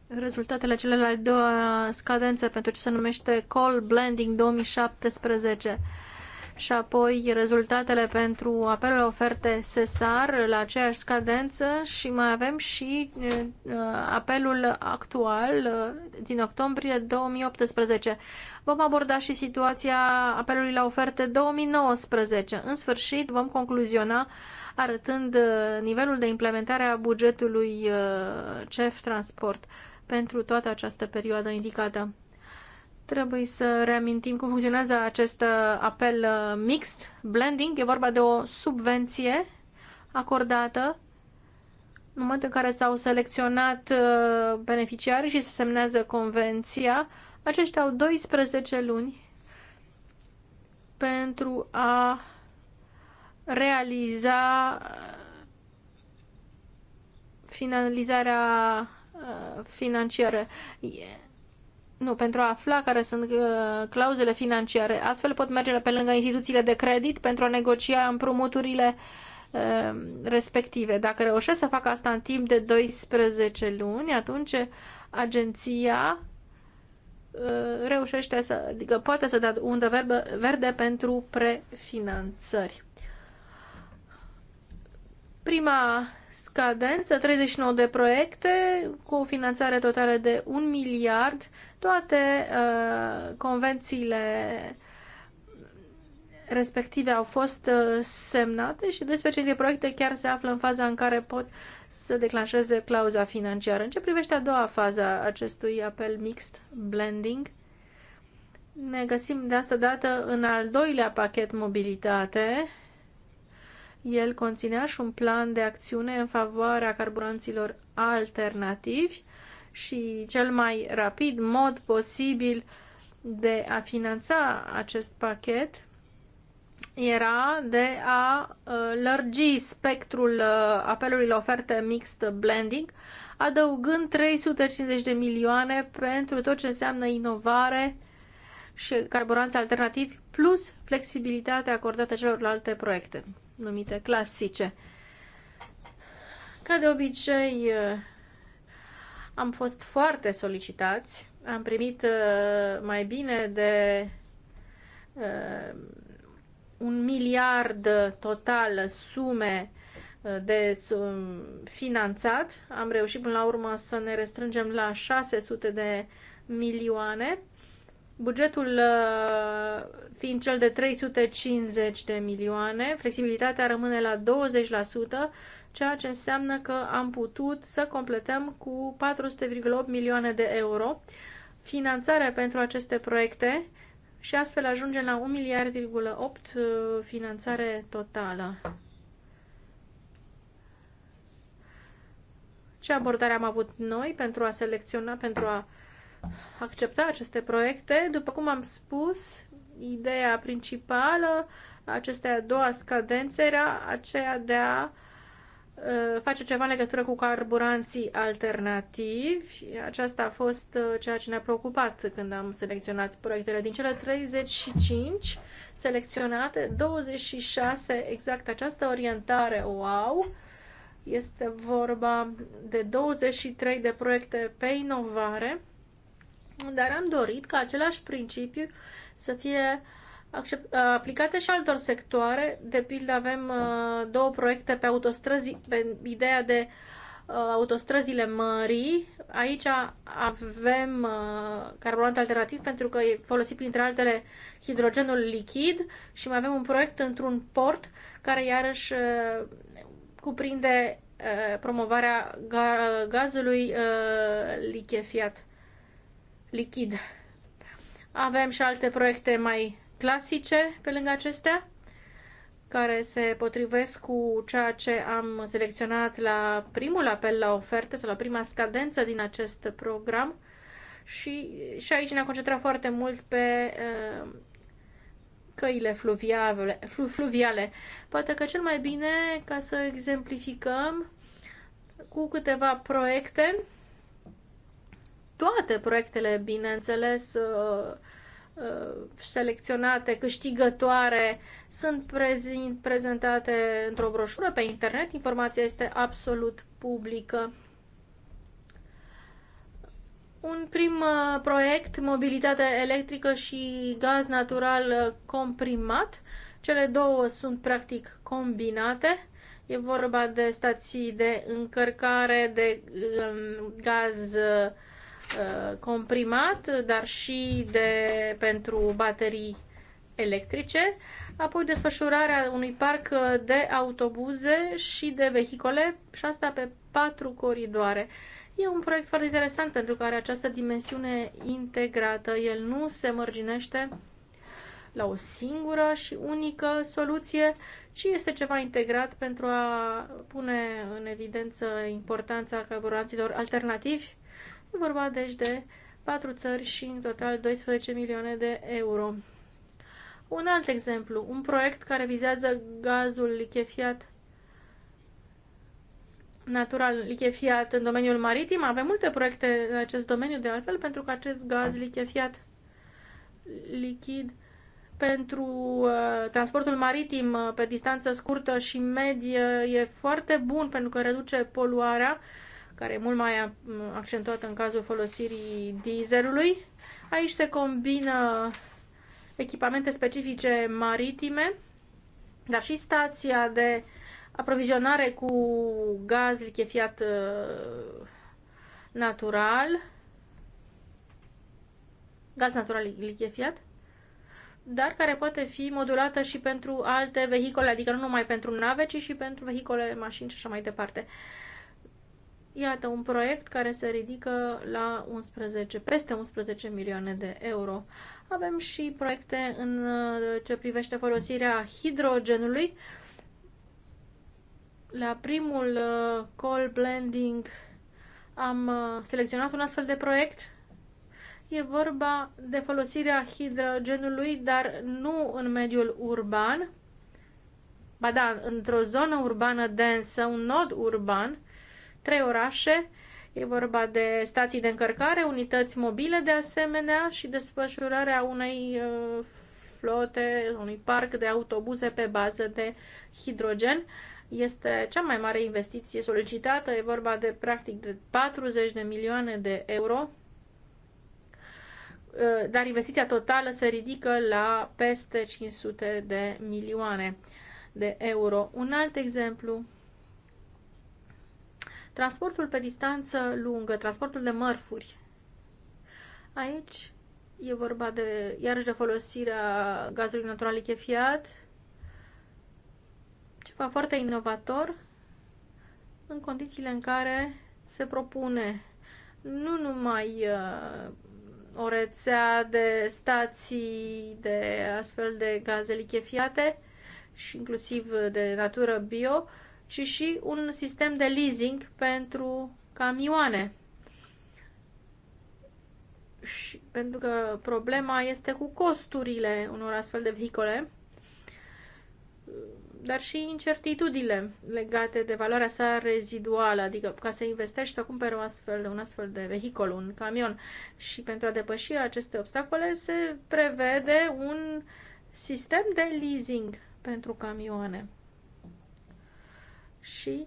rezultatele celelalte două scadențe pentru ce se numește Call Blending 2017 și apoi rezultatele pentru apelul oferte SESAR la aceeași scadență și mai avem și apelul actual din octombrie 2018. Vom aborda și situația apelului la oferte 2019. În sfârșit vom concluziona arătând nivelul de implementare a bugetului CEF Transport pentru toată această perioadă indicată. Trebuie să reamintim cum funcționează acest uh, apel uh, mixt, blending. E vorba de o subvenție acordată în momentul în care s-au selecționat uh, beneficiarii și se semnează convenția. Aceștia au 12 luni pentru a realiza finalizarea financiară. Nu, pentru a afla care sunt uh, clauzele financiare. Astfel pot merge pe lângă instituțiile de credit pentru a negocia împrumuturile uh, respective. Dacă reușesc să fac asta în timp de 12 luni, atunci agenția uh, reușește să, adică poate să dea undă verde pentru prefinanțări. Prima scadență, 39 de proiecte cu o finanțare totală de 1 miliard toate uh, convențiile respective au fost uh, semnate și 12 proiecte chiar se află în faza în care pot să declanșeze clauza financiară. În ce privește a doua fază a acestui apel mixt, blending, ne găsim de asta dată în al doilea pachet mobilitate. El conținea și un plan de acțiune în favoarea carburanților alternativi și cel mai rapid mod posibil de a finanța acest pachet era de a uh, lărgi spectrul uh, apelului la oferte mixed blending, adăugând 350 de milioane pentru tot ce înseamnă inovare și carburanți alternativi, plus flexibilitatea acordată celorlalte proiecte numite clasice. Ca de obicei, uh, am fost foarte solicitați, am primit uh, mai bine de uh, un miliard total sume uh, de finanțat. Am reușit până la urmă să ne restrângem la 600 de milioane, bugetul fiind cel de 350 de milioane, flexibilitatea rămâne la 20%, ceea ce înseamnă că am putut să completăm cu 400,8 milioane de euro finanțarea pentru aceste proiecte și astfel ajungem la 1 miliard,8 uh, finanțare totală. Ce abordare am avut noi pentru a selecționa, pentru a accepta aceste proiecte? După cum am spus, ideea principală acestea a doua scadențe era aceea de a uh, Uh, face ceva în legătură cu carburanții alternativi. Aceasta a fost uh, ceea ce ne-a preocupat când am selecționat proiectele. Din cele 35 selecționate, 26 exact această orientare o au. Este vorba de 23 de proiecte pe inovare, dar am dorit ca același principiu să fie uh, aplicate și altor sectoare. De pildă avem două proiecte pe autostrăzi, pe ideea de autostrăzile mării. Aici avem carburant alternativ pentru că e folosit printre altele hidrogenul lichid și mai avem un proiect într-un port care iarăși cuprinde promovarea gazului lichefiat, lichid. Avem și alte proiecte mai clasice pe lângă acestea, care se potrivesc cu ceea ce am selecționat la primul apel la oferte sau la prima scadență din acest program. Și, și aici ne-am concentrat foarte mult pe uh, căile fluviale, flu, fluviale. Poate că cel mai bine, ca să exemplificăm cu câteva proiecte, toate proiectele, bineînțeles, uh, Uh, selecționate, câștigătoare, sunt prezentate într-o broșură pe internet. Informația este absolut publică. Un prim uh, proiect, mobilitate electrică și gaz natural uh, comprimat. Cele două sunt practic combinate. E vorba de stații de încărcare de um, gaz Uh, comprimat, dar și de, pentru baterii electrice, apoi desfășurarea unui parc de autobuze și de vehicole și asta pe patru coridoare. E un proiect foarte interesant pentru că are această dimensiune integrată. El nu se mărginește la o singură și unică soluție, ci este ceva integrat pentru a pune în evidență importanța carburanților alternativi E vorba deci de patru țări și în total 12 milioane de euro. Un alt exemplu, un proiect care vizează gazul lichefiat natural lichefiat în domeniul maritim. Avem multe proiecte în acest domeniu, de altfel, pentru că acest gaz lichefiat lichid pentru uh, transportul maritim uh, pe distanță scurtă și medie e foarte bun pentru că reduce poluarea uh, care e mult mai accentuată în cazul folosirii dieselului. Aici se combină echipamente specifice maritime, dar și stația de aprovizionare cu gaz lichefiat uh, natural, gaz natural lichefiat, dar care poate fi modulată și pentru alte vehicole, adică nu numai pentru nave, ci și pentru vehicole, mașini și așa mai departe. Uh, Iată un proiect care se ridică la 11, peste 11 milioane de euro. Avem și proiecte în uh, ce privește folosirea hidrogenului. La primul uh, call blending am uh, selecționat un astfel de proiect. E vorba de folosirea hidrogenului, dar nu în mediul urban, ba da, într-o zonă urbană densă, un nod urban, trei orașe. E vorba de stații de încărcare, unități mobile de asemenea și desfășurarea unei uh, flote, unui parc de autobuze pe bază de hidrogen. Este cea mai mare investiție solicitată, e vorba de practic de 40 de milioane de euro, uh, dar investiția totală se ridică la peste 500 de milioane de euro. Un alt exemplu Transportul pe distanță lungă, transportul de mărfuri. Aici e vorba de, iarăși de folosirea gazului natural lichefiat, ceva foarte inovator în condițiile în care se propune nu numai uh, o rețea de stații de astfel de gaze lichefiate și inclusiv de natură bio, ci și un sistem de leasing pentru camioane. Și pentru că problema este cu costurile unor astfel de vehicole, dar și incertitudile legate de valoarea sa reziduală, adică ca să investești să cumperi un astfel, de un astfel de vehicol, un camion. Și pentru a depăși aceste obstacole se prevede un sistem de leasing pentru camioane și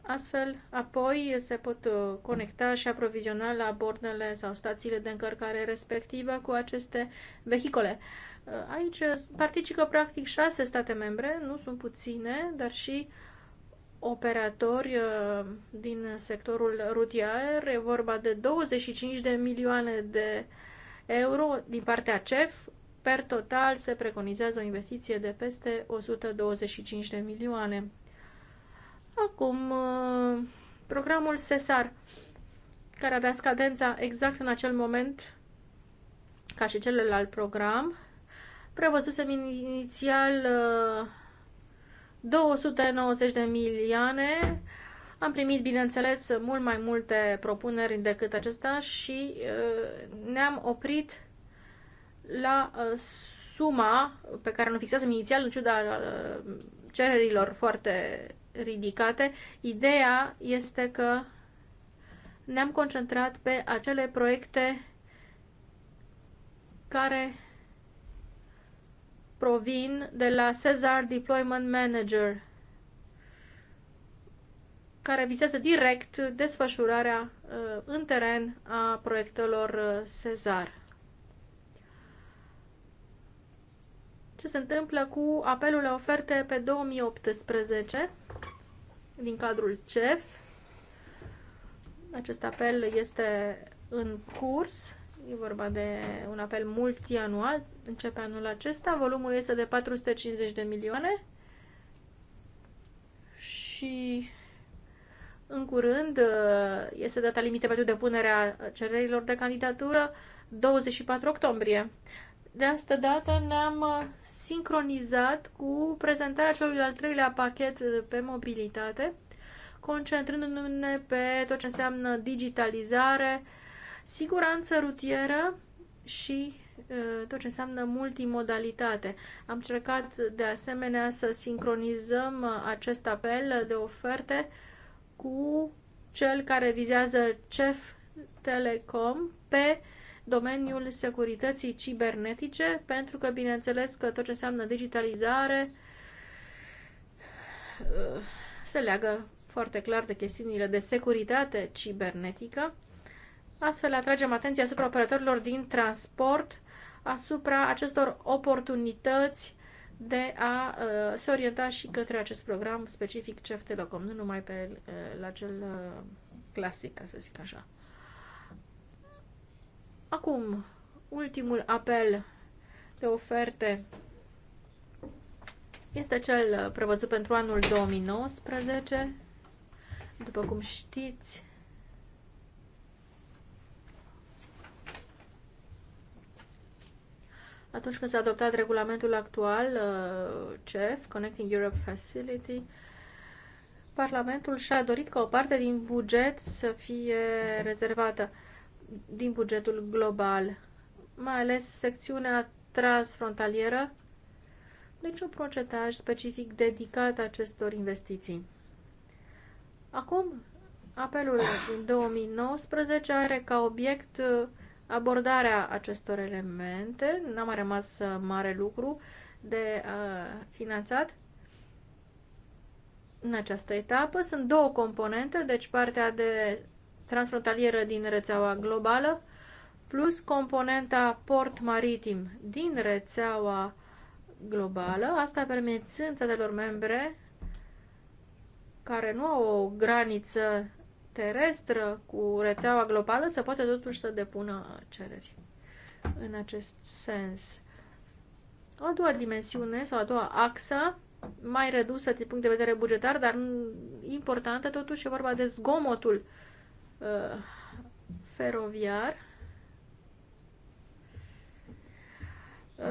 astfel apoi se pot uh, conecta și aproviziona la bornele sau stațiile de încărcare respectivă cu aceste vehicole. Uh, aici uh, participă practic șase state membre, nu sunt puține, dar și operatori din sectorul rutier. E vorba de 25 de milioane de euro din partea CEF. Per total se preconizează o investiție de peste 125 de milioane. Acum, uh, programul SESAR, care avea scadența exact în acel moment, ca și celălalt program, prevăzusem inițial 290 uh, de milioane. Am primit, bineînțeles, mult mai multe propuneri decât acesta și uh, ne-am oprit la suma pe care nu fixasem inițial, în ciuda cererilor foarte ridicate. Ideea este că ne-am concentrat pe acele proiecte care provin de la Cesar Deployment Manager, care visează direct desfășurarea uh, în teren a proiectelor uh, Cesar. Ce se întâmplă cu apelul la oferte pe 2018? din cadrul CEF. Acest apel este în curs. E vorba de un apel multianual, începe anul acesta. Volumul este de 450 de milioane și în curând este data limită pentru depunerea cererilor de candidatură 24 octombrie de asta dată ne-am uh, sincronizat cu prezentarea celui al treilea pachet uh, pe mobilitate, concentrându-ne pe tot ce înseamnă digitalizare, siguranță rutieră și uh, tot ce înseamnă multimodalitate. Am încercat de asemenea să sincronizăm acest apel de oferte cu cel care vizează CEF Telecom pe uh, domeniul securității cibernetice, pentru că, bineînțeles, că tot ce înseamnă digitalizare uh, se leagă foarte clar de chestiunile de securitate cibernetică. Astfel, atragem atenția asupra operatorilor din transport, asupra acestor oportunități de a uh, se orienta și către acest program specific CEF Telecom, nu numai pe, uh, la cel clasic, ca să zic așa. Acum, ultimul apel de oferte este cel prevăzut pentru anul 2019. După cum știți, atunci când s-a adoptat regulamentul actual, uh, CEF, Connecting Europe Facility, Parlamentul și-a dorit ca o parte din buget să fie rezervată din bugetul global, mai ales secțiunea transfrontalieră, deci un procentaj specific dedicat acestor investiții. Acum, apelul din 2019 are ca obiect uh, abordarea acestor elemente. N-a mai rămas uh, mare lucru de uh, finanțat în această etapă. Sunt două componente, deci partea de transfrontalieră din rețeaua globală, plus componenta port maritim din rețeaua globală, asta permițând statelor membre care nu au o graniță terestră cu rețeaua globală să poate totuși să depună cereri în acest sens. O a doua dimensiune sau a doua axă, mai redusă din punct de vedere bugetar, dar importantă totuși e vorba de zgomotul Uh, feroviar. Uh,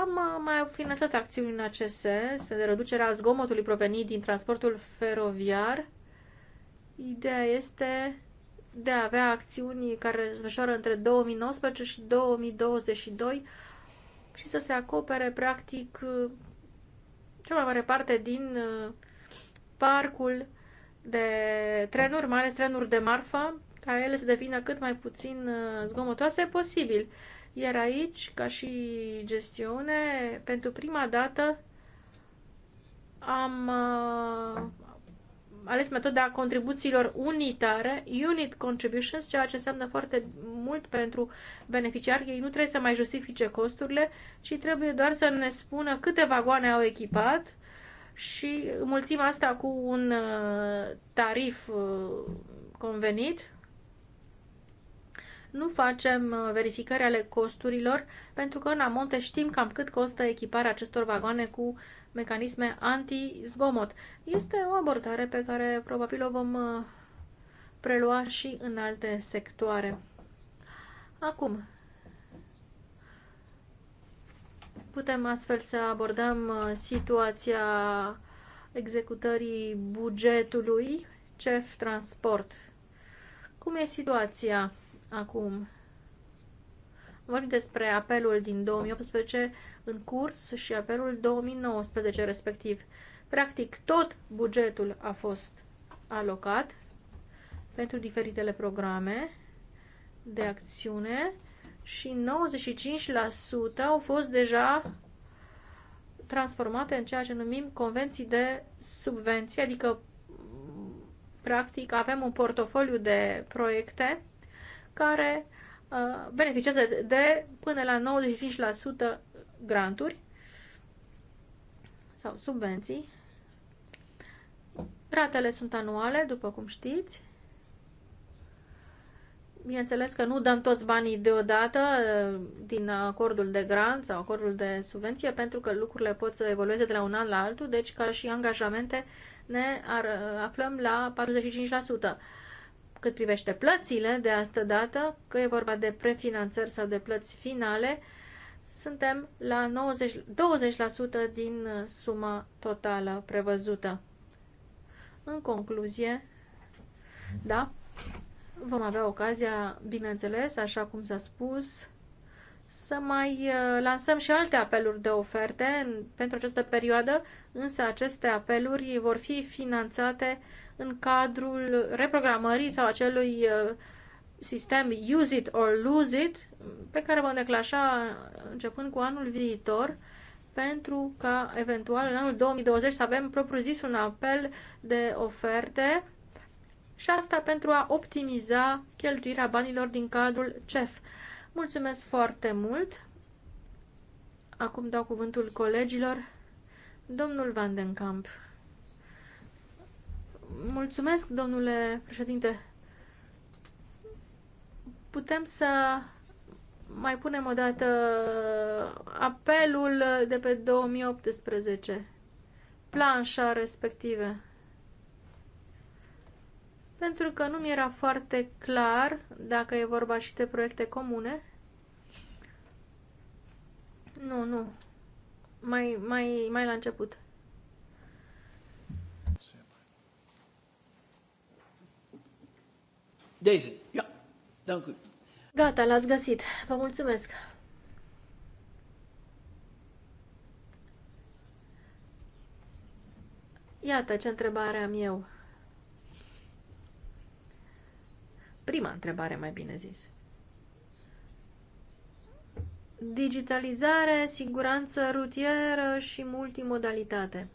am uh, mai finanțat acțiuni în acest sens, de reducerea zgomotului provenit din transportul feroviar. Ideea este de a avea acțiuni care se desfășoară între 2019 și 2022 și să se acopere, practic, cea mai mare parte din parcul de trenuri, mai ales trenuri de marfă, ca ele să devină cât mai puțin uh, zgomotoase posibil. Iar aici, ca și gestiune, pentru prima dată am uh, ales metoda contribuțiilor unitare, unit contributions, ceea ce înseamnă foarte mult pentru beneficiari. Ei nu trebuie să mai justifice costurile, ci trebuie doar să ne spună câte vagoane au echipat și mulțim asta cu un uh, tarif uh, convenit. Nu facem uh, verificări ale costurilor, pentru că în amonte știm cam cât costă echiparea acestor vagoane cu mecanisme anti-zgomot. Este o abordare pe care probabil o vom prelua și în alte sectoare. Acum, Putem astfel să abordăm uh, situația executării bugetului CEF Transport. Cum e situația acum? Vorbim despre apelul din 2018 în curs și apelul 2019 respectiv. Practic tot bugetul a fost alocat pentru diferitele programe de acțiune și 95% au fost deja transformate în ceea ce numim convenții de subvenție, adică practic avem un portofoliu de proiecte care uh, beneficiază de până la 95% granturi sau subvenții. Ratele sunt anuale, după cum știți, Bineînțeles că nu dăm toți banii deodată uh, din acordul de grant sau acordul de subvenție, pentru că lucrurile pot să evolueze de la un an la altul, deci ca și angajamente ne ar, uh, aflăm la 45%. Cât privește plățile de astă dată, că e vorba de prefinanțări sau de plăți finale, suntem la 90, 20% din suma totală prevăzută. În concluzie, da? Vom avea ocazia, bineînțeles, așa cum s-a spus, să mai uh, lansăm și alte apeluri de oferte pentru această perioadă, însă aceste apeluri vor fi finanțate în cadrul reprogramării sau acelui uh, sistem Use It or Lose It pe care vom declașa începând cu anul viitor pentru ca eventual în anul 2020 să avem propriu-zis un apel de oferte și asta pentru a optimiza cheltuirea banilor din cadrul CEF. Mulțumesc foarte mult! Acum dau cuvântul colegilor. Domnul Van den Kamp. Mulțumesc, domnule președinte. Putem să mai punem o dată apelul de pe 2018, planșa respectivă pentru că nu mi era foarte clar dacă e vorba și de proiecte comune. Nu, nu. Mai, mai, mai la început. Daisy. ia, dank Gata, l-ați găsit. Vă mulțumesc. Iată ce întrebare am eu. Prima întrebare, mai bine zis. Digitalizare, siguranță rutieră și multimodalitate.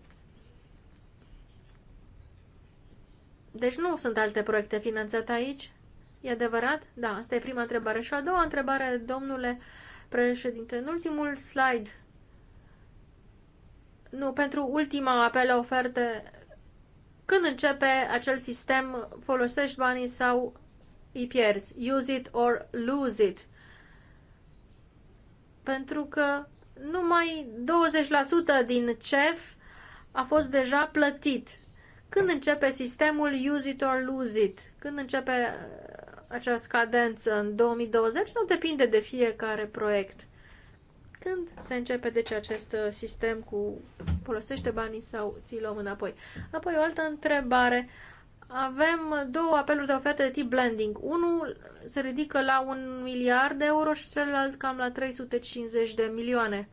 Deci nu sunt alte proiecte finanțate aici? E adevărat? Da, asta e prima întrebare. Și a doua întrebare, domnule președinte, în ultimul slide. Nu, pentru ultima apelă oferte, când începe acel sistem, folosești banii sau îi pierzi. Use it or lose it. Pentru că numai 20% din CEF a fost deja plătit. Când începe sistemul use it or lose it? Când începe uh, această cadență? În 2020 sau depinde de fiecare proiect? Când se începe deci acest uh, sistem cu folosește banii sau ți-i luăm înapoi? Apoi o altă întrebare. Uh, avem două apeluri de oferte de tip blending. Unul se ridică la un miliard de euro și celălalt cam la 350 de milioane.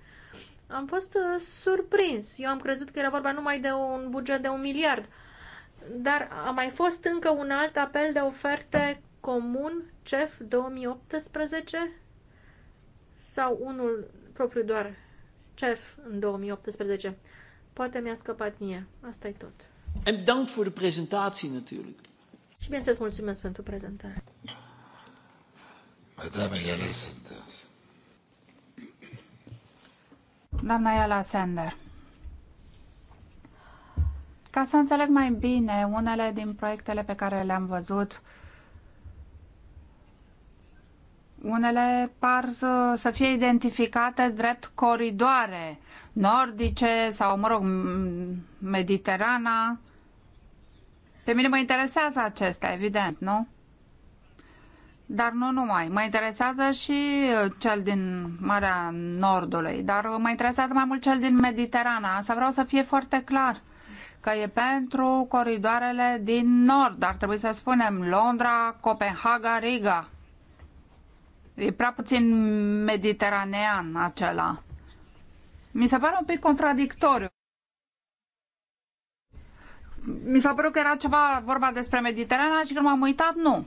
Am fost uh, surprins. Eu am crezut că era vorba numai de un buget de un miliard. Dar a mai fost încă un alt apel de oferte comun, CEF 2018 sau unul propriu doar CEF în 2018. Poate mi-a scăpat mie. Asta e tot. En bedankt voor de presentatie natuurlijk. Și bineînțeles, mulțumesc pentru prezentare. Madame Ayala Sanders. Doamna Ayala Sanders. Ca să înțeleg mai bine unele din proiectele pe care le-am văzut uh, unele par să, să fie identificate drept coridoare nordice sau, mă rog, mediterana. Pe mine mă interesează acestea, evident, nu? Dar nu numai. Mă interesează și uh, cel din Marea Nordului, dar uh, mă interesează mai mult cel din Mediterana. Asta vreau să fie foarte clar că e pentru coridoarele din nord. Dar trebuie să spunem Londra, Copenhaga, Riga. E prea puțin mediteranean acela. Mi se pare un pic contradictoriu. Mi s-a părut că era ceva vorba despre Mediterana și când m-am uitat, nu.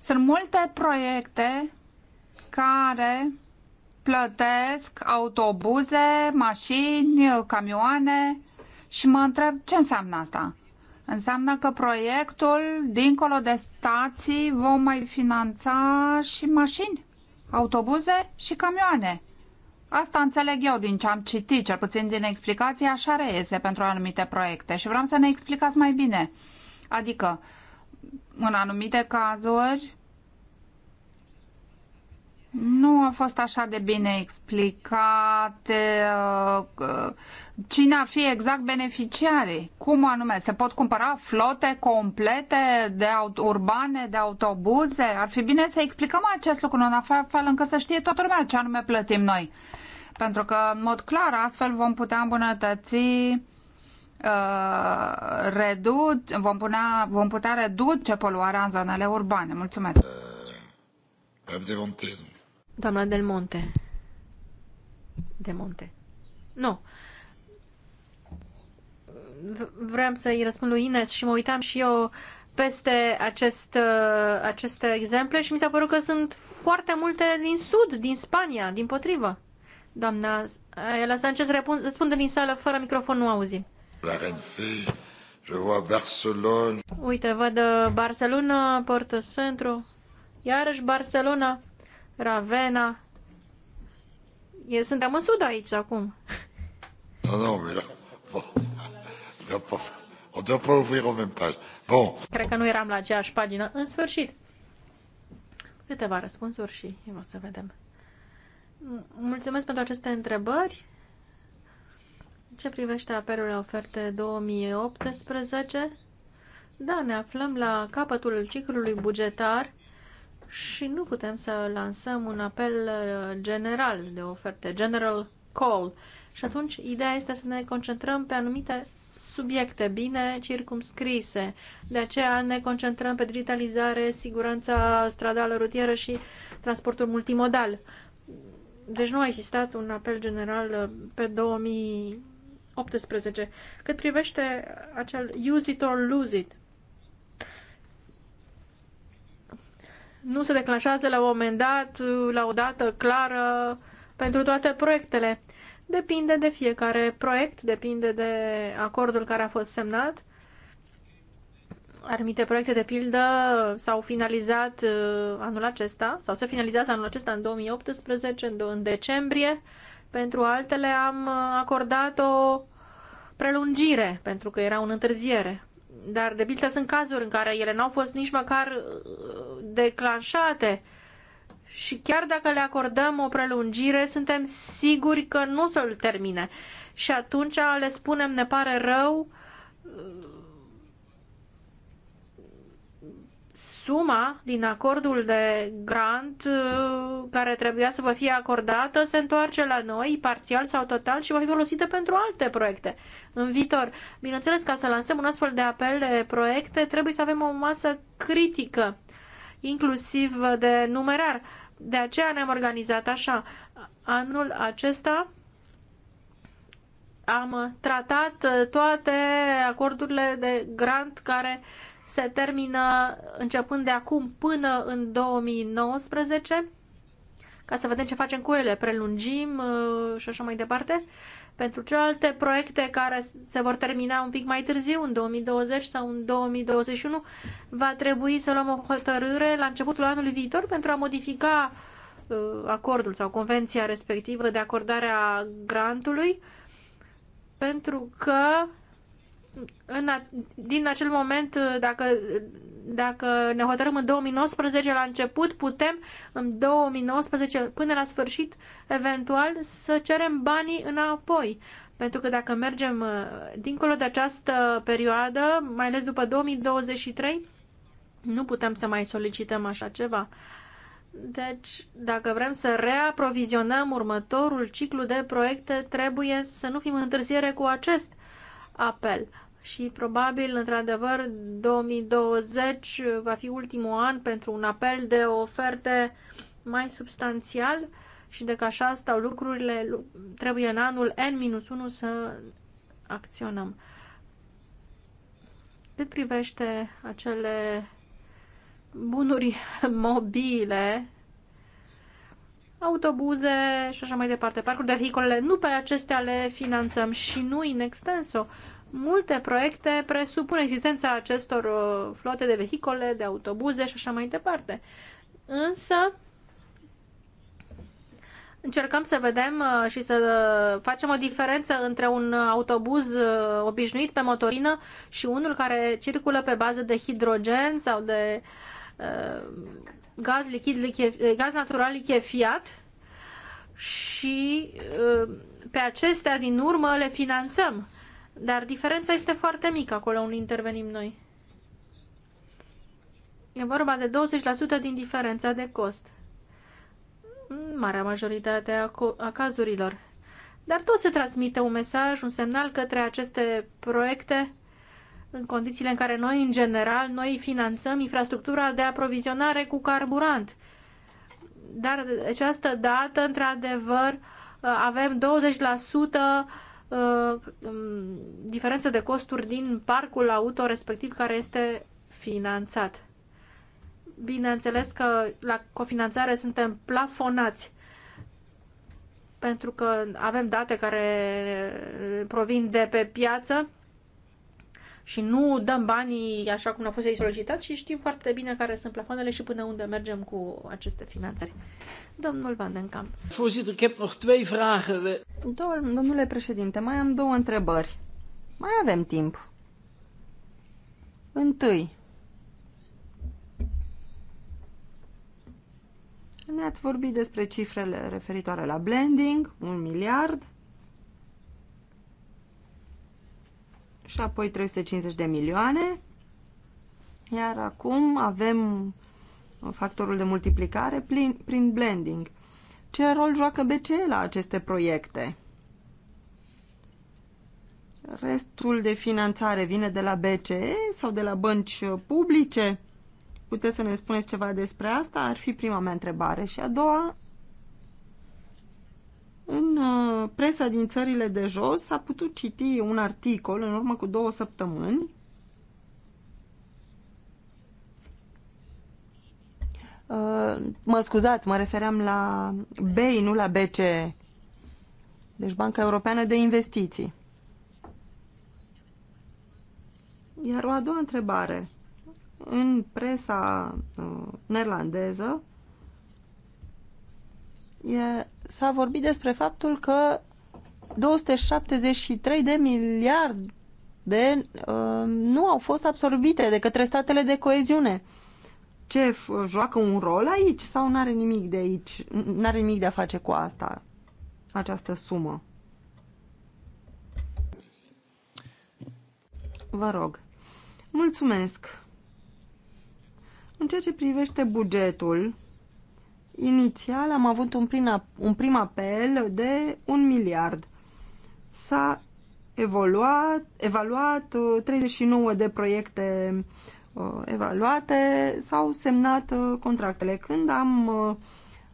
Sunt multe proiecte care plătesc autobuze, mașini, camioane și mă întreb ce înseamnă asta. Înseamnă că proiectul, dincolo de stații, vom mai finanța și mașini autobuze și camioane. Asta înțeleg eu din ce am citit, cel puțin din explicații, așa reiese pentru anumite proiecte și vreau să ne explicați mai bine. Adică, în anumite cazuri, nu a fost așa de bine explicat uh, cine ar fi exact beneficiarii. Cum anume? Se pot cumpăra flote complete de urbane, de autobuze? Ar fi bine să explicăm acest lucru în afară fel încât să știe toată lumea ce anume plătim noi. Pentru că, în mod clar, astfel vom putea îmbunătăți Uh, redu- vom, punea, vom putea reduce poluarea în zonele urbane. Mulțumesc! Uh, Doamna Del Monte. De Monte. Nu. Vreau să-i răspund lui Ines și mă uitam și eu peste acest, uh, aceste exemple și mi s-a părut că sunt foarte multe din sud, din Spania, din potrivă. Doamna la Sanchez răspunde din sală fără microfon, nu auzim. La je vois Barcelona. Uite, văd uh, Barcelona, Porto Centro, iarăși Barcelona. Ravena, E, suntem în sud aici acum. Nu, nu, mira, o là, o on pas, on Bun. Cred că nu eram la aceeași pagină. În sfârșit, câteva răspunsuri și o să vedem. Mulțumesc pentru aceste întrebări. Ce privește apelurile oferte 2018, da, ne aflăm la capătul ciclului bugetar și nu putem să lansăm un apel uh, general de oferte, general call. Și atunci ideea este să ne concentrăm pe anumite subiecte bine circumscrise. De aceea ne concentrăm pe digitalizare, siguranța stradală, rutieră și transportul multimodal. Deci nu a existat un apel general uh, pe 2018. Cât privește acel use it or lose it, nu se declanșează la un moment dat, la o dată clară pentru toate proiectele. Depinde de fiecare proiect, depinde de acordul care a fost semnat. Armite proiecte, de pildă, s-au finalizat uh, anul acesta, sau se finalizează anul acesta în 2018, în decembrie. Pentru altele am uh, acordat o prelungire, pentru că era o întârziere. Dar, de pildă, sunt cazuri în care ele n-au fost nici măcar uh, declanșate și chiar dacă le acordăm o prelungire, suntem siguri că nu o să-l termine. Și atunci le spunem, ne pare rău, uh, suma din acordul de grant uh, care trebuia să vă fie acordată se întoarce la noi, parțial sau total, și va fi folosită pentru alte proiecte în viitor. Bineînțeles, ca să lansăm un astfel de apel de proiecte, trebuie să avem o masă critică, inclusiv de numerar. De aceea ne-am organizat așa. Anul acesta am tratat uh, toate acordurile de grant care se termină începând de acum până în 2019, ca să vedem ce facem cu ele, prelungim uh, și așa mai departe. Pentru celelalte proiecte care se vor termina un pic mai târziu, în 2020 sau în 2021, va trebui să luăm o hotărâre la începutul anului viitor pentru a modifica uh, acordul sau convenția respectivă de acordare a grantului, pentru că în, din acel moment, dacă, dacă ne hotărâm în 2019 la început, putem în 2019 până la sfârșit, eventual, să cerem banii înapoi. Pentru că dacă mergem uh, dincolo de această perioadă, mai ales după 2023, nu putem să mai solicităm așa ceva. Deci, dacă vrem să reaprovizionăm următorul ciclu de proiecte, trebuie să nu fim întârziere cu acest apel. Și probabil, într-adevăr, 2020 va fi ultimul an pentru un apel de oferte mai substanțial și de că așa stau lucrurile, trebuie în anul N-1 să acționăm. Cât privește acele bunuri mobile autobuze și așa mai departe, parcuri de vehicule nu pe acestea le finanțăm și nu in extenso. Multe proiecte presupun existența acestor uh, flote de vehicole, de autobuze și așa mai departe. Însă, încercăm să vedem uh, și să uh, facem o diferență între un autobuz obișnuit pe motorină și unul care circulă pe bază de hidrogen sau de gaz, lichid, gaz natural lichefiat și uh, pe acestea din urmă le finanțăm. Dar diferența este foarte mică acolo unde intervenim noi. E vorba de 20% din diferența de cost. marea majoritate a, a cazurilor. Dar tot se transmite un mesaj, un semnal către aceste proiecte în condițiile în care noi, în general, noi finanțăm infrastructura de aprovizionare cu carburant. Dar această dată, într-adevăr, avem 20% uh, diferență de costuri din parcul auto respectiv care este finanțat. Bineînțeles că la cofinanțare suntem plafonați pentru că avem date care provin de pe piață și nu dăm banii așa cum ne-au fost ei solicitat, și știm foarte bine care sunt plafoanele și până unde mergem cu aceste finanțări. Domnul Van den Kamp. Voorzitter, ik heb nog twee vragen. Domnule președinte, mai am două întrebări. Mai avem timp. Întâi, ne-ați vorbit despre cifrele referitoare la blending, un miliard, și apoi 350 de milioane. Iar acum avem factorul de multiplicare prin, prin blending. Ce rol joacă BCE la aceste proiecte? Restul de finanțare vine de la BCE sau de la bănci publice? Puteți să ne spuneți ceva despre asta? Ar fi prima mea întrebare. Și a doua în uh, presa din țările de jos s-a putut citi un articol în urmă cu două săptămâni uh, Mă scuzați, mă refeream la BEI, nu la BCE. Deci Banca Europeană de Investiții. Iar o a doua întrebare. În presa uh, neerlandeză e s-a vorbit despre faptul că 273 de miliarde uh, nu au fost absorbite de către statele de coeziune. Ce joacă un rol aici sau nu are nimic de aici, nu are nimic de a face cu asta, această sumă? Vă rog. Mulțumesc. În ceea ce privește bugetul, Inițial am avut un prim, un prim apel de un miliard. S-a evaluat, uh, evaluat 39 de proiecte uh, evaluate, s-au semnat uh, contractele. Când am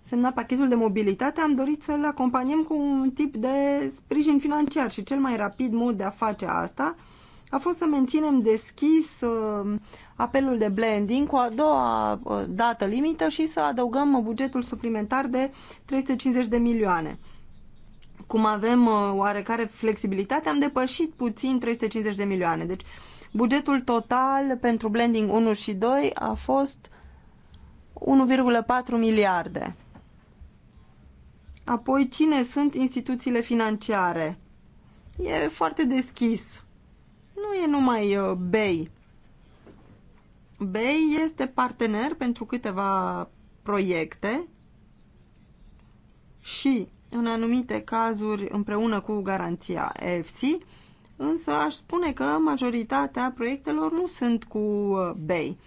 semnat pachetul de mobilitate, am dorit să-l acompaniem cu un tip de sprijin financiar și cel mai rapid mod de a face asta a fost să menținem deschis apelul de blending cu a doua uh, dată limită și să adăugăm bugetul suplimentar de 350 de milioane. Cum avem uh, oarecare flexibilitate, am depășit puțin 350 de milioane. Deci bugetul total pentru blending 1 și 2 a fost 1,4 miliarde. Apoi, cine sunt instituțiile financiare? E foarte deschis. Nu e numai uh, BEI Bay este partener pentru câteva proiecte și în anumite cazuri împreună cu garanția EFSI, însă aș spune că majoritatea proiectelor nu sunt cu uh, BEI.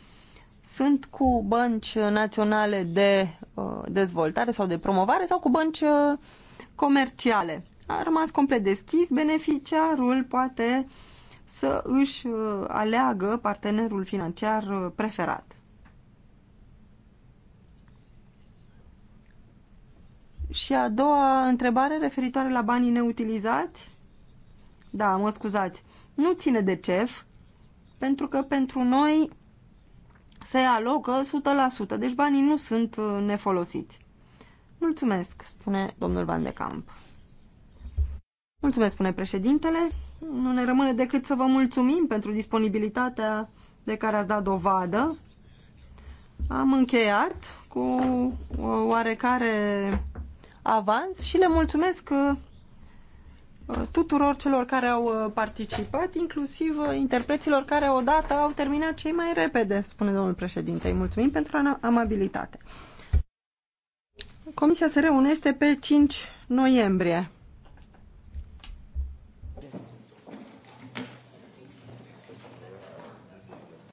Sunt cu bănci naționale de uh, dezvoltare sau de promovare sau cu bănci uh, comerciale. A rămas complet deschis, beneficiarul poate uh, să își uh, aleagă partenerul financiar uh, preferat. Și a doua întrebare referitoare la banii neutilizați? Da, mă scuzați. Nu ține de CEF, pentru că pentru noi se alocă 100%, deci banii nu sunt uh, nefolosiți. Mulțumesc, spune domnul Van de Camp. Mulțumesc, spune președintele nu ne rămâne decât să vă mulțumim pentru disponibilitatea de care ați dat dovadă. Am încheiat cu oarecare avans și le mulțumesc uh, tuturor celor care au uh, participat, inclusiv uh, interpreților care odată au terminat cei mai repede, spune domnul președinte. Îi mulțumim pentru amabilitate. Comisia se reunește pe 5 noiembrie.